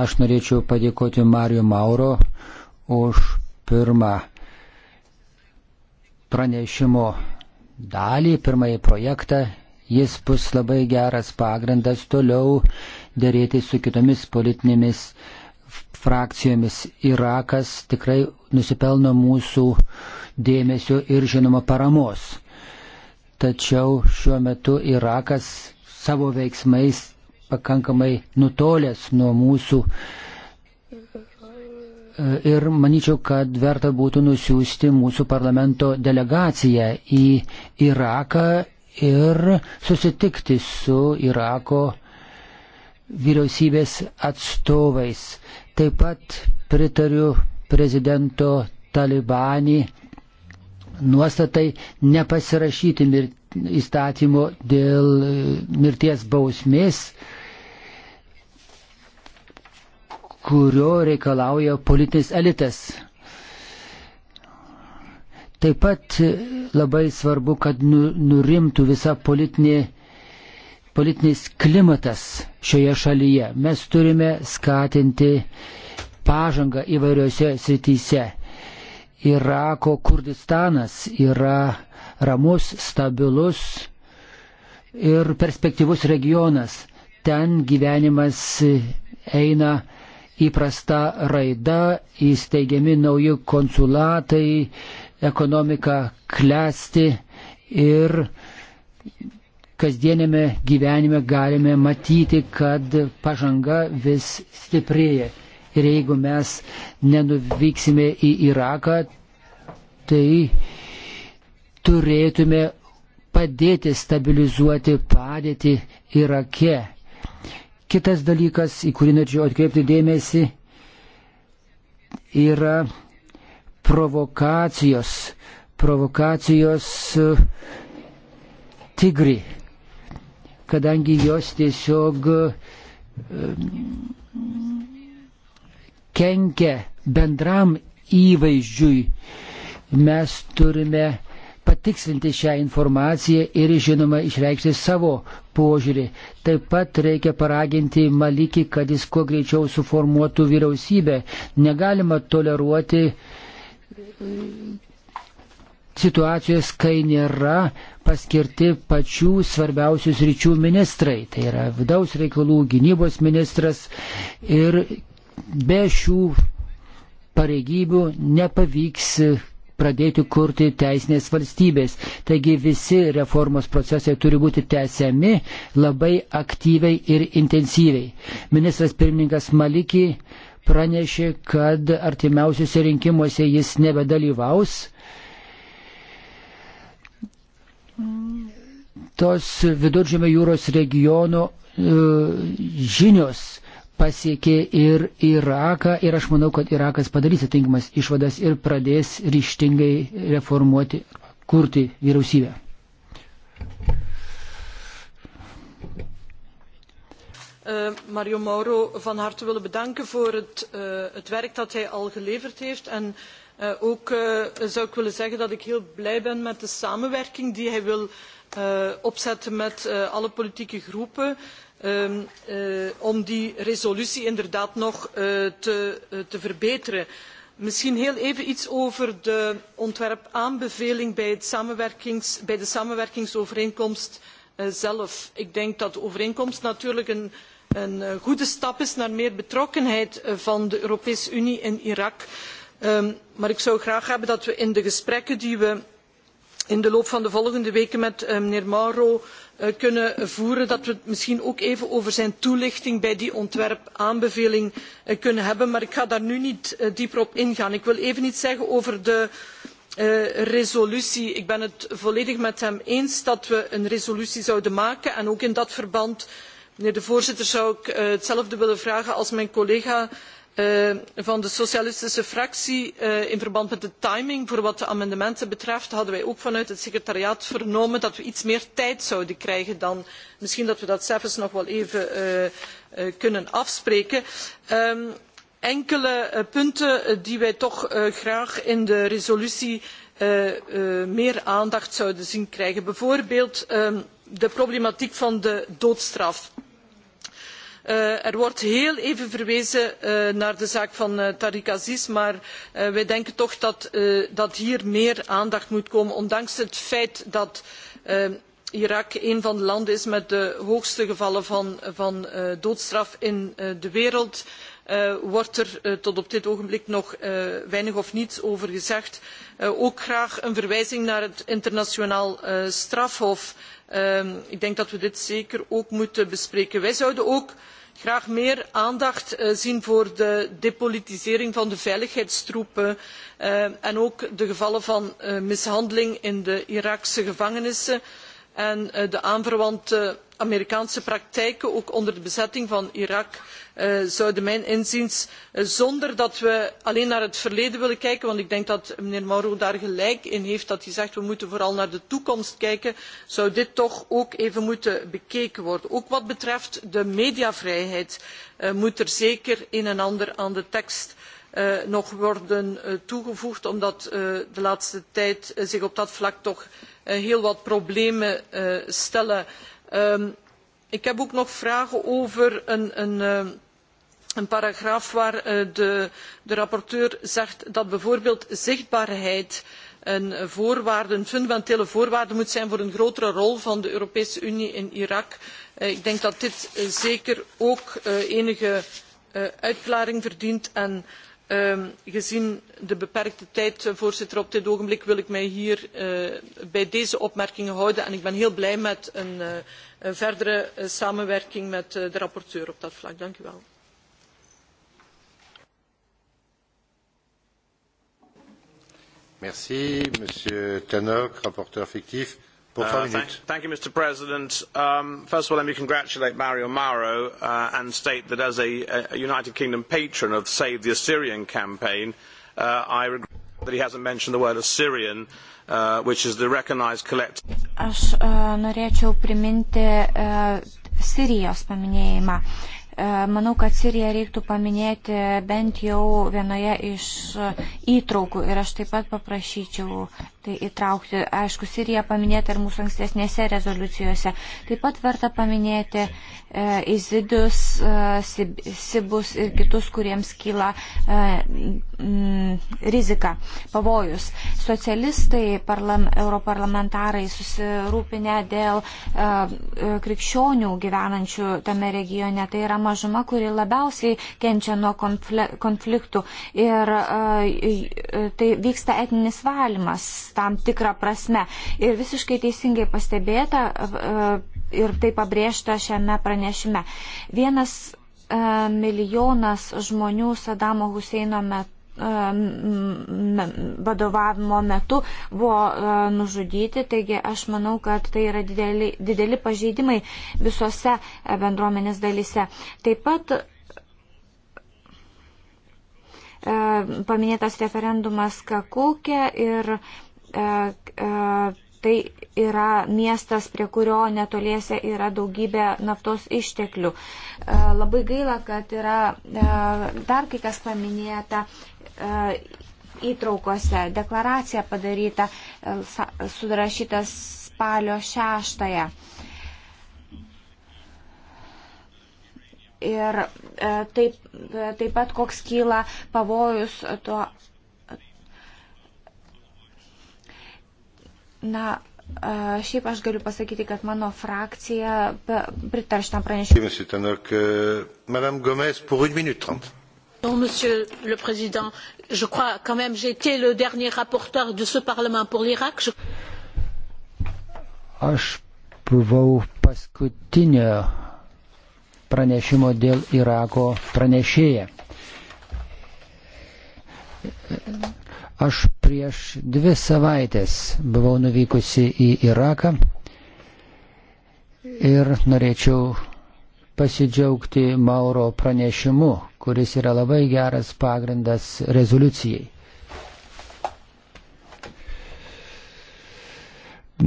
aš norėčiau padėkoti Mario Mauro už pirmą pranešimo dalį, pirmąjį projektą. Jis bus labai geras pagrindas toliau dėrėti su kitomis politinėmis uh, frakcijomis Irakas tikrai nusipelno mūsų dėmesio ir žinoma paramos. Tačiau šiuo metu Irakas savo veiksmais pakankamai nutolęs nuo mūsų ir manyčiau, kad verta būtų nusiųsti mūsų parlamento delegaciją į Iraką ir susitikti su Irako vyriausybės atstovais. Taip pat pritariu prezidento Talibanį nuostatai nepasirašyti mir, įstatymo dėl e, mirties bausmės, kurio reikalauja politinis elitas. Taip pat labai svarbu, kad nu- nurimtų visa politinė politinis klimatas šioje šalyje. Mes turime skatinti pažangą įvairiose srityse. Irako Kurdistanas yra ramus, stabilus ir perspektyvus regionas. Ten gyvenimas eina įprasta raida, įsteigiami nauji konsulatai, ekonomika klesti ir kasdienėme gyvenime galime matyti, kad pažanga vis stiprėja. Ir jeigu mes nenuvyksime į Iraką, tai turėtume padėti stabilizuoti padėtį Irake. Kitas dalykas, į kurį norėčiau atkreipti dėmesį, yra provokacijos, provokacijos e, tigri kadangi jos tiesiog e, kenkia bendram įvaizdžiui. Mes turime patikslinti šią informaciją ir, žinoma, išreikšti savo požiūrį. Taip pat reikia paraginti Malikį, kad jis kuo greičiau suformuotų vyriausybę. Negalima toleruoti situacijos, kai nėra paskirti pačių svarbiausių sričių ministrai. Tai yra vidaus reikalų, gynybos ministras ir be šių pareigybių nepavyks pradėti kurti teisinės valstybės. Taigi visi reformos procesai turi būti tęsiami labai aktyviai ir intensyviai. Ministras pirmininkas Maliki pranešė, kad artimiausiuose rinkimuose jis nebedalyvaus tos viduržėmio jūros regiono e, žinios pasiekė ir Iraką ir aš manau, kad Irakas padarys atinkamas išvadas ir pradės ryštingai reformuoti, kurti vyriausybę. Uh, Mario Mauro van harte willen bedanken voor het, uh, het werk dat hij al geleverd heeft en uh, Uh, ook uh, zou ik willen zeggen dat ik heel blij ben met de samenwerking die hij wil uh, opzetten met uh, alle politieke groepen um, uh, om die resolutie inderdaad nog uh, te, uh, te verbeteren. Misschien heel even iets over de ontwerpaanbeveling bij, het samenwerkings, bij de samenwerkingsovereenkomst uh, zelf. Ik denk dat de overeenkomst natuurlijk een, een goede stap is naar meer betrokkenheid van de Europese Unie in Irak. Uh, Um, maar ik zou graag hebben dat we in de gesprekken die we in de loop van de volgende weken met uh, meneer Mauro uh, kunnen voeren, dat we het misschien ook even over zijn toelichting bij die ontwerpaanbeveling uh, kunnen hebben. Maar ik ga daar nu niet uh, dieper op ingaan. Ik wil even iets zeggen over de uh, resolutie. Ik ben het volledig met hem eens dat we een resolutie zouden maken. En ook in dat verband, meneer de voorzitter, zou ik uh, hetzelfde willen vragen als mijn collega uh, uh, van de socialistische fractie uh, in verband met de timing voor wat de amendementen betreft hadden wij ook vanuit het secretariaat vernomen dat we iets meer tijd zouden krijgen dan misschien dat we dat zelfs nog wel even uh, kunnen afspreken. Um, enkele punten die wij toch graag in de resolutie meer aandacht zouden zien krijgen bijvoorbeeld ehm, de problematiek van de doodstraf Eh, er wordt heel even verwezen eh, naar de zaak van eh, tariq aziz maar wij denken toch dat, dat hier meer aandacht moet komen ondanks het feit dat irak een van de landen is met de hoogste gevallen van, van doodstraf in de wereld wordt er tot op dit ogenblik nog weinig of niets over gezegd. ook graag een verwijzing naar het internationaal strafhof. Um, ik denk dat we dit zeker ook moeten bespreken. wij zouden ook graag meer aandacht uh, zien voor de depolitisering van de veiligheidstroepen uh, en ook de gevallen van uh, mishandeling in de iraakse gevangenissen en eh, de aanverwante amerikaanse praktijken ook onder de bezetting van irak Eh, zou de mijn inziens eh, zonder dat we alleen naar het verleden willen kijken want ik denk dat mijnheer mauro daar gelijk in heeft dat hij zegt we moeten vooral naar de toekomst kijken zou dit toch ook even moeten bekeken worden. ook wat betreft de mediavrijheid eh, moet er zeker een en ander aan de tekst nog worden toegevoegd omdat zich de laatste tijd op dat vlak toch heel wat problemen stellen. Ehm, ik heb ook nog vragen over een een paragraaf waar eh, de, de rapporteur zegt dat bijvoorbeeld zichtbaarheid een voorwaarde een fundamentele voorwaarde moet zijn voor een grotere rol van de europese unie in irak. Eh, ik denk dat dit eh, zeker ook enige uitklaring verdient en ehm, gezien de beperkte tijd voorzitter op dit ogenblik wil ik mij hier bij deze opmerkingen houden en ik ben heel blij met een verdere samenwerking met de rapporteur op dat vlak. dank u wel. Merci, Monsieur Tannock, rapporteur fictif. Uh, thank, thank you, Mr. President. Um, first of all, let me congratulate Mario Mauro uh, and state that as a, a United Kingdom patron of Save the Assyrian campaign, uh, I regret that he hasn't mentioned the word Assyrian, uh, which is the recognized collective. Aš uh, norėčiau priminti uh, Sirijos paminėjimą. Uh, E, manau, kad Siriją reiktų paminėti bent jau vienoje iš e, įtraukų ir aš taip pat paprašyčiau tai įtraukti. Aišku, Sirija paminėta ir mūsų ankstesnėse rezoliucijose. Taip pat verta paminėti e, izidus, e, sib, sibus ir kitus, kuriems kyla e, m, rizika, pavojus. Socialistai, parlam, europarlamentarai susirūpinę dėl e, e krikščionių gyvenančių tame regione. Tai yra mažuma, kuri labiausiai kenčia nuo konfliktų. Ir e, e, tai vyksta etninis valymas tam tikrą prasme. Ir visiškai teisingai pastebėta e, ir tai pabrėžta šiame pranešime. Vienas e, milijonas žmonių Sadamo Huseino metu e, vadovavimo metu buvo nužudyti. Taigi aš manau, kad tai yra dideli, dideli pažeidimai visose bendruomenės dalyse. Taip pat paminėtas referendumas Kakukė ir uh, E, e, tai yra miestas, prie kurio netoliese yra daugybė naftos išteklių. E, labai gaila, kad yra dar kai kas paminėta įtraukose. Deklaracija padaryta, sudarašytas spalio šeštąją. Ir taip, taip pat koks kyla pavojus to Na, šiaip aš galiu pasakyti, kad mano frakcija pritar šitam pranešimui. Euh, non, Monsieur le Président, je crois quand même j'ai été le dernier rapporteur de ce Parlement pour l'Irak. Je... Aš buvau paskutinio pranešimo dėl Irako pranešėja. Aš prieš dvi savaitės buvau nuvykusi į Iraką ir norėčiau pasidžiaugti Mauro pranešimu, kuris yra labai geras pagrindas rezoliucijai.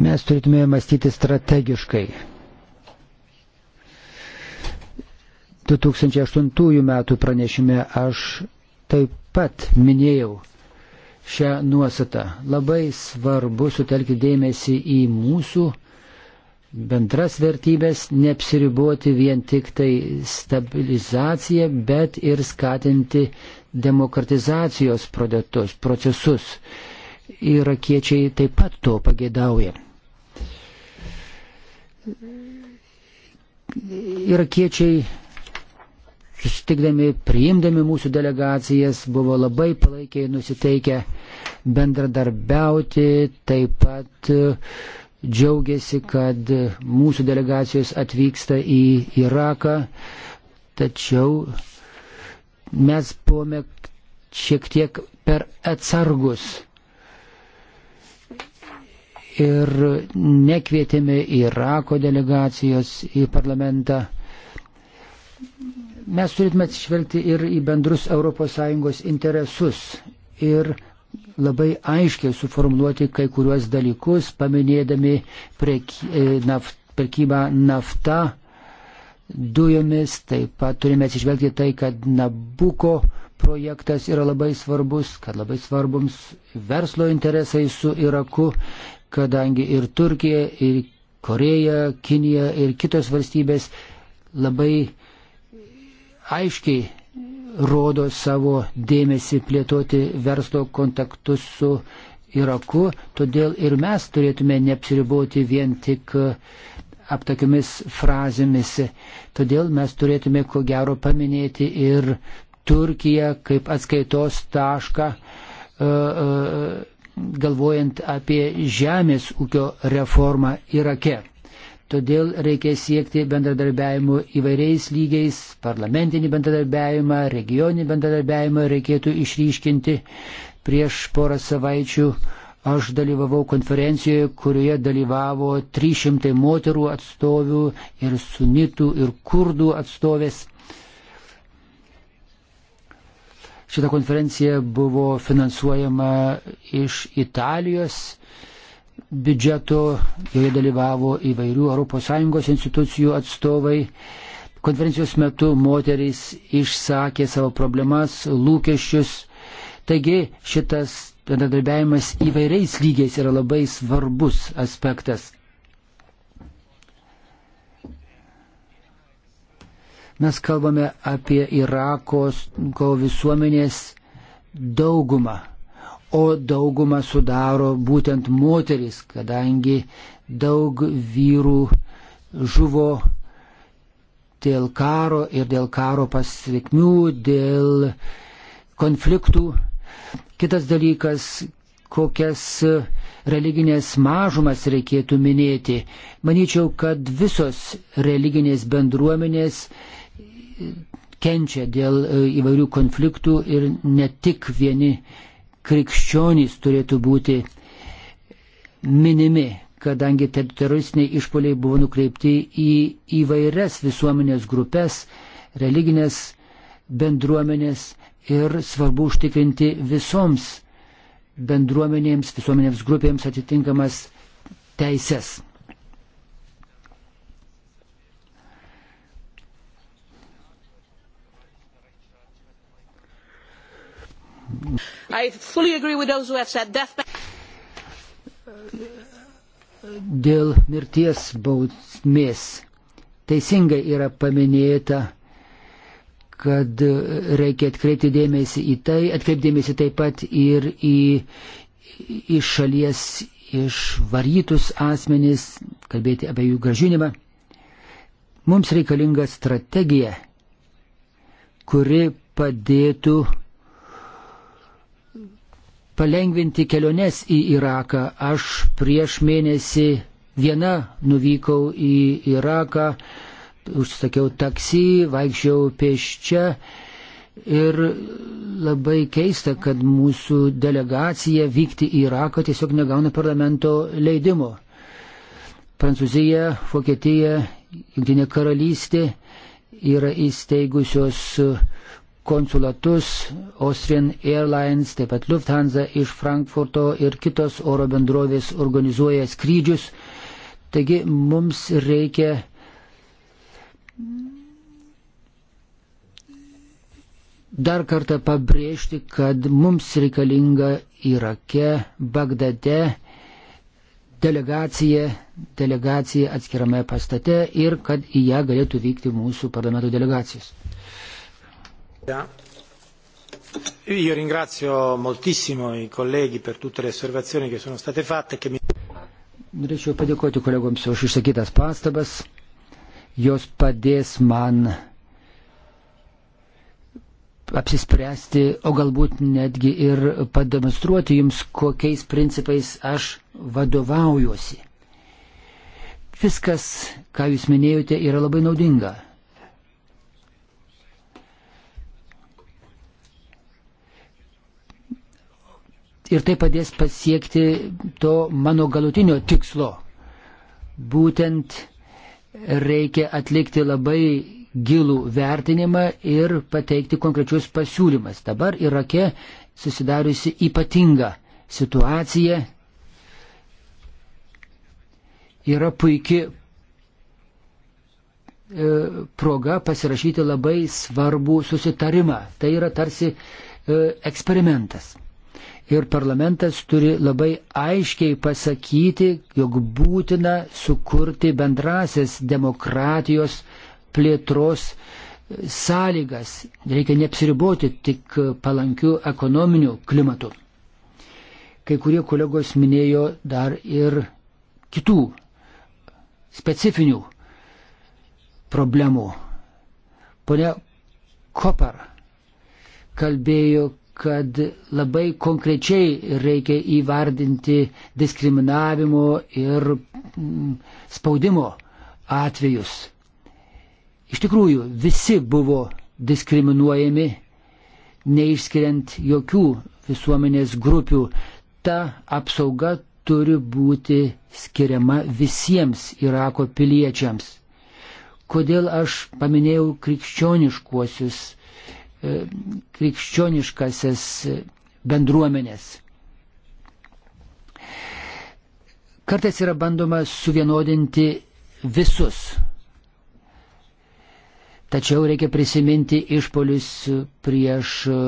Mes turėtume mąstyti strategiškai. 2008 m. pranešime aš taip pat minėjau šią nuostatą. Labai svarbu sutelkti dėmesį į mūsų bendras vertybės, neapsiriboti vien tik tai stabilizaciją, bet ir skatinti demokratizacijos prodetus, procesus. Irakiečiai taip pat to pagėdauja. Irakiečiai sustikdami, priimdami mūsų delegacijas, buvo labai palaikiai nusiteikę bendradarbiauti, taip pat e, džiaugiasi, kad mūsų delegacijos atvyksta į Iraką, tačiau mes buvome šiek tiek per atsargus. Ir nekvietėme Irako delegacijos į parlamentą Mes turėtume atsižvelgti ir į bendrus ES interesus ir labai aiškiai suformuoluoti kai kuriuos dalykus, paminėdami e, prekybą naf, nafta, dujomis, taip pat turime atsižvelgti tai, kad Nabuko projektas yra labai svarbus, kad labai svarbums verslo interesai su Iraku, kadangi ir Turkija, ir Koreja, Kinija ir kitos valstybės labai aiškiai rodo savo dėmesį plėtoti verslo kontaktus su Iraku, todėl ir mes turėtume neapsiriboti vien tik e, aptakiamis frazėmis. Todėl mes turėtume ko gero paminėti ir Turkiją kaip atskaitos tašką, e, e, galvojant apie žemės ūkio reformą Irake. Todėl reikia siekti bendradarbiavimo įvairiais lygiais, parlamentinį bendradarbiavimą, regioninį bendradarbiavimą reikėtų išryškinti. Prieš porą savaičių aš dalyvavau konferencijoje, kurioje dalyvavo 300 moterų atstovių ir sunitų ir kurdų atstovės. Šita konferencija buvo finansuojama iš Italijos biudžeto, joje dalyvavo įvairių ES institucijų atstovai. Konferencijos metu moterys išsakė savo problemas, lūkesčius. Taigi šitas bendradarbiavimas įvairiais lygiais yra labai svarbus aspektas. Mes kalbame apie Irakos visuomenės daugumą o daugumą sudaro būtent moteris, kadangi daug vyrų žuvo dėl karo ir dėl karo pasiekmių, dėl konfliktų. Kitas dalykas, kokias religinės mažumas reikėtų minėti. Manyčiau, kad visos religinės bendruomenės kenčia dėl e, įvairių konfliktų ir ne tik vieni krikščionys turėtų būti minimi, kadangi teroristiniai išpoliai buvo nukreipti į įvairias visuomenės grupės, religinės bendruomenės ir svarbu užtikrinti visoms bendruomenėms, visuomenėms grupėms atitinkamas teises. Dėl mirties bausmės teisingai yra paminėta, kad reikia atkreipti dėmesį į tai, atkreipdėmėsi taip pat ir į iš šalies išvarytus asmenys, kalbėti apie jų gražinimą. Mums reikalinga strategija, kuri padėtų palengvinti keliones į Iraką. Aš prieš mėnesį viena nuvykau į Iraką, užsakiau taksi, vaikščiau pieščia ir labai keista, kad mūsų delegacija vykti į Iraką tiesiog negauna parlamento leidimo. Prancūzija, Vokietija, Junktinė karalystė yra įsteigusios konsulatus Austrian Airlines, taip pat Lufthansa iš Frankfurto ir kitos oro bendrovės organizuoja skrydžius. Taigi mums reikia dar kartą pabrėžti, kad mums reikalinga Irake, Bagdade delegacija, delegacija atskirame pastate ir kad į ją galėtų vykti mūsų parlamento delegacijos. Ja. Io ringrazio moltissimo i colleghi per tutte le osservazioni che sono state fatte. Che mi... Norėčiau padėkoti kolegoms už išsakytas pastabas. Jos padės man apsispręsti, o galbūt netgi ir pademonstruoti jums, kokiais principais aš vadovaujuosi. Viskas, ką jūs minėjote, yra labai naudinga. ir tai padės pasiekti to mano galutinio tikslo. Būtent reikia atlikti labai gilų vertinimą ir pateikti konkrečius pasiūlymas. Dabar Irake susidariusi ypatinga situacija. Yra puikia e, proga pasirašyti labai svarbų susitarimą. Tai yra tarsi e, eksperimentas ir parlamentas turi labai aiškiai pasakyti, jog būtina sukurti bendrasias demokratijos plėtros sąlygas. Reikia neapsiriboti tik palankių ekonominių klimatų. Kai kurie kolegos minėjo dar ir kitų specifinių problemų. Pone Kopar kalbėjo, kad labai konkrečiai reikia įvardinti diskriminavimo ir mm, spaudimo atvejus. Iš tikrųjų, visi buvo diskriminuojami, neišskiriant jokių visuomenės grupių. Ta apsauga turi būti skiriama visiems Irako piliečiams. Kodėl aš paminėjau krikščioniškuosius E, krikščioniškasis bendruomenės. Kartais yra bandoma suvienodinti visus. Tačiau reikia prisiminti išpolius prieš. E,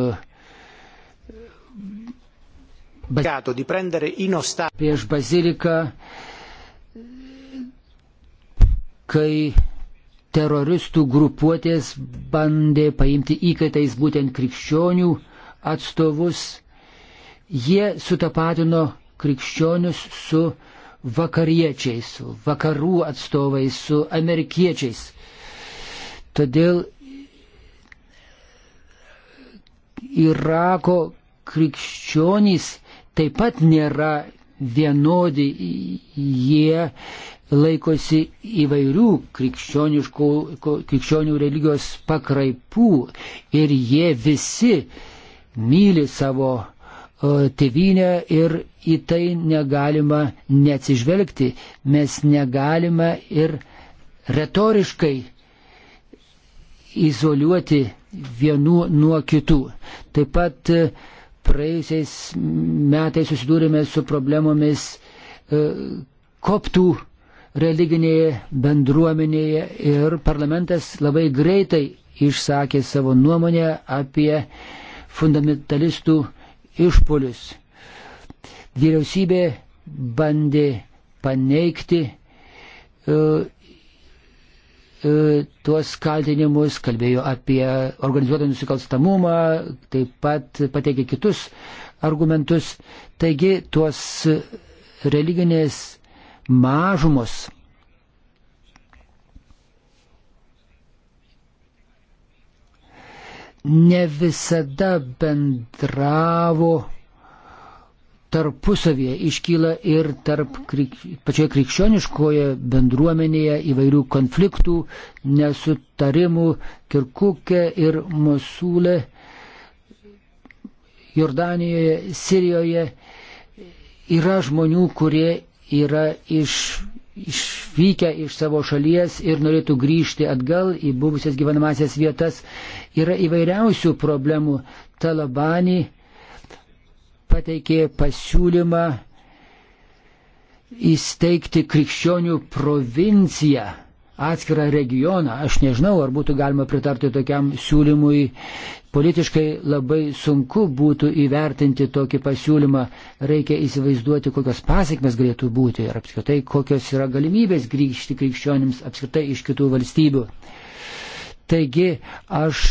prieš baziliką, kai teroristų grupuotės bandė paimti įkaitais būtent krikščionių atstovus. Jie sutapatino krikščionius su vakariečiais, su vakarų atstovais, su amerikiečiais. Todėl Irako krikščionys taip pat nėra vienodi, jie laikosi įvairių krikščionių religijos pakraipų ir jie visi myli savo tėvynę ir į tai negalima neatsižvelgti. Mes negalime ir retoriškai izoliuoti vienų nuo kitų. Taip pat e, praėjusiais metais susidūrėme su problemomis e, koptų religinėje bendruomenėje ir parlamentas labai greitai išsakė savo nuomonę apie fundamentalistų išpolius. Vyriausybė bandė paneigti uh, uh, tuos kaltinimus, kalbėjo apie organizuotą nusikalstamumą, taip pat pateikė kitus argumentus. Taigi tuos religinės mažumos. Ne visada bendravo tarpusavėje, iškyla ir tarp krik, pačioje krikščioniškoje bendruomenėje įvairių konfliktų, nesutarimų Kirkukė ir Mosulė, Jordanijoje, Sirijoje yra žmonių, kurie yra iš, išvykę iš savo šalies ir norėtų grįžti atgal į buvusias gyvenamasias vietas. Yra įvairiausių problemų. Talabani pateikė pasiūlymą įsteigti krikščionių provinciją, atskirą regioną. Aš nežinau, ar būtų galima pritarti tokiam siūlymui Politiškai labai sunku būtų įvertinti tokį pasiūlymą, reikia įsivaizduoti, kokios pasiekmes galėtų būti ir apskritai kokios yra galimybės grįžti krikščionims apskritai iš kitų valstybių. Taigi aš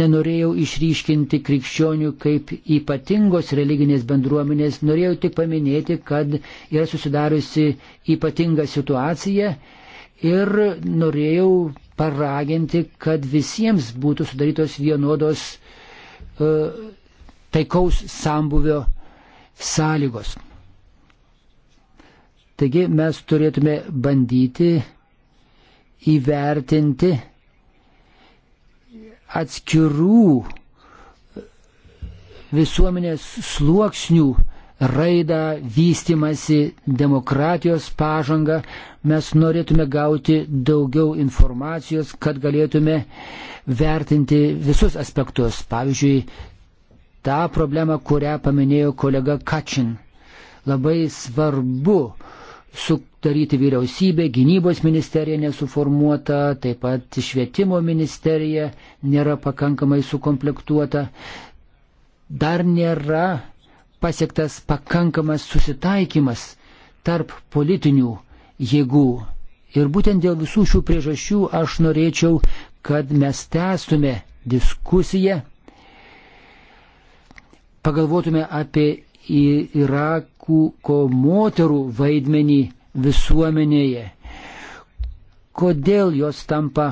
nenorėjau išryškinti krikščionių kaip ypatingos religinės bendruomenės, norėjau tik paminėti, kad yra susidariusi ypatinga situacija ir norėjau paraginti, kad visiems būtų sudarytos vienodos uh, taikaus sambuvio sąlygos. Taigi mes turėtume bandyti įvertinti atskirų visuomenės sluoksnių raidą, vystimasi, demokratijos pažangą, Mes norėtume gauti daugiau informacijos, kad galėtume vertinti visus aspektus. Pavyzdžiui, tą problemą, kurią paminėjo kolega Kačin. Labai svarbu sudaryti vyriausybę, gynybos ministerija nesuformuota, taip pat švietimo ministerija nėra pakankamai sukomplektuota, dar nėra pasiektas pakankamas susitaikymas tarp politinių jėgų. Ir būtent dėl visų šių priežasčių aš norėčiau, kad mes tęstume diskusiją, pagalvotume apie Irakų ko moterų vaidmenį visuomenėje. Kodėl jos tampa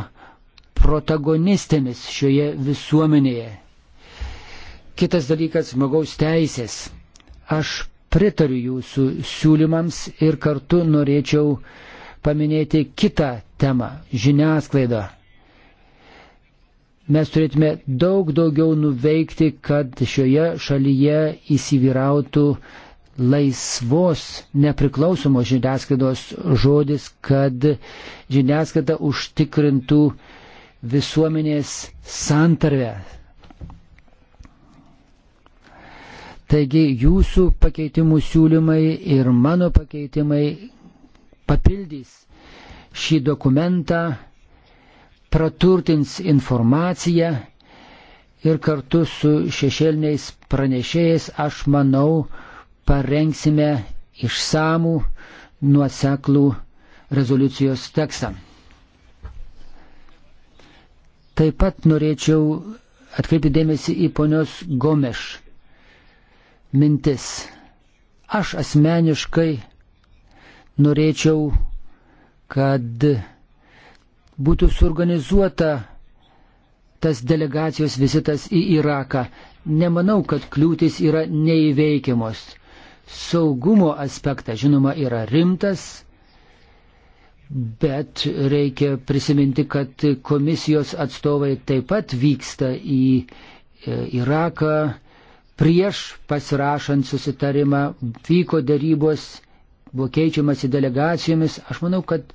protagonistėmis šioje visuomenėje. Kitas dalykas - žmogaus teisės. Aš pritariu jūsų siūlymams ir kartu norėčiau paminėti kitą temą - žiniasklaidą. Mes turėtume daug daugiau nuveikti, kad šioje šalyje įsivyrautų laisvos, nepriklausomos žiniasklaidos žodis, kad žiniasklaida užtikrintų visuomenės santarvę, Taigi jūsų pakeitimų siūlymai ir mano pakeitimai papildys šį dokumentą, praturtins informaciją ir kartu su šešėliniais pranešėjais, aš manau, parengsime išsamų nuoseklų rezoliucijos tekstą. Taip pat norėčiau atkreipti dėmesį į ponios Gomeš mintis. Aš asmeniškai norėčiau, kad būtų suorganizuota tas delegacijos vizitas į Iraką. Nemanau, kad kliūtis yra neįveikiamos. Saugumo aspektas, žinoma, yra rimtas, bet reikia prisiminti, kad komisijos atstovai taip pat vyksta į e, Iraką prieš pasirašant susitarimą vyko darybos, buvo keičiamasi delegacijomis. Aš manau, kad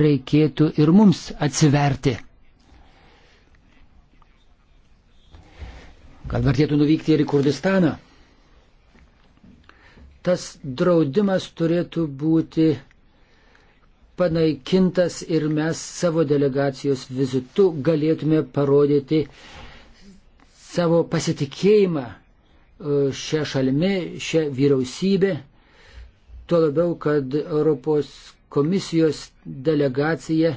reikėtų ir mums atsiverti. Gal vertėtų nuvykti ir į Kurdistaną. Tas draudimas turėtų būti panaikintas ir mes savo delegacijos vizitu galėtume parodyti savo pasitikėjimą šia šalimi, šia vyriausybė. Tuo labiau, kad Europos komisijos delegacija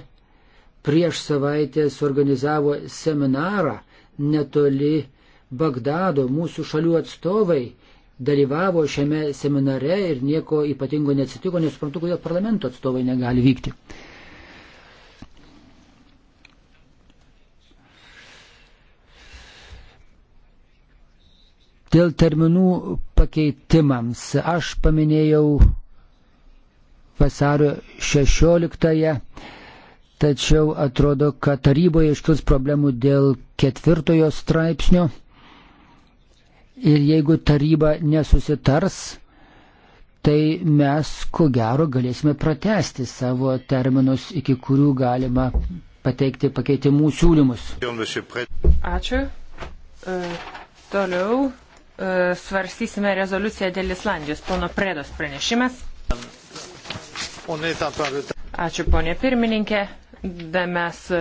prieš savaitę suorganizavo seminarą netoli Bagdado. Mūsų šalių atstovai dalyvavo šiame seminare ir nieko ypatingo neatsitiko, nesuprantu, kodėl parlamento atstovai negali vykti. Dėl terminų pakeitimams aš paminėjau vasario 16-ąją, tačiau atrodo, kad taryboje iškils problemų dėl ketvirtojo straipsnio ir jeigu taryba nesusitars, tai mes ko gero galėsime pratesti savo terminus, iki kurių galima pateikti pakeitimų siūlymus. Ačiū. E, toliau E, svarstysime rezoliuciją dėl Islandijos. Pono Predos pranešimas. Ačiū, ponė pirmininkė. Da mes e,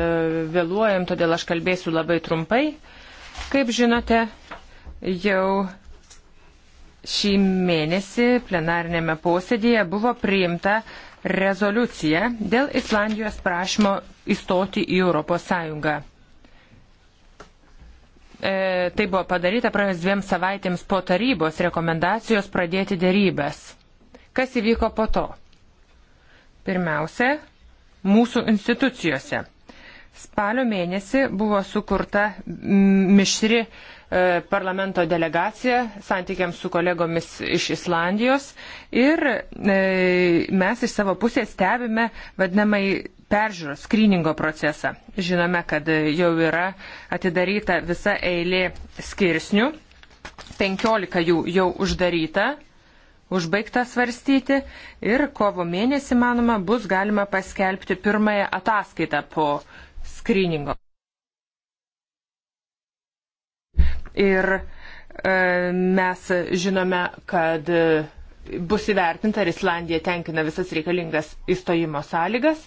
vėluojam, todėl aš kalbėsiu labai trumpai. Kaip žinote, jau šį mėnesį plenarinėme posėdėje buvo priimta rezoliucija dėl Islandijos prašymo įstoti į Europos Sąjungą e, tai buvo padaryta praėjus dviem savaitėms po tarybos rekomendacijos pradėti dėrybęs. Kas įvyko po to? Pirmiausia, mūsų institucijose. Spalio mėnesį buvo sukurta mišri e, parlamento delegacija santykiams su kolegomis iš Islandijos ir e, mes iš savo pusės stebime vadinamai peržiūros, skryningo procesą. Žinome, kad jau yra atidaryta visa eilė skirsnių, 15 jų jau uždaryta, užbaigta svarstyti ir kovo mėnesį, manoma, bus galima paskelbti pirmąją ataskaitą po skryningo. Ir e, mes žinome, kad bus įvertinta, ar Islandija tenkina visas reikalingas įstojimo sąlygas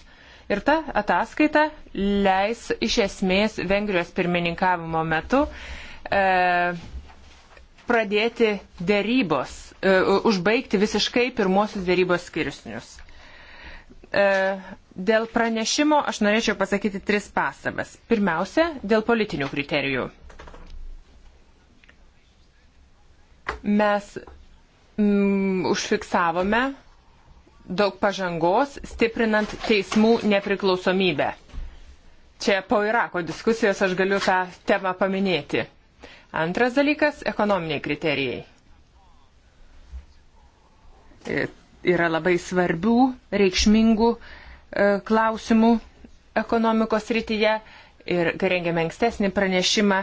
Ir ta ataskaita leis iš esmės Vengrijos pirmininkavimo metu e, pradėti dėrybos, e, užbaigti visiškai pirmosius dėrybos skirsnius. E, dėl pranešimo aš norėčiau pasakyti tris pastabas. Pirmiausia, dėl politinių kriterijų. Mes mm, užfiksavome daug pažangos, stiprinant teismų nepriklausomybę. Čia po Irako diskusijos aš galiu tą temą paminėti. Antras dalykas - ekonominiai kriterijai. E, yra labai svarbių, reikšmingų e, klausimų ekonomikos rytyje ir kai rengėme ankstesnį pranešimą,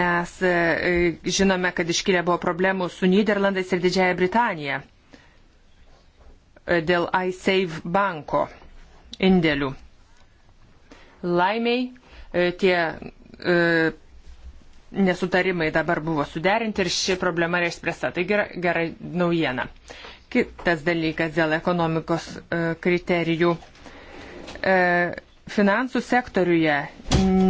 mes e, žinome, kad iškilė buvo problemų su Niderlandais ir Didžiaja Britanija dėl iSave banko indėlių. Laimiai e, tie e, nesutarimai dabar buvo suderinti ir ši problema yra išspręsta. Tai gera, gera naujiena. Kitas dalykas dėl ekonomikos e, kriterijų. E, finansų sektoriuje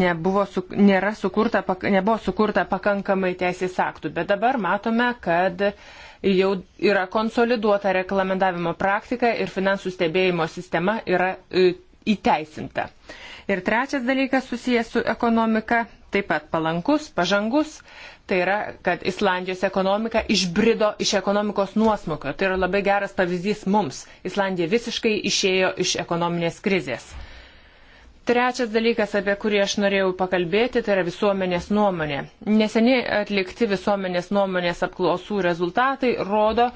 nebuvo, su, nėra sukurta, nebuvo sukurta pakankamai teisės aktų, bet dabar matome, kad jau yra konsoliduota reglamentavimo praktika ir finansų stebėjimo sistema yra e, įteisinta. Ir trečias dalykas susijęs su ekonomika, taip pat palankus, pažangus, tai yra, kad Islandijos ekonomika išbrido iš ekonomikos nuosmukio. Tai yra labai geras pavyzdys mums. Islandija visiškai išėjo iš ekonominės krizės. Trečias dalykas, apie kurį aš norėjau pakalbėti, tai yra visuomenės nuomonė. Neseniai atlikti visuomenės nuomonės apklausų rezultatai rodo,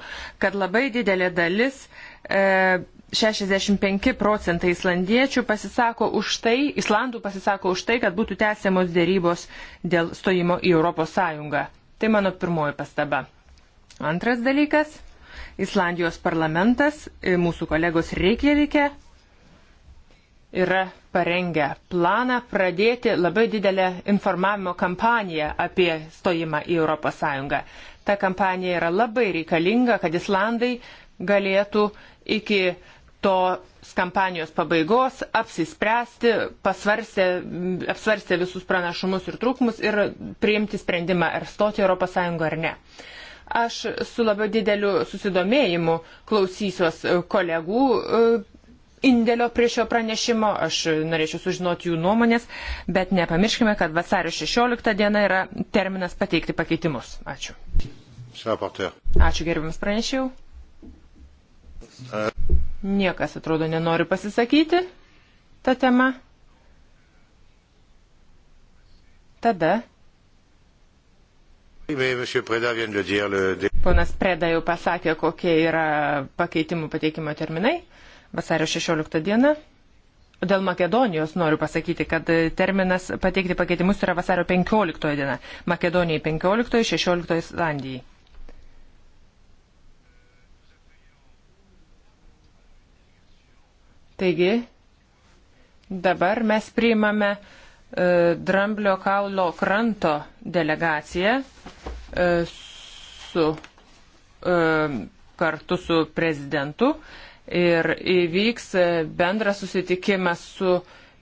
kad labai didelė dalis, 65 e, procentai islandiečių pasisako už tai, islandų pasisako už tai, kad būtų tęsiamos dėrybos dėl stojimo į Europos Sąjungą. Tai mano pirmoji pastaba. Antras dalykas. Islandijos parlamentas, e, mūsų kolegos Reikjavike, yra parengę planą pradėti labai didelę informavimo kampaniją apie stojimą į ES. Ta kampanija yra labai reikalinga, kad Islandai galėtų iki tos kampanijos pabaigos apsispręsti, pasvarstę, apsvarstę visus pranašumus ir trūkumus ir priimti sprendimą, ar stoti ES ar ne aš su labai dideliu susidomėjimu klausysiuos kolegų indėlio prie šio pranešimo, aš norėčiau sužinoti jų nuomonės, bet nepamirškime, kad vasario 16 diena yra terminas pateikti pakeitimus. Ačiū. Ačiū gerbiamas pranešiau. Niekas atrodo nenori pasisakyti tą temą. Tada. Ponas Preda jau pasakė, kokie yra pakeitimų pateikimo terminai vasario 16 dieną. Dėl Makedonijos noriu pasakyti, kad terminas pateikti pakeitimus yra vasario 15 diena. Makedonijai 15, 16 Islandijai. Taigi, dabar mes priimame e, Dramblio kaulo kranto delegaciją e, su, e, kartu su prezidentu. E, ir įvyks bendras susitikimas su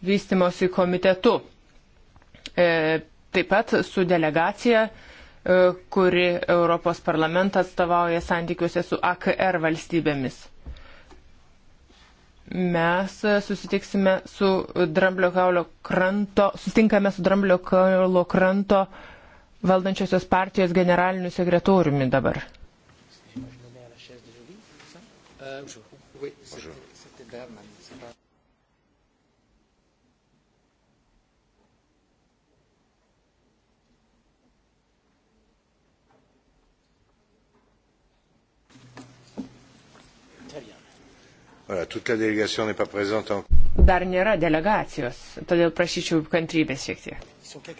vystimosi komitetu. E, taip pat su delegacija, e, kuri Europos parlamentą atstovauja santykiuose su AKR valstybėmis. Mes susitiksime su Dramblio kaulio kranto, sustinkame su Dramblio kaulio kranto valdančiosios partijos generaliniu sekretoriumi dabar. Euh, bonjour. Oui, c'était Berman. Dar nėra delegacijos, todėl prašyčiau kantrybės šiek tiek.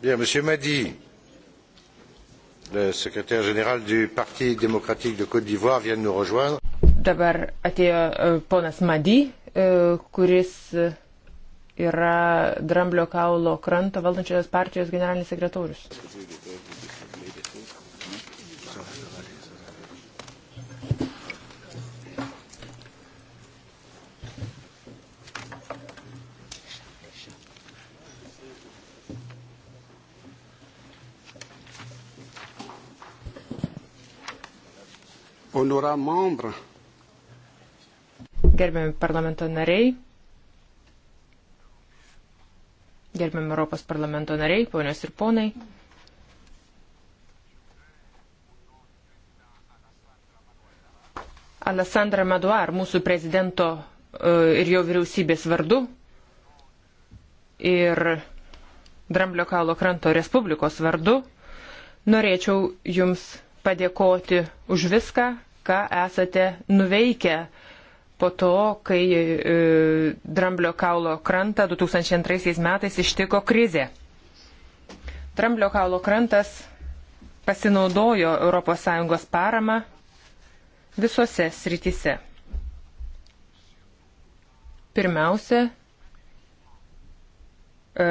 Bien, Monsieur Madi, le secrétaire général du Parti démocratique de Côte d'Ivoire, vient de nous rejoindre. Dabar atėjo e, ponas Madi, e, kuris yra Dramblio kaulo kranto valdančios partijos generalinis sekretorius. Šūra membra. Gerbiami parlamento nariai, gerbiami Europos parlamento nariai, ponios ir ponai. Alessandra Maduar, mūsų prezidento e, ir jo vyriausybės vardu ir Dramblio kaulo kranto Respublikos vardu norėčiau Jums padėkoti už viską, ką esate nuveikę po to, kai e, Dramblio kaulo krantą 2002 metais ištiko krizė. Dramblio kaulo krantas pasinaudojo ES parama visose srityse. Pirmiausia, e,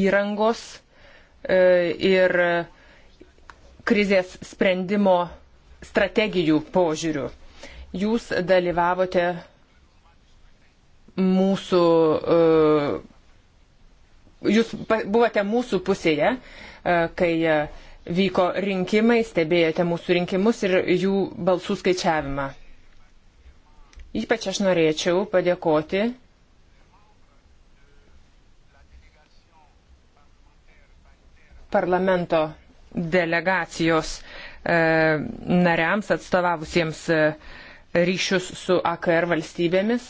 įrengos e, ir krizės sprendimo strategijų požiūrių. Jūs dalyvavote mūsų, e, jūs buvote mūsų pusėje, e, kai e, vyko rinkimai, stebėjote mūsų rinkimus ir jų balsų skaičiavimą. Ypač aš norėčiau padėkoti parlamento delegacijos e, nariams atstovavusiems e, ryšius su AKR valstybėmis,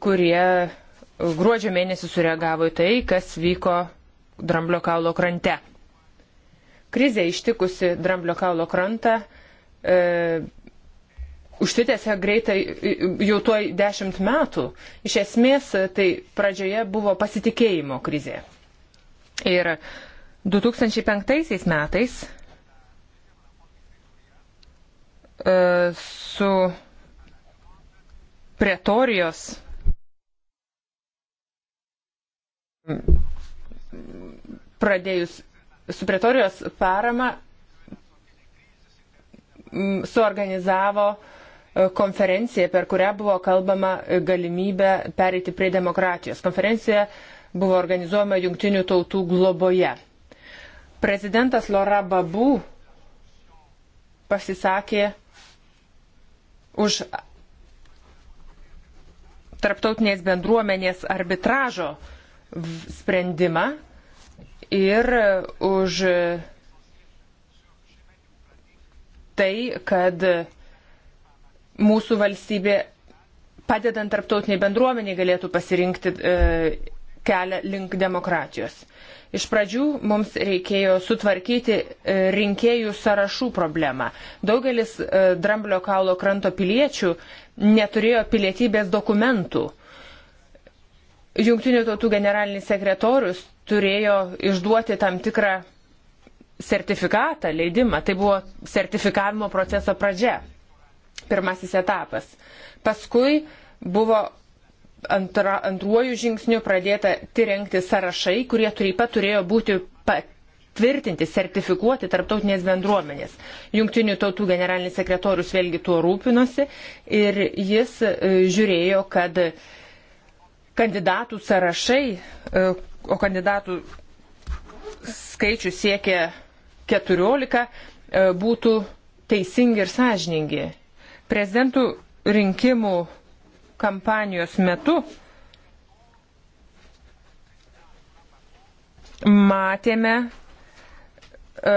kurie gruodžio mėnesį sureagavo į tai, kas vyko Dramblio kaulo krante. Krizė ištikusi Dramblio kaulo krantą e, užsitęsė greitai jau tuoj dešimt metų. Iš esmės tai pradžioje buvo pasitikėjimo krizė. Ir e, 2005 metais e, su pretorijos pradėjus su pretorijos parama suorganizavo e, konferenciją, per kurią buvo kalbama galimybė pereiti prie demokratijos. Konferencija buvo organizuojama jungtinių tautų globoje. Prezidentas Lora Babu pasisakė už tarptautinės bendruomenės arbitražo sprendimą ir už tai, kad mūsų valstybė padedant tarptautiniai bendruomeniai galėtų pasirinkti e, kelią link demokratijos. Iš pradžių mums reikėjo sutvarkyti e, rinkėjų sąrašų problemą. Daugelis e, Dramblio kaulo kranto piliečių neturėjo pilietybės dokumentų. Junktinių tautų generalinis sekretorius turėjo išduoti tam tikrą sertifikatą, leidimą. Tai buvo sertifikavimo proceso pradžia. Pirmasis etapas. Paskui buvo antra, antruoju žingsniu pradėta tirengti sąrašai, kurie taip pat turėjo būti patvirtinti, sertifikuoti tarptautinės bendruomenės. Junktinių tautų generalinis sekretorius vėlgi tuo rūpinosi ir jis e, žiūrėjo, kad kandidatų sąrašai, e, o kandidatų skaičius siekia 14, e, būtų teisingi ir sąžiningi. Prezidentų rinkimų kampanijos metu matėme, e,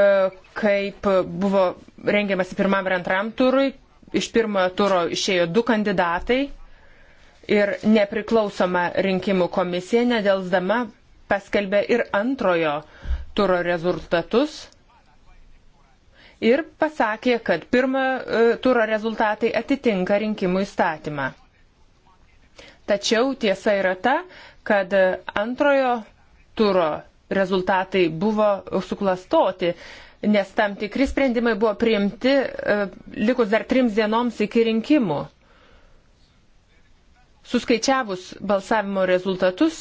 kaip buvo rengiamasi pirmam ir antram turui. Iš pirmojo turo išėjo du kandidatai ir nepriklausoma rinkimų komisija nedelsdama paskelbė ir antrojo turo rezultatus ir pasakė, kad pirmojo e, turo rezultatai atitinka rinkimų įstatymą. Tačiau tiesa yra ta, kad antrojo turo rezultatai buvo suklastoti, nes tam tikri sprendimai buvo priimti e, likus dar trims dienoms iki rinkimų. Suskaičiavus balsavimo rezultatus,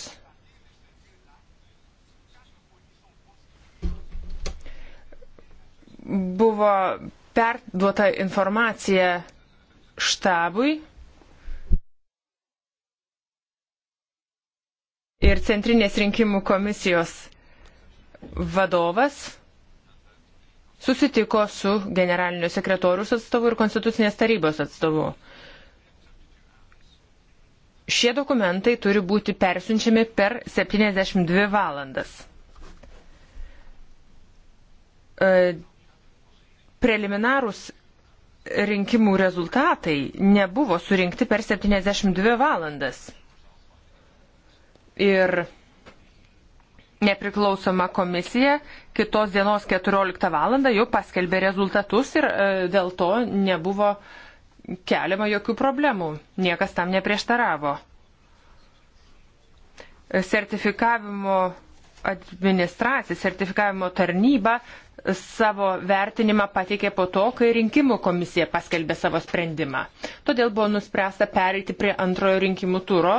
buvo perduota informacija štabui ir Centrinės rinkimų komisijos vadovas susitiko su generalinio sekretorius atstovu ir konstitucinės tarybos atstovu. Šie dokumentai turi būti persiunčiami per 72 valandas. E, preliminarūs rinkimų rezultatai nebuvo surinkti per 72 valandas ir nepriklausoma komisija kitos dienos 14 val. jau paskelbė rezultatus ir e, dėl to nebuvo keliama jokių problemų. Niekas tam neprieštaravo. Sertifikavimo administracija, sertifikavimo tarnyba savo vertinimą pateikė po to, kai rinkimų komisija paskelbė savo sprendimą. Todėl buvo nuspręsta pereiti prie antrojo rinkimų turo,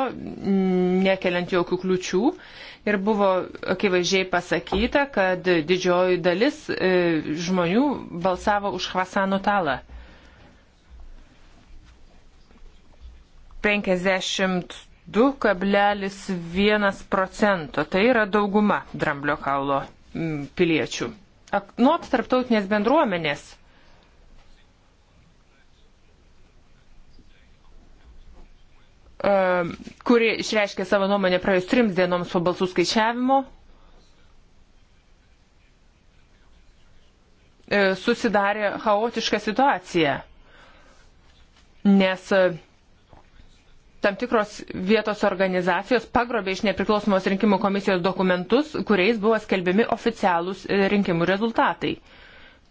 nekeliant jokių kliučių. Ir buvo akivaizdžiai pasakyta, kad didžioji dalis e, žmonių balsavo už Hvasano talą. 50 2,1 procento. Tai yra dauguma dramblio kaulo piliečių. Nuot tarptautinės bendruomenės. kuri išreiškė savo nuomonę praėjus trims dienoms po balsų skaičiavimo, e, susidarė chaotiška situacija, nes tam tikros vietos organizacijos pagrobė iš nepriklausomos rinkimų komisijos dokumentus, kuriais buvo skelbiami oficialūs e, rinkimų rezultatai.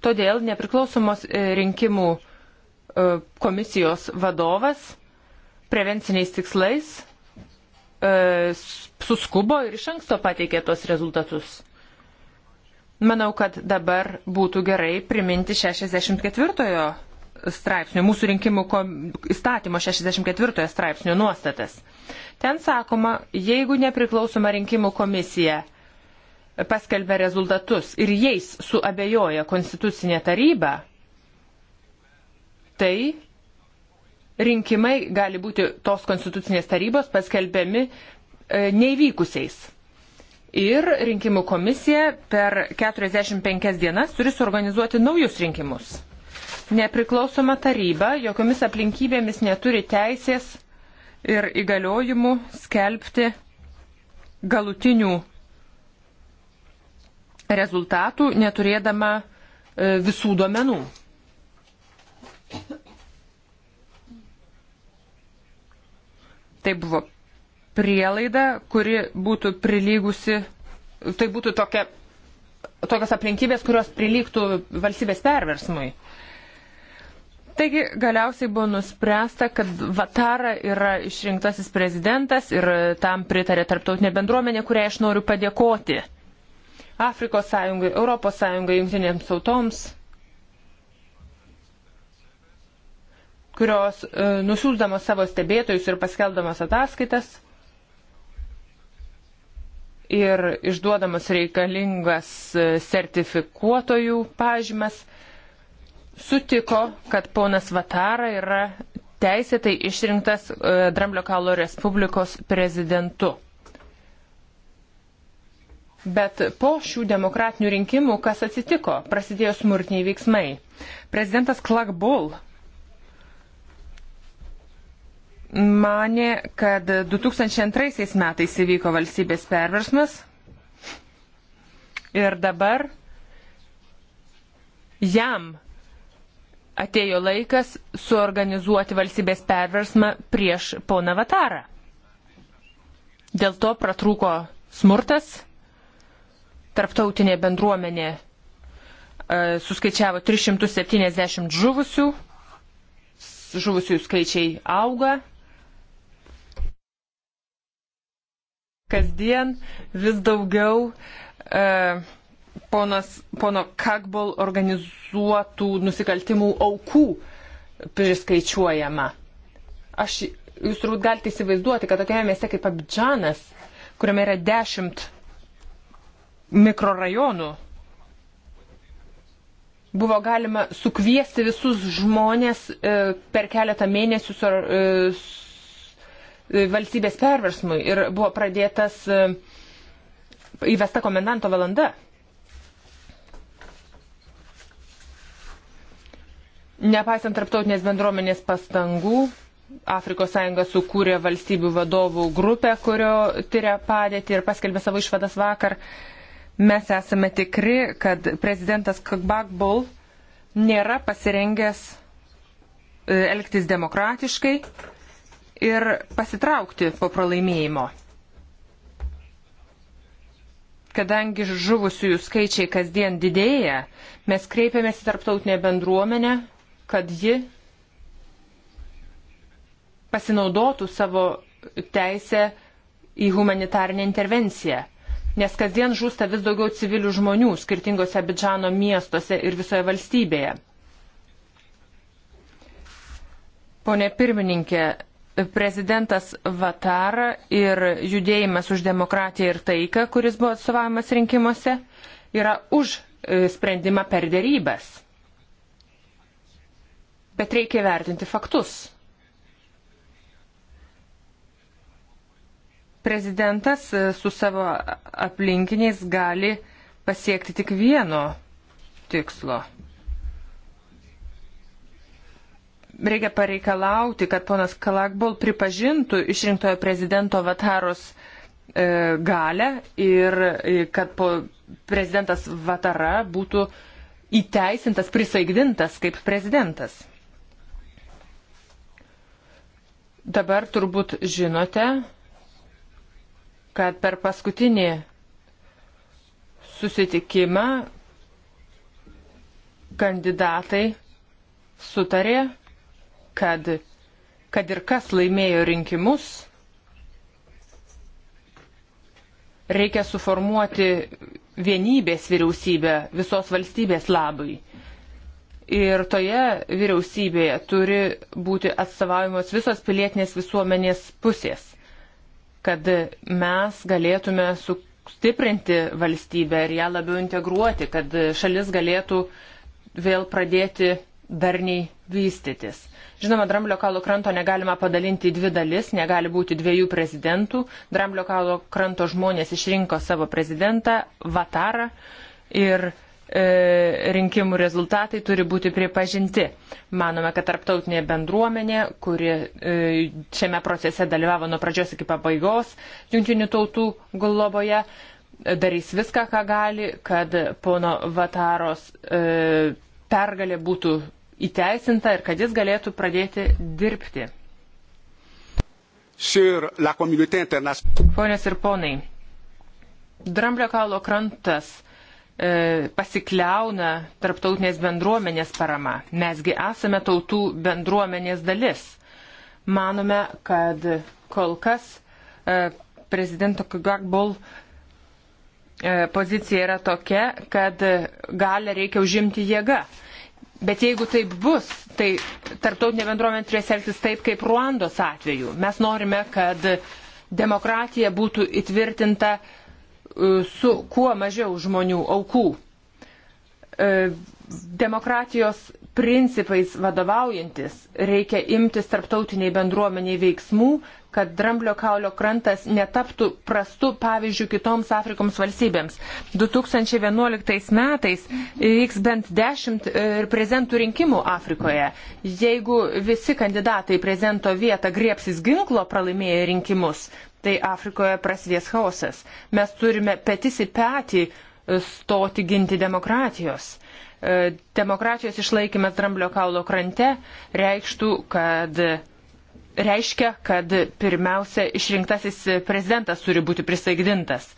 Todėl nepriklausomos e, rinkimų e, komisijos vadovas prevenciniais tikslais suskubo ir iš anksto pateikė tos rezultatus. Manau, kad dabar būtų gerai priminti 64 straipsnio, mūsų rinkimų įstatymo 64 straipsnio nuostatas. Ten sakoma, jeigu nepriklausoma rinkimų komisija paskelbia rezultatus ir jais suabejoja konstitucinė taryba, tai rinkimai gali būti tos konstitucinės tarybos paskelbiami e, neįvykusiais. Ir rinkimų komisija per 45 dienas turi suorganizuoti naujus rinkimus. Nepriklausoma taryba jokiomis aplinkybėmis neturi teisės ir įgaliojimų skelbti galutinių rezultatų, neturėdama e, visų duomenų. Tai buvo prielaida, kuri būtų prilygusi, tai būtų tokia, tokios aplinkybės, kurios prilygtų valstybės perversmui. Taigi galiausiai buvo nuspręsta, kad Vatara yra išrinktasis prezidentas ir tam pritarė tarptautinė bendruomenė, kuriai aš noriu padėkoti. Afrikos sąjungai, Europos sąjungai, jungtinėms tautoms, kurios e, nusiūsdamos savo stebėtojus ir paskelbdamos ataskaitas ir išduodamos reikalingas e, sertifikuotojų pažymas, e, sutiko, kad ponas Vatara yra teisėtai išrinktas e, Dramblio kaulo Respublikos prezidentu. Bet po šių demokratinių rinkimų kas atsitiko? Prasidėjo smurtiniai veiksmai. Prezidentas Klakbul mane, kad 2002 metais įvyko valstybės perversmas ir dabar jam atėjo laikas suorganizuoti valstybės perversmą prieš poną Vatarą. Dėl to pratrūko smurtas, tarptautinė bendruomenė e, suskaičiavo 370 žuvusių, žuvusių skaičiai auga. Kasdien vis daugiau e, ponas, pono Kagbol organizuotų nusikaltimų aukų priskaičiuojama. Aš, jūs turbūt galite įsivaizduoti, kad tokiame mieste kaip Abidžanas, kuriame yra dešimt mikrorajonų, buvo galima sukviesti visus žmonės e, per keletą mėnesių su, e, valstybės perversmui ir buvo pradėtas e, įvesta komendanto valanda. Nepaisant tarptautinės bendruomenės pastangų, Afrikos Sąjunga sukūrė valstybių vadovų grupę, kurio tyria padėtį ir paskelbė savo išvadas vakar. Mes esame tikri, kad prezidentas Kagbagbul nėra pasirengęs e, elgtis demokratiškai ir pasitraukti po pralaimėjimo. Kadangi žuvusiųjų skaičiai kasdien didėja, mes kreipiamės į tarptautinę bendruomenę kad ji pasinaudotų savo teisę į humanitarnę intervenciją. Nes kasdien žūsta vis daugiau civilių žmonių skirtingose Abidžano miestuose ir visoje valstybėje. Pone pirmininkė, prezidentas Vatara ir judėjimas už demokratiją ir taiką, kuris buvo atstovavimas rinkimuose, yra už e, sprendimą per dėrybas bet reikia vertinti faktus. Prezidentas e, su savo aplinkiniais gali pasiekti tik vieno tikslo reikia pareikalauti, kad ponas Kalakbol pripažintų išrinktojo prezidento Vataros e, galę ir e, kad po prezidentas Vatara būtų įteisintas, prisaigdintas kaip prezidentas. Dabar turbūt žinote, kad per paskutinį susitikimą kandidatai sutarė, kad, kad ir kas laimėjo rinkimus, reikia suformuoti vienybės vyriausybę visos valstybės labui ir toje vyriausybėje turi būti atstovaujamos visos pilietinės visuomenės pusės, kad mes galėtume sustiprinti valstybę ir ją labiau integruoti, kad šalis galėtų vėl pradėti darniai vystytis. Žinoma, Dramblio kalo kranto negalima padalinti į dvi dalis, negali būti dviejų prezidentų. Dramblio kalo kranto žmonės išrinko savo prezidentą Vatarą ir E, rinkimų rezultatai turi būti pripažinti. Manome, kad tarptautinė bendruomenė, kuri e, šiame procese dalyvavo nuo pradžios iki pabaigos jungtinių tautų globoje, darys viską, ką gali, kad pono Vataros e, pergalė būtų įteisinta ir kad jis galėtų pradėti dirbti. Ponios ir ponai, Dramblio kalo krantas E, pasikliauna tarptautinės bendruomenės parama. Mesgi esame tautų bendruomenės dalis. Manome, kad kol kas e, prezidento Kagagbol e, pozicija yra tokia, kad galę reikia užimti jėga. Bet jeigu taip bus, tai tarptautinė bendruomenė turės elgtis taip, kaip Ruandos atveju. Mes norime, kad demokratija būtų įtvirtinta uh, E, su kuo mažiau žmonių aukų. E, demokratijos principais vadovaujantis reikia imtis tarptautiniai bendruomeniai veiksmų, kad dramblio kaulio krantas netaptų prastu pavyzdžių kitoms Afrikoms valstybėms. 2011 metais vyks bent 10 e, prezentų rinkimų Afrikoje. Jeigu visi kandidatai prezento vietą griepsis ginklo pralaimėję rinkimus, tai Afrikoje prasidės chaosas. Mes turime petis į petį e, stoti ginti demokratijos. E, demokratijos išlaikymas dramblio kaulo krante reikštų, kad reiškia, kad pirmiausia išrinktasis prezidentas turi būti prisaigdintas.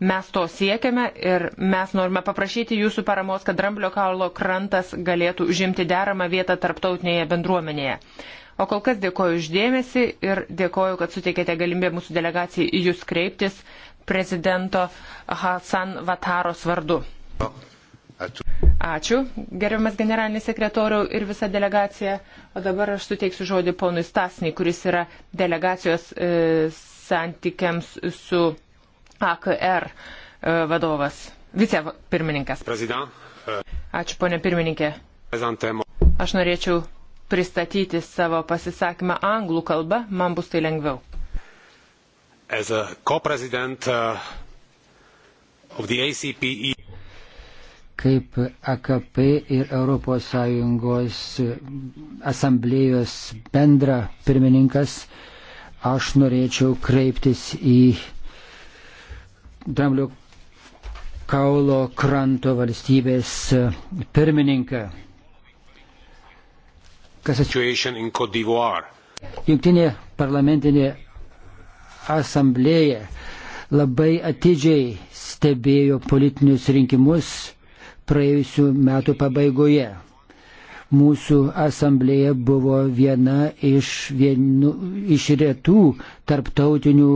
Mes to siekiame ir mes norime paprašyti jūsų paramos, kad Dramblio kaulo krantas galėtų užimti deramą vietą tarptautinėje bendruomenėje. O kol kas dėkoju uždėmesi ir dėkoju, kad suteikėte galimybę mūsų delegacijai į jūs kreiptis prezidento Hasan Vataros vardu. Ačiū, gerbiamas generalinis sekretoriau ir visa delegacija. O dabar aš suteiksiu žodį ponui Stasniai, kuris yra delegacijos e, santykiams su AKR e, vadovas, vicepirmininkas. E, Ačiū, ponė pirmininkė. Aš norėčiau pristatyti savo pasisakymą anglų kalba, man bus tai lengviau. ACPE... Uh, e Kaip AKP ir ES asamblėjos bendra pirmininkas, aš norėčiau kreiptis į Dramblio kaulo kranto valstybės pirmininką kas atsitiko. Jungtinė parlamentinė asamblėja labai atidžiai stebėjo politinius rinkimus praėjusių metų pabaigoje. Mūsų asamblėje buvo viena iš, vienu, iš retų tarptautinių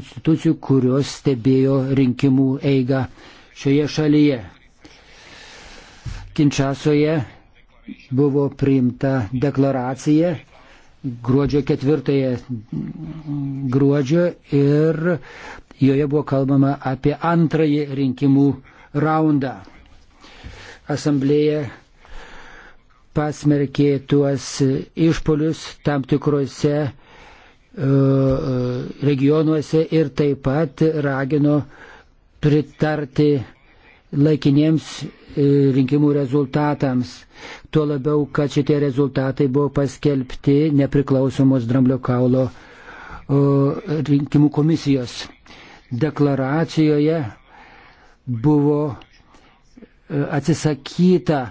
institucijų, kurios stebėjo rinkimų eigą šioje šalyje. Kinčasoje buvo priimta deklaracija gruodžio 4 gruodžio ir joje buvo kalbama apie antrąjį rinkimų raundą. Asamblėje pasmerkė tuos išpolius tam tikrose uh, regionuose ir taip pat ragino pritarti laikiniems E, rinkimų rezultatams. Tuo labiau, kad šitie rezultatai buvo paskelbti nepriklausomos dramblio kaulo rinkimų komisijos. Deklaracijoje buvo e, atsisakyta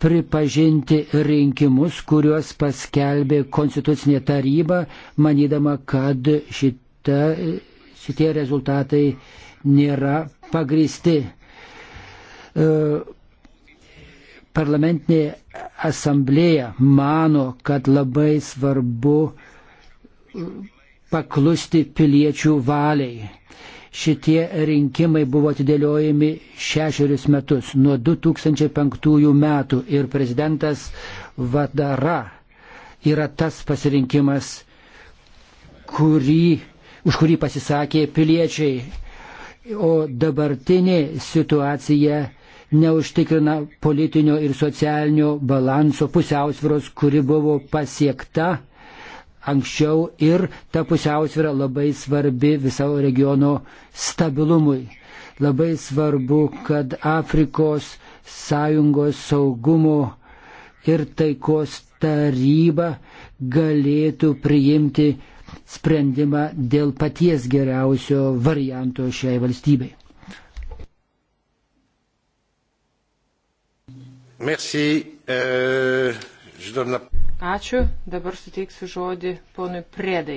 pripažinti rinkimus, kuriuos paskelbė Konstitucinė taryba, manydama, kad šita, šitie rezultatai nėra pagristi. E, parlamentinė asamblėja mano, kad labai svarbu paklusti piliečių valiai. Šitie rinkimai buvo atidėliojami šešerius metus, nuo 2005 metų ir prezidentas Vadara yra tas pasirinkimas, kurį, už kurį pasisakė piliečiai. O dabartinė situacija neužtikrina politinio ir socialinio balanso pusiausviros, kuri buvo pasiekta anksčiau ir ta pusiausvėra labai svarbi viso regiono stabilumui. Labai svarbu, kad Afrikos sąjungos saugumo ir taikos taryba galėtų priimti sprendimą dėl paties geriausio varianto šiai valstybei. Merci. Uh, la... Ačiū. Dabar suteiksiu žodį ponui Priedai,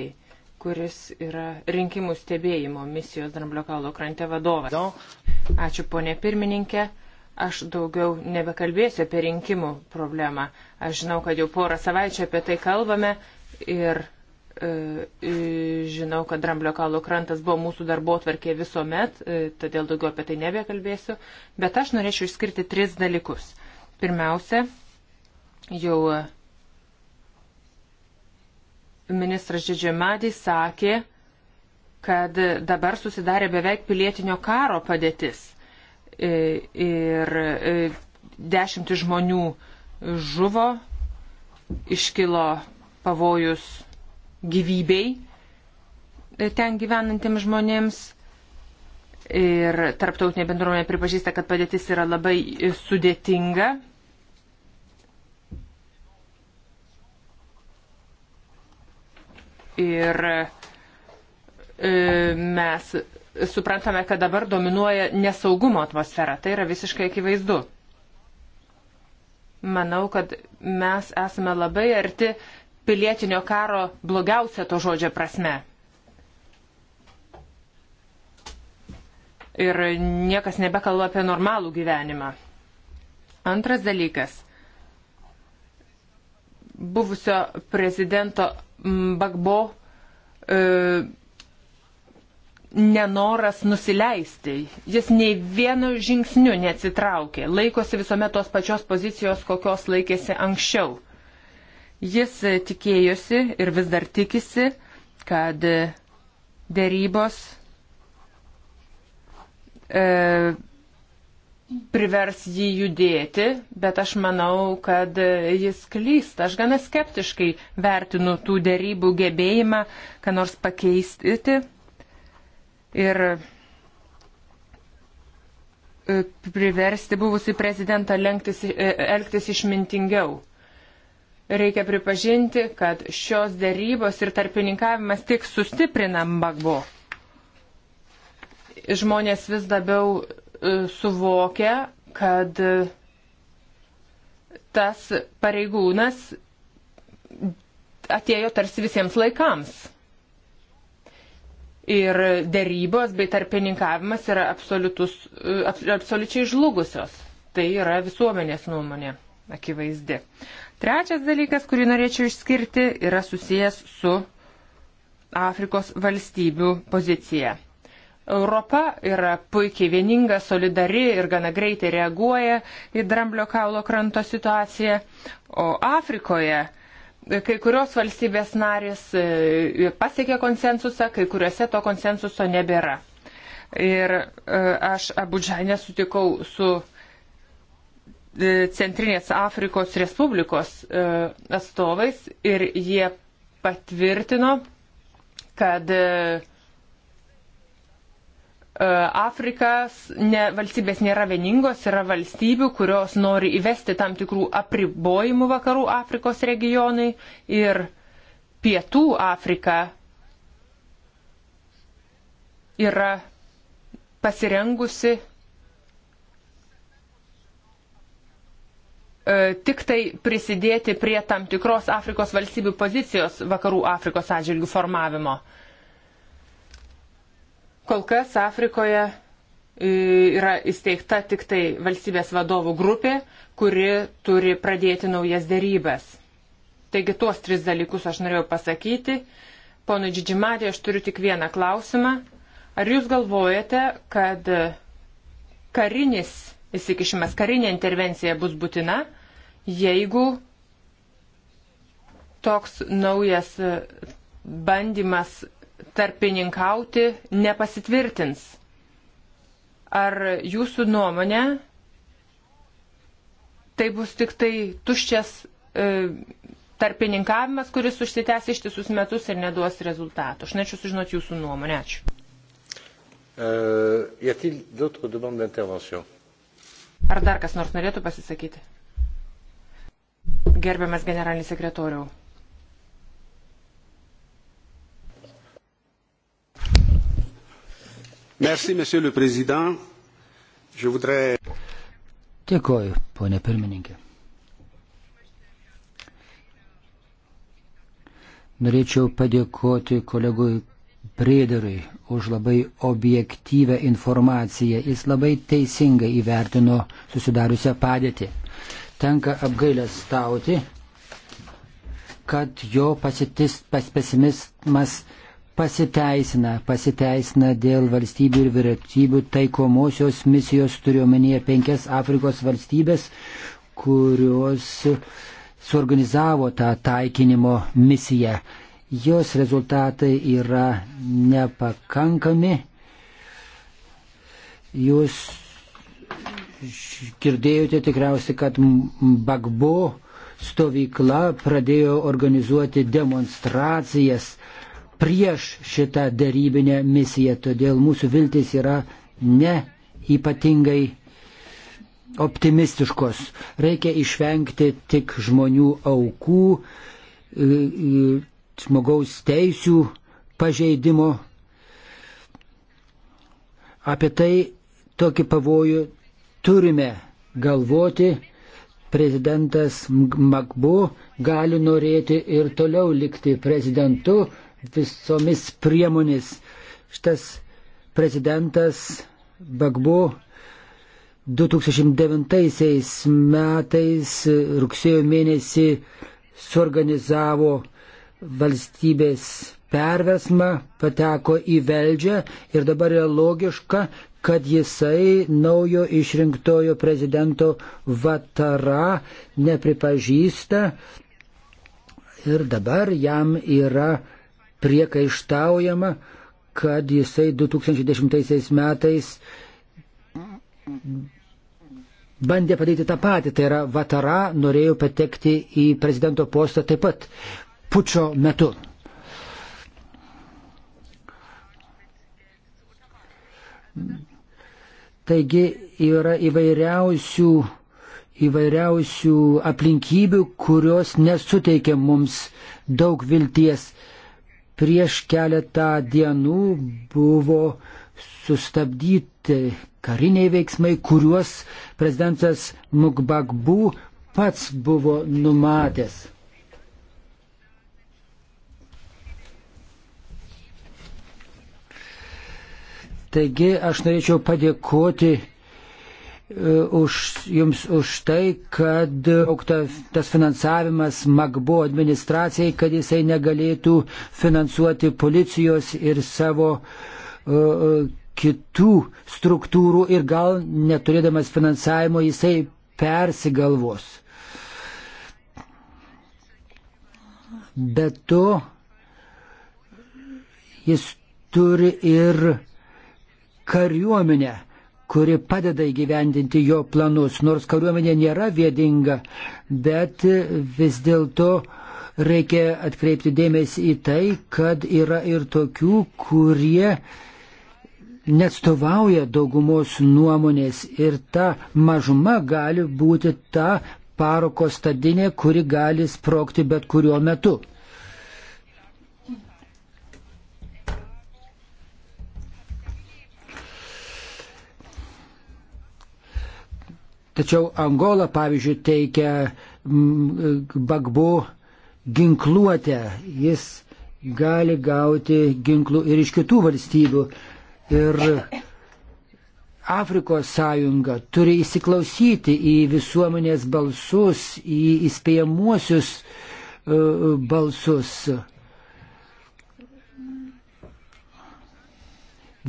kuris yra rinkimų stebėjimo misijos Dramblio kalno krante vadovas. Ačiū, ponė pirmininkė. Aš daugiau nebekalbėsiu apie rinkimų problemą. Aš žinau, kad jau porą savaičių apie tai kalbame ir e, žinau, kad Dramblio kalno krantas buvo mūsų darbo atvarkė visuomet, e, todėl daugiau apie tai nebekalbėsiu, bet aš norėčiau išskirti tris dalykus. Pirmiausia, jau e, ministras Džidžiamadį sakė, kad dabar susidarė beveik pilietinio karo padėtis e, ir e, dešimtis žmonių žuvo, iškilo pavojus gyvybei ten gyvenantiems žmonėms. Ir tarptautinė bendruomenė pripažįsta, kad padėtis yra labai sudėtinga, Ir e, mes suprantame, kad dabar dominuoja nesaugumo atmosfera. Tai yra visiškai akivaizdu. Manau, kad mes esame labai arti pilietinio karo blogiausia to žodžio prasme. Ir niekas nebekalba apie normalų gyvenimą. Antras dalykas. Buvusio prezidento Mm, Bagbo e, nenoras nusileisti. Jis nei vienu žingsniu neatsitraukė, laikosi visuomet tos pačios pozicijos, kokios laikėsi anksčiau. Jis tikėjosi ir vis dar tikisi, kad dėrybos e, privers jį judėti, bet aš manau, kad jis klysta. Aš gana skeptiškai vertinu tų dėrybų gebėjimą, ką nors pakeisti. Ir e, priversti buvusi prezidentą lenktis, e, elgtis išmintingiau. Reikia pripažinti, kad šios dėrybos ir tarpininkavimas tik sustiprina Mbagbo. Žmonės vis labiau suvokia, kad tas pareigūnas atėjo tarsi visiems laikams. Ir dėrybos bei tarpininkavimas yra absoliučiai žlugusios. Tai yra visuomenės nuomonė akivaizdi. Trečias dalykas, kurį norėčiau išskirti, yra susijęs su Afrikos valstybių pozicija. Europa yra puikiai vieninga, solidari ir gana greitai reaguoja į dramblio kaulo kranto situaciją, o Afrikoje kai kurios valstybės narės e, pasiekė konsensusą, kai kuriuose to konsensuso nebėra. Ir e, aš Abudžanė sutikau su e, Centrinės Afrikos Respublikos atstovais ir jie patvirtino, kad uh, E, Afrikas ne, valstybės nėra vieningos, yra valstybių, kurios nori įvesti tam tikrų apribojimų vakarų Afrikos regionai ir pietų Afrika yra pasirengusi e, tik tai prisidėti prie tam tikros Afrikos valstybių pozicijos vakarų Afrikos atžvilgių formavimo. Uh, Kol kas Afrikoje e, yra įsteigta tik tai valstybės vadovų grupė, kuri turi pradėti naujas dėrybas. Taigi tuos tris dalykus aš norėjau pasakyti. Pono Džidžimatė, aš turiu tik vieną klausimą. Ar jūs galvojate, kad karinis įsikišimas, karinė intervencija bus būtina, jeigu toks naujas bandymas tarpininkauti nepasitvirtins. Ar jūsų nuomonė tai bus tik tai tuščias e, tarpininkavimas, kuris užsitęs ištisus metus ir neduos rezultatų? Aš norėčiau sužinoti jūsų nuomonę. Ačiū. Uh, Ar dar kas nors norėtų pasisakyti? Gerbiamas generalinis sekretoriau. Merci, monsieur le président. Je voudrais. Dėkoju, ponė pirmininkė. Norėčiau padėkoti kolegui Brėderui už labai objektyvę informaciją. Jis labai teisingai įvertino susidariusią padėtį. Tenka apgailę stauti, kad jo pasitis, pas, pesimizmas pasiteisina, pasiteisina dėl valstybių ir vyriausybių taikomosios misijos, turiuomenyje penkias Afrikos valstybės, kurios suorganizavo tą taikinimo misiją. Jos rezultatai yra nepakankami. Jūs girdėjote tikriausiai, kad Bagbo stovykla pradėjo organizuoti demonstracijas prieš šitą darybinę misiją, todėl mūsų viltis yra ne ypatingai optimistiškos. Reikia išvengti tik žmonių aukų, žmogaus teisių pažeidimo. Apie tai tokį pavojų turime galvoti. Prezidentas Makbu gali norėti ir toliau likti prezidentu, visomis priemonės. Šitas prezidentas Bagbu 2009 metais rugsėjo mėnesį suorganizavo valstybės perversmą, pateko į valdžią ir dabar yra logiška, kad jisai naujo išrinktojo prezidento Vatara nepripažįsta ir dabar jam yra priekaištaujama, kad jisai 2010 metais bandė padaryti tą patį, tai yra Vatara norėjo patekti į prezidento postą taip pat pučio metu. Taigi yra įvairiausių, įvairiausių aplinkybių, kurios nesuteikia mums daug vilties. Prieš keletą dienų buvo sustabdyti kariniai veiksmai, kuriuos prezidentas Mukbagbu pats buvo numatęs. Taigi aš norėčiau padėkoti E, už, jums už tai, kad tas finansavimas MAGBO administracijai, kad jisai negalėtų finansuoti policijos ir savo uh, kitų struktūrų ir gal neturėdamas finansavimo jisai persigalvos. Bet to jis turi ir kariuomenę kuri padeda įgyvendinti jo planus. Nors kariuomenė nėra vėdinga, bet vis dėlto reikia atkreipti dėmesį į tai, kad yra ir tokių, kurie netstovauja daugumos nuomonės ir ta mažuma gali būti ta paroko stadinė, kuri gali sprokti bet kuriuo metu. Tačiau Angola, pavyzdžiui, teikia bagbu ginkluotę. Jis gali gauti ginklų ir iš kitų valstybių. Ir Afrikos sąjunga turi įsiklausyti į visuomenės balsus, į įspėjamuosius e, balsus.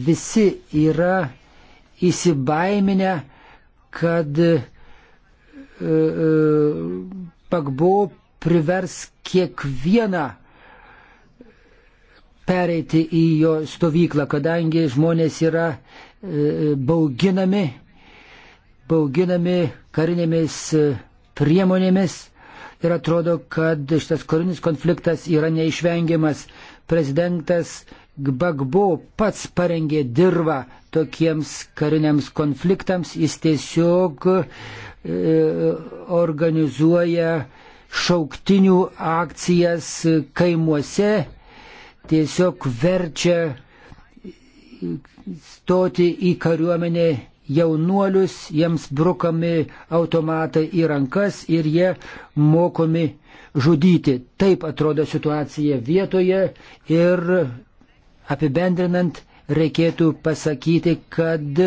Visi yra įsibaiminę kad e, e, Pagbo privers kiekvieną pereiti į jo stovyklą, kadangi žmonės yra e, bauginami, bauginami karinėmis priemonėmis ir atrodo, kad šitas karinis konfliktas yra neišvengiamas. Prezidentas Gbagbo pats parengė dirbą tokiems kariniams konfliktams, jis tiesiog e, organizuoja šauktinių akcijas kaimuose, tiesiog verčia stoti į kariuomenę jaunuolius, jiems brukami automatai į rankas ir jie mokomi žudyti. Taip atrodo situacija vietoje ir Apibendrinant, reikėtų pasakyti, kad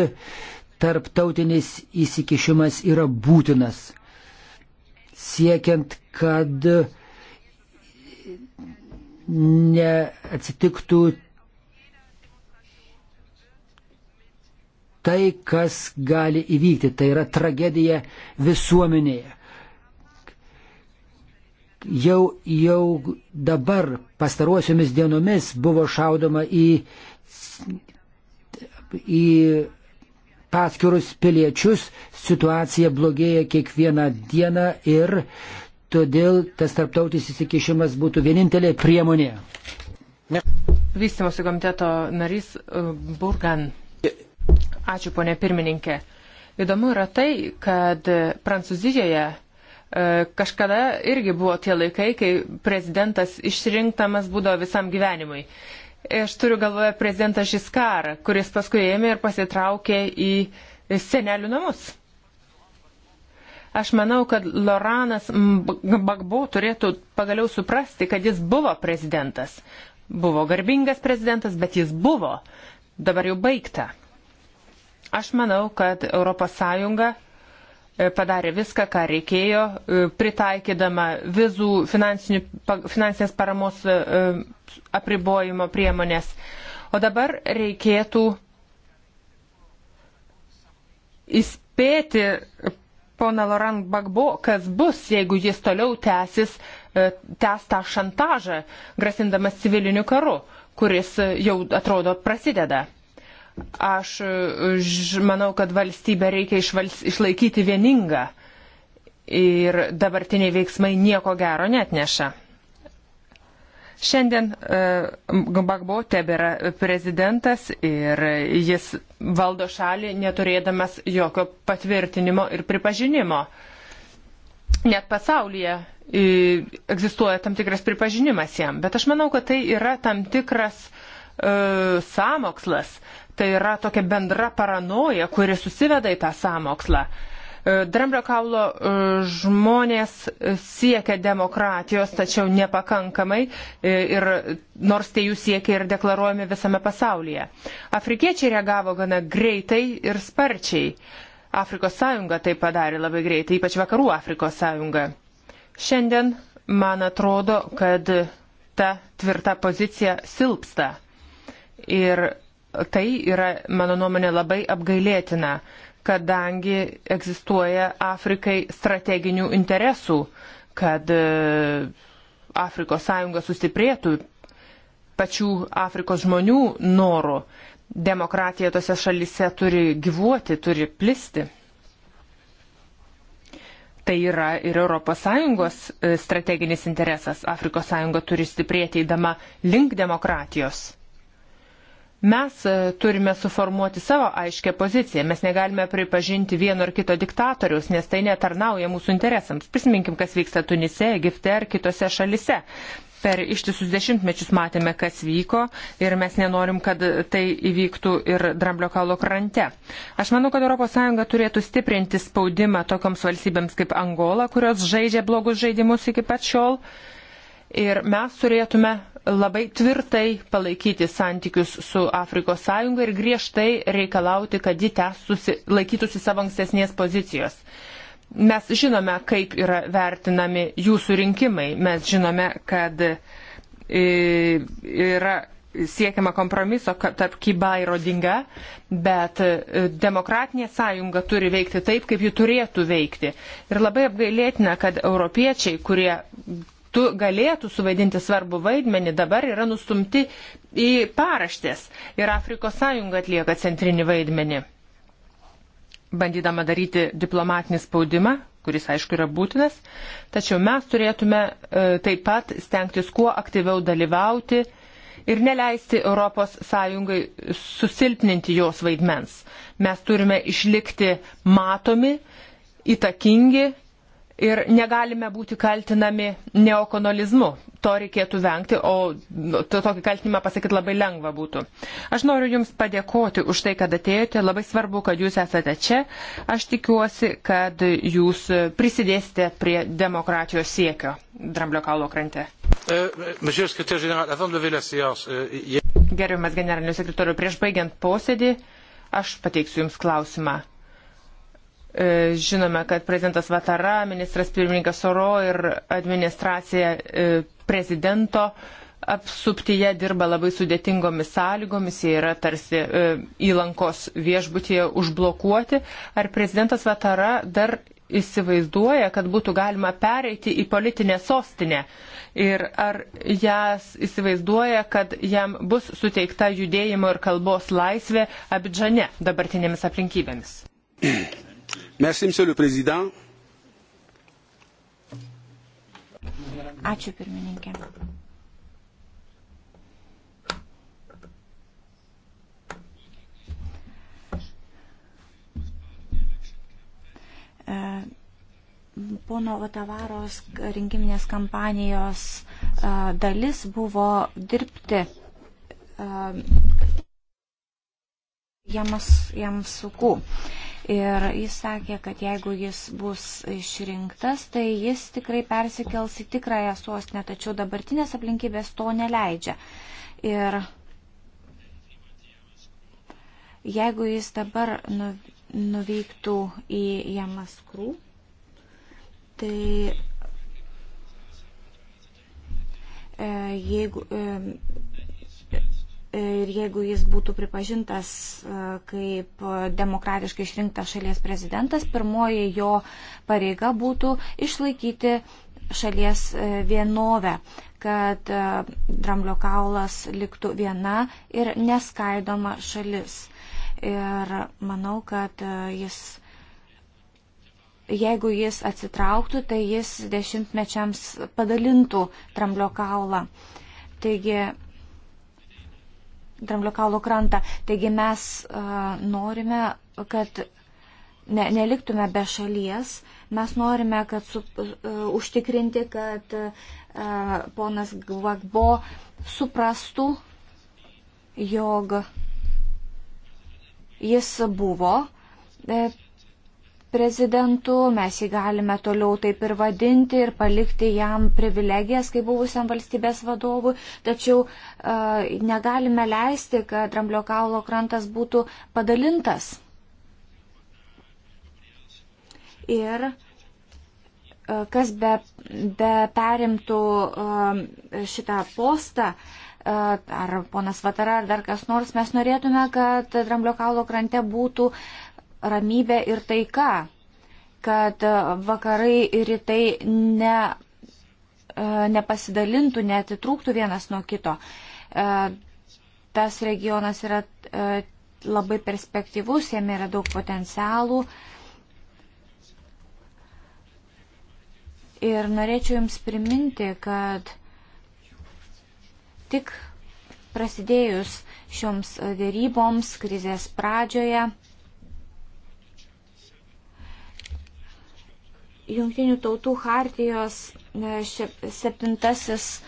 tarptautinis įsikišimas yra būtinas, siekiant, kad neatsitiktų tai, kas gali įvykti. Tai yra tragedija visuomenėje jau, jau dabar pastaruosiomis dienomis buvo šaudoma į, į paskirus piliečius, situacija blogėja kiekvieną dieną ir todėl tas tarptautis įsikišimas būtų vienintelė priemonė. Vystimosi komiteto narys e, Burgan. Ačiū, ponė pirmininkė. Įdomu yra tai, kad Prancūzijoje E, kažkada irgi buvo tie laikai, kai prezidentas išrinktamas būdavo visam gyvenimui. E, aš turiu galvoje prezidentą Žiskarą, kuris paskui ėmė ir pasitraukė į senelių namus. Aš manau, kad Loranas Bagbo turėtų pagaliau suprasti, kad jis buvo prezidentas. Buvo garbingas prezidentas, bet jis buvo. Dabar jau baigta. Aš manau, kad ES E, padarė viską, ką reikėjo, e, pritaikydama vizų finansinės paramos e, apribojimo priemonės. O dabar reikėtų įspėti pona Laurent Bagbo, kas bus, jeigu jis toliau tęsis, tęs tą šantažą, grasindamas civiliniu karu, kuris jau atrodo prasideda. Aš e, manau, kad valstybę reikia išvals, išlaikyti vieningą ir dabartiniai veiksmai nieko gero net neša. Šiandien e, Gbagbo tebėra prezidentas ir jis valdo šalį neturėdamas jokio patvirtinimo ir pripažinimo. Net pasaulyje e, egzistuoja tam tikras pripažinimas jam, bet aš manau, kad tai yra tam tikras e, samokslas. Tai yra tokia bendra paranoja, kuri susiveda į tą samokslą. E, Dramblio kaulo e, žmonės siekia demokratijos, tačiau nepakankamai e, ir nors tai jų siekia ir deklaruojami visame pasaulyje. Afrikiečiai reagavo gana greitai ir sparčiai. Afrikos sąjunga tai padarė labai greitai, ypač vakarų Afrikos sąjunga. Šiandien man atrodo, kad ta tvirta pozicija silpsta. Ir tai yra, mano nuomonė, labai apgailėtina, kadangi egzistuoja Afrikai strateginių interesų, kad e, Afrikos sąjunga sustiprėtų pačių Afrikos žmonių norų. Demokratija tose šalise turi gyvuoti, turi plisti. Tai yra ir ES e, strateginis interesas. Afrikos sąjunga turi stiprėti įdama link demokratijos. Mes e, turime suformuoti savo aiškę poziciją. Mes negalime pripažinti vieno ar kito diktatoriaus, nes tai netarnauja mūsų interesams. Prisiminkim, kas vyksta Tunise, Egipte ar kitose šalise. Per ištisus dešimtmečius matėme, kas vyko ir mes nenorim, kad tai įvyktų ir Dramblio kalo krante. Aš manau, kad ES turėtų stiprinti spaudimą tokioms valstybėms kaip Angola, kurios žaidžia blogus žaidimus iki pat šiol. Ir mes turėtume labai tvirtai palaikyti santykius su Afrikos Sąjunga ir griežtai reikalauti, kad ji tesusi, laikytųsi savo ankstesnės pozicijos. Mes žinome, kaip yra vertinami jūsų rinkimai. Mes žinome, kad e, yra siekiama kompromiso tarp Kiba ir Rodinga, bet e, demokratinė sąjunga turi veikti taip, kaip ji turėtų veikti. Ir labai apgailėtina, kad europiečiai, kurie tu galėtų suvaidinti svarbu vaidmenį, dabar yra nustumti į paraštės ir Afrikos sąjunga atlieka centrinį vaidmenį. Bandydama daryti diplomatinį spaudimą, kuris aišku yra būtinas, tačiau mes turėtume e, taip pat stengtis kuo aktyviau dalyvauti ir neleisti ES susilpninti jos vaidmens. Mes turime išlikti matomi, įtakingi ir negalime būti kaltinami neokonolizmu. To reikėtų vengti, o nu, to, tokį kaltinimą pasakyti labai lengva būtų. Aš noriu Jums padėkoti už tai, kad atėjote. Labai svarbu, kad Jūs esate čia. Aš tikiuosi, kad Jūs prisidėsite prie demokratijos siekio Dramblio kaulo krante. Euh, euh, Gerbiamas generaliniu sekretoriu, prieš baigiant posėdį, aš pateiksiu Jums klausimą. E, žinome, kad prezidentas Vatara, ministras pirmininkas Oro ir administracija e, prezidento apsuptyje dirba labai sudėtingomis sąlygomis, jie yra tarsi e, įlankos viešbutyje užblokuoti. Ar prezidentas Vatara dar įsivaizduoja, kad būtų galima pereiti į politinę sostinę ir ar jas įsivaizduoja, kad jam bus suteikta judėjimo ir kalbos laisvė Abidžane dabartinėmis aplinkybėmis. Merci, Monsieur le Président. Ačiū pirmininkė. E, pono Vatavaros rinkiminės kampanijos e, dalis buvo dirbti e, jam, jam sukų. Uh, Ir jis sakė, kad jeigu jis bus išrinktas, tai jis tikrai persikels į tikrąją sostinę, tačiau dabartinės aplinkybės to neleidžia. Ir jeigu jis dabar nu, nuvyktų į Jamaskrų, tai e, jeigu e, ir jeigu jis būtų pripažintas e, kaip demokratiškai išrinktas šalies prezidentas, pirmoji jo pareiga būtų išlaikyti šalies e, vienovę, kad e, Dramblio kaulas liktų viena ir neskaidoma šalis. Ir manau, kad jis, jeigu jis atsitrauktų, tai jis dešimtmečiams padalintų Dramblio kaulą. Taigi dramblio kaulo krantą. Taigi mes uh, norime, kad ne, neliktume be šalies. Mes norime, kad su, uh, užtikrinti, kad uh, ponas Gvagbo suprastų, jog jis buvo. Uh, prezidentu, mes jį galime toliau taip ir vadinti ir palikti jam privilegijas kaip buvusiam valstybės vadovui, tačiau e, negalime leisti, kad Ramblio kaulo krantas būtų padalintas. Ir e, kas be, be perimtų e, šitą postą, e, ar ponas Vatara, ar dar kas nors, mes norėtume, kad Dramblio kaulo krante būtų uh, ramybė ir taika, kad vakarai ir rytai ne, e, nepasidalintų, netitrūktų vienas nuo kito. E, tas regionas yra e, labai perspektyvus, jame yra daug potencialų. Ir norėčiau Jums priminti, kad tik prasidėjus šioms dėryboms krizės pradžioje Junktinių tautų hartijos e, septintasis e,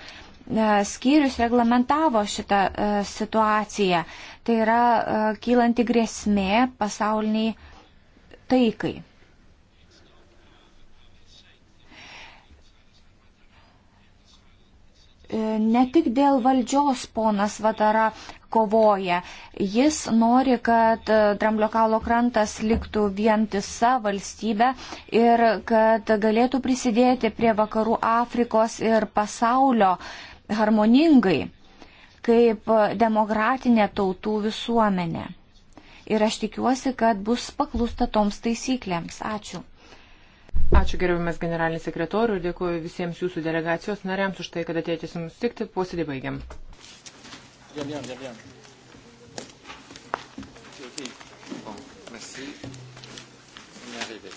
skyrius reglamentavo šitą e, situaciją. Tai yra kylanti grėsmė pasauliniai taikai. E, ne tik dėl valdžios ponas Vatara kovoja. Jis nori, kad e, Dramblio kalo krantas liktų vientisa valstybė ir kad galėtų prisidėti prie vakarų Afrikos ir pasaulio harmoningai kaip demokratinė tautų visuomenė. Ir aš tikiuosi, kad bus paklūsta toms taisyklėms. Ačiū. Ačiū gerbiamas generalinis sekretoriu ir dėkuoju visiems jūsų delegacijos nariams už tai, kad atėjote su mums sutikti. Posėdį baigiam. Bien, bien, bien, bien.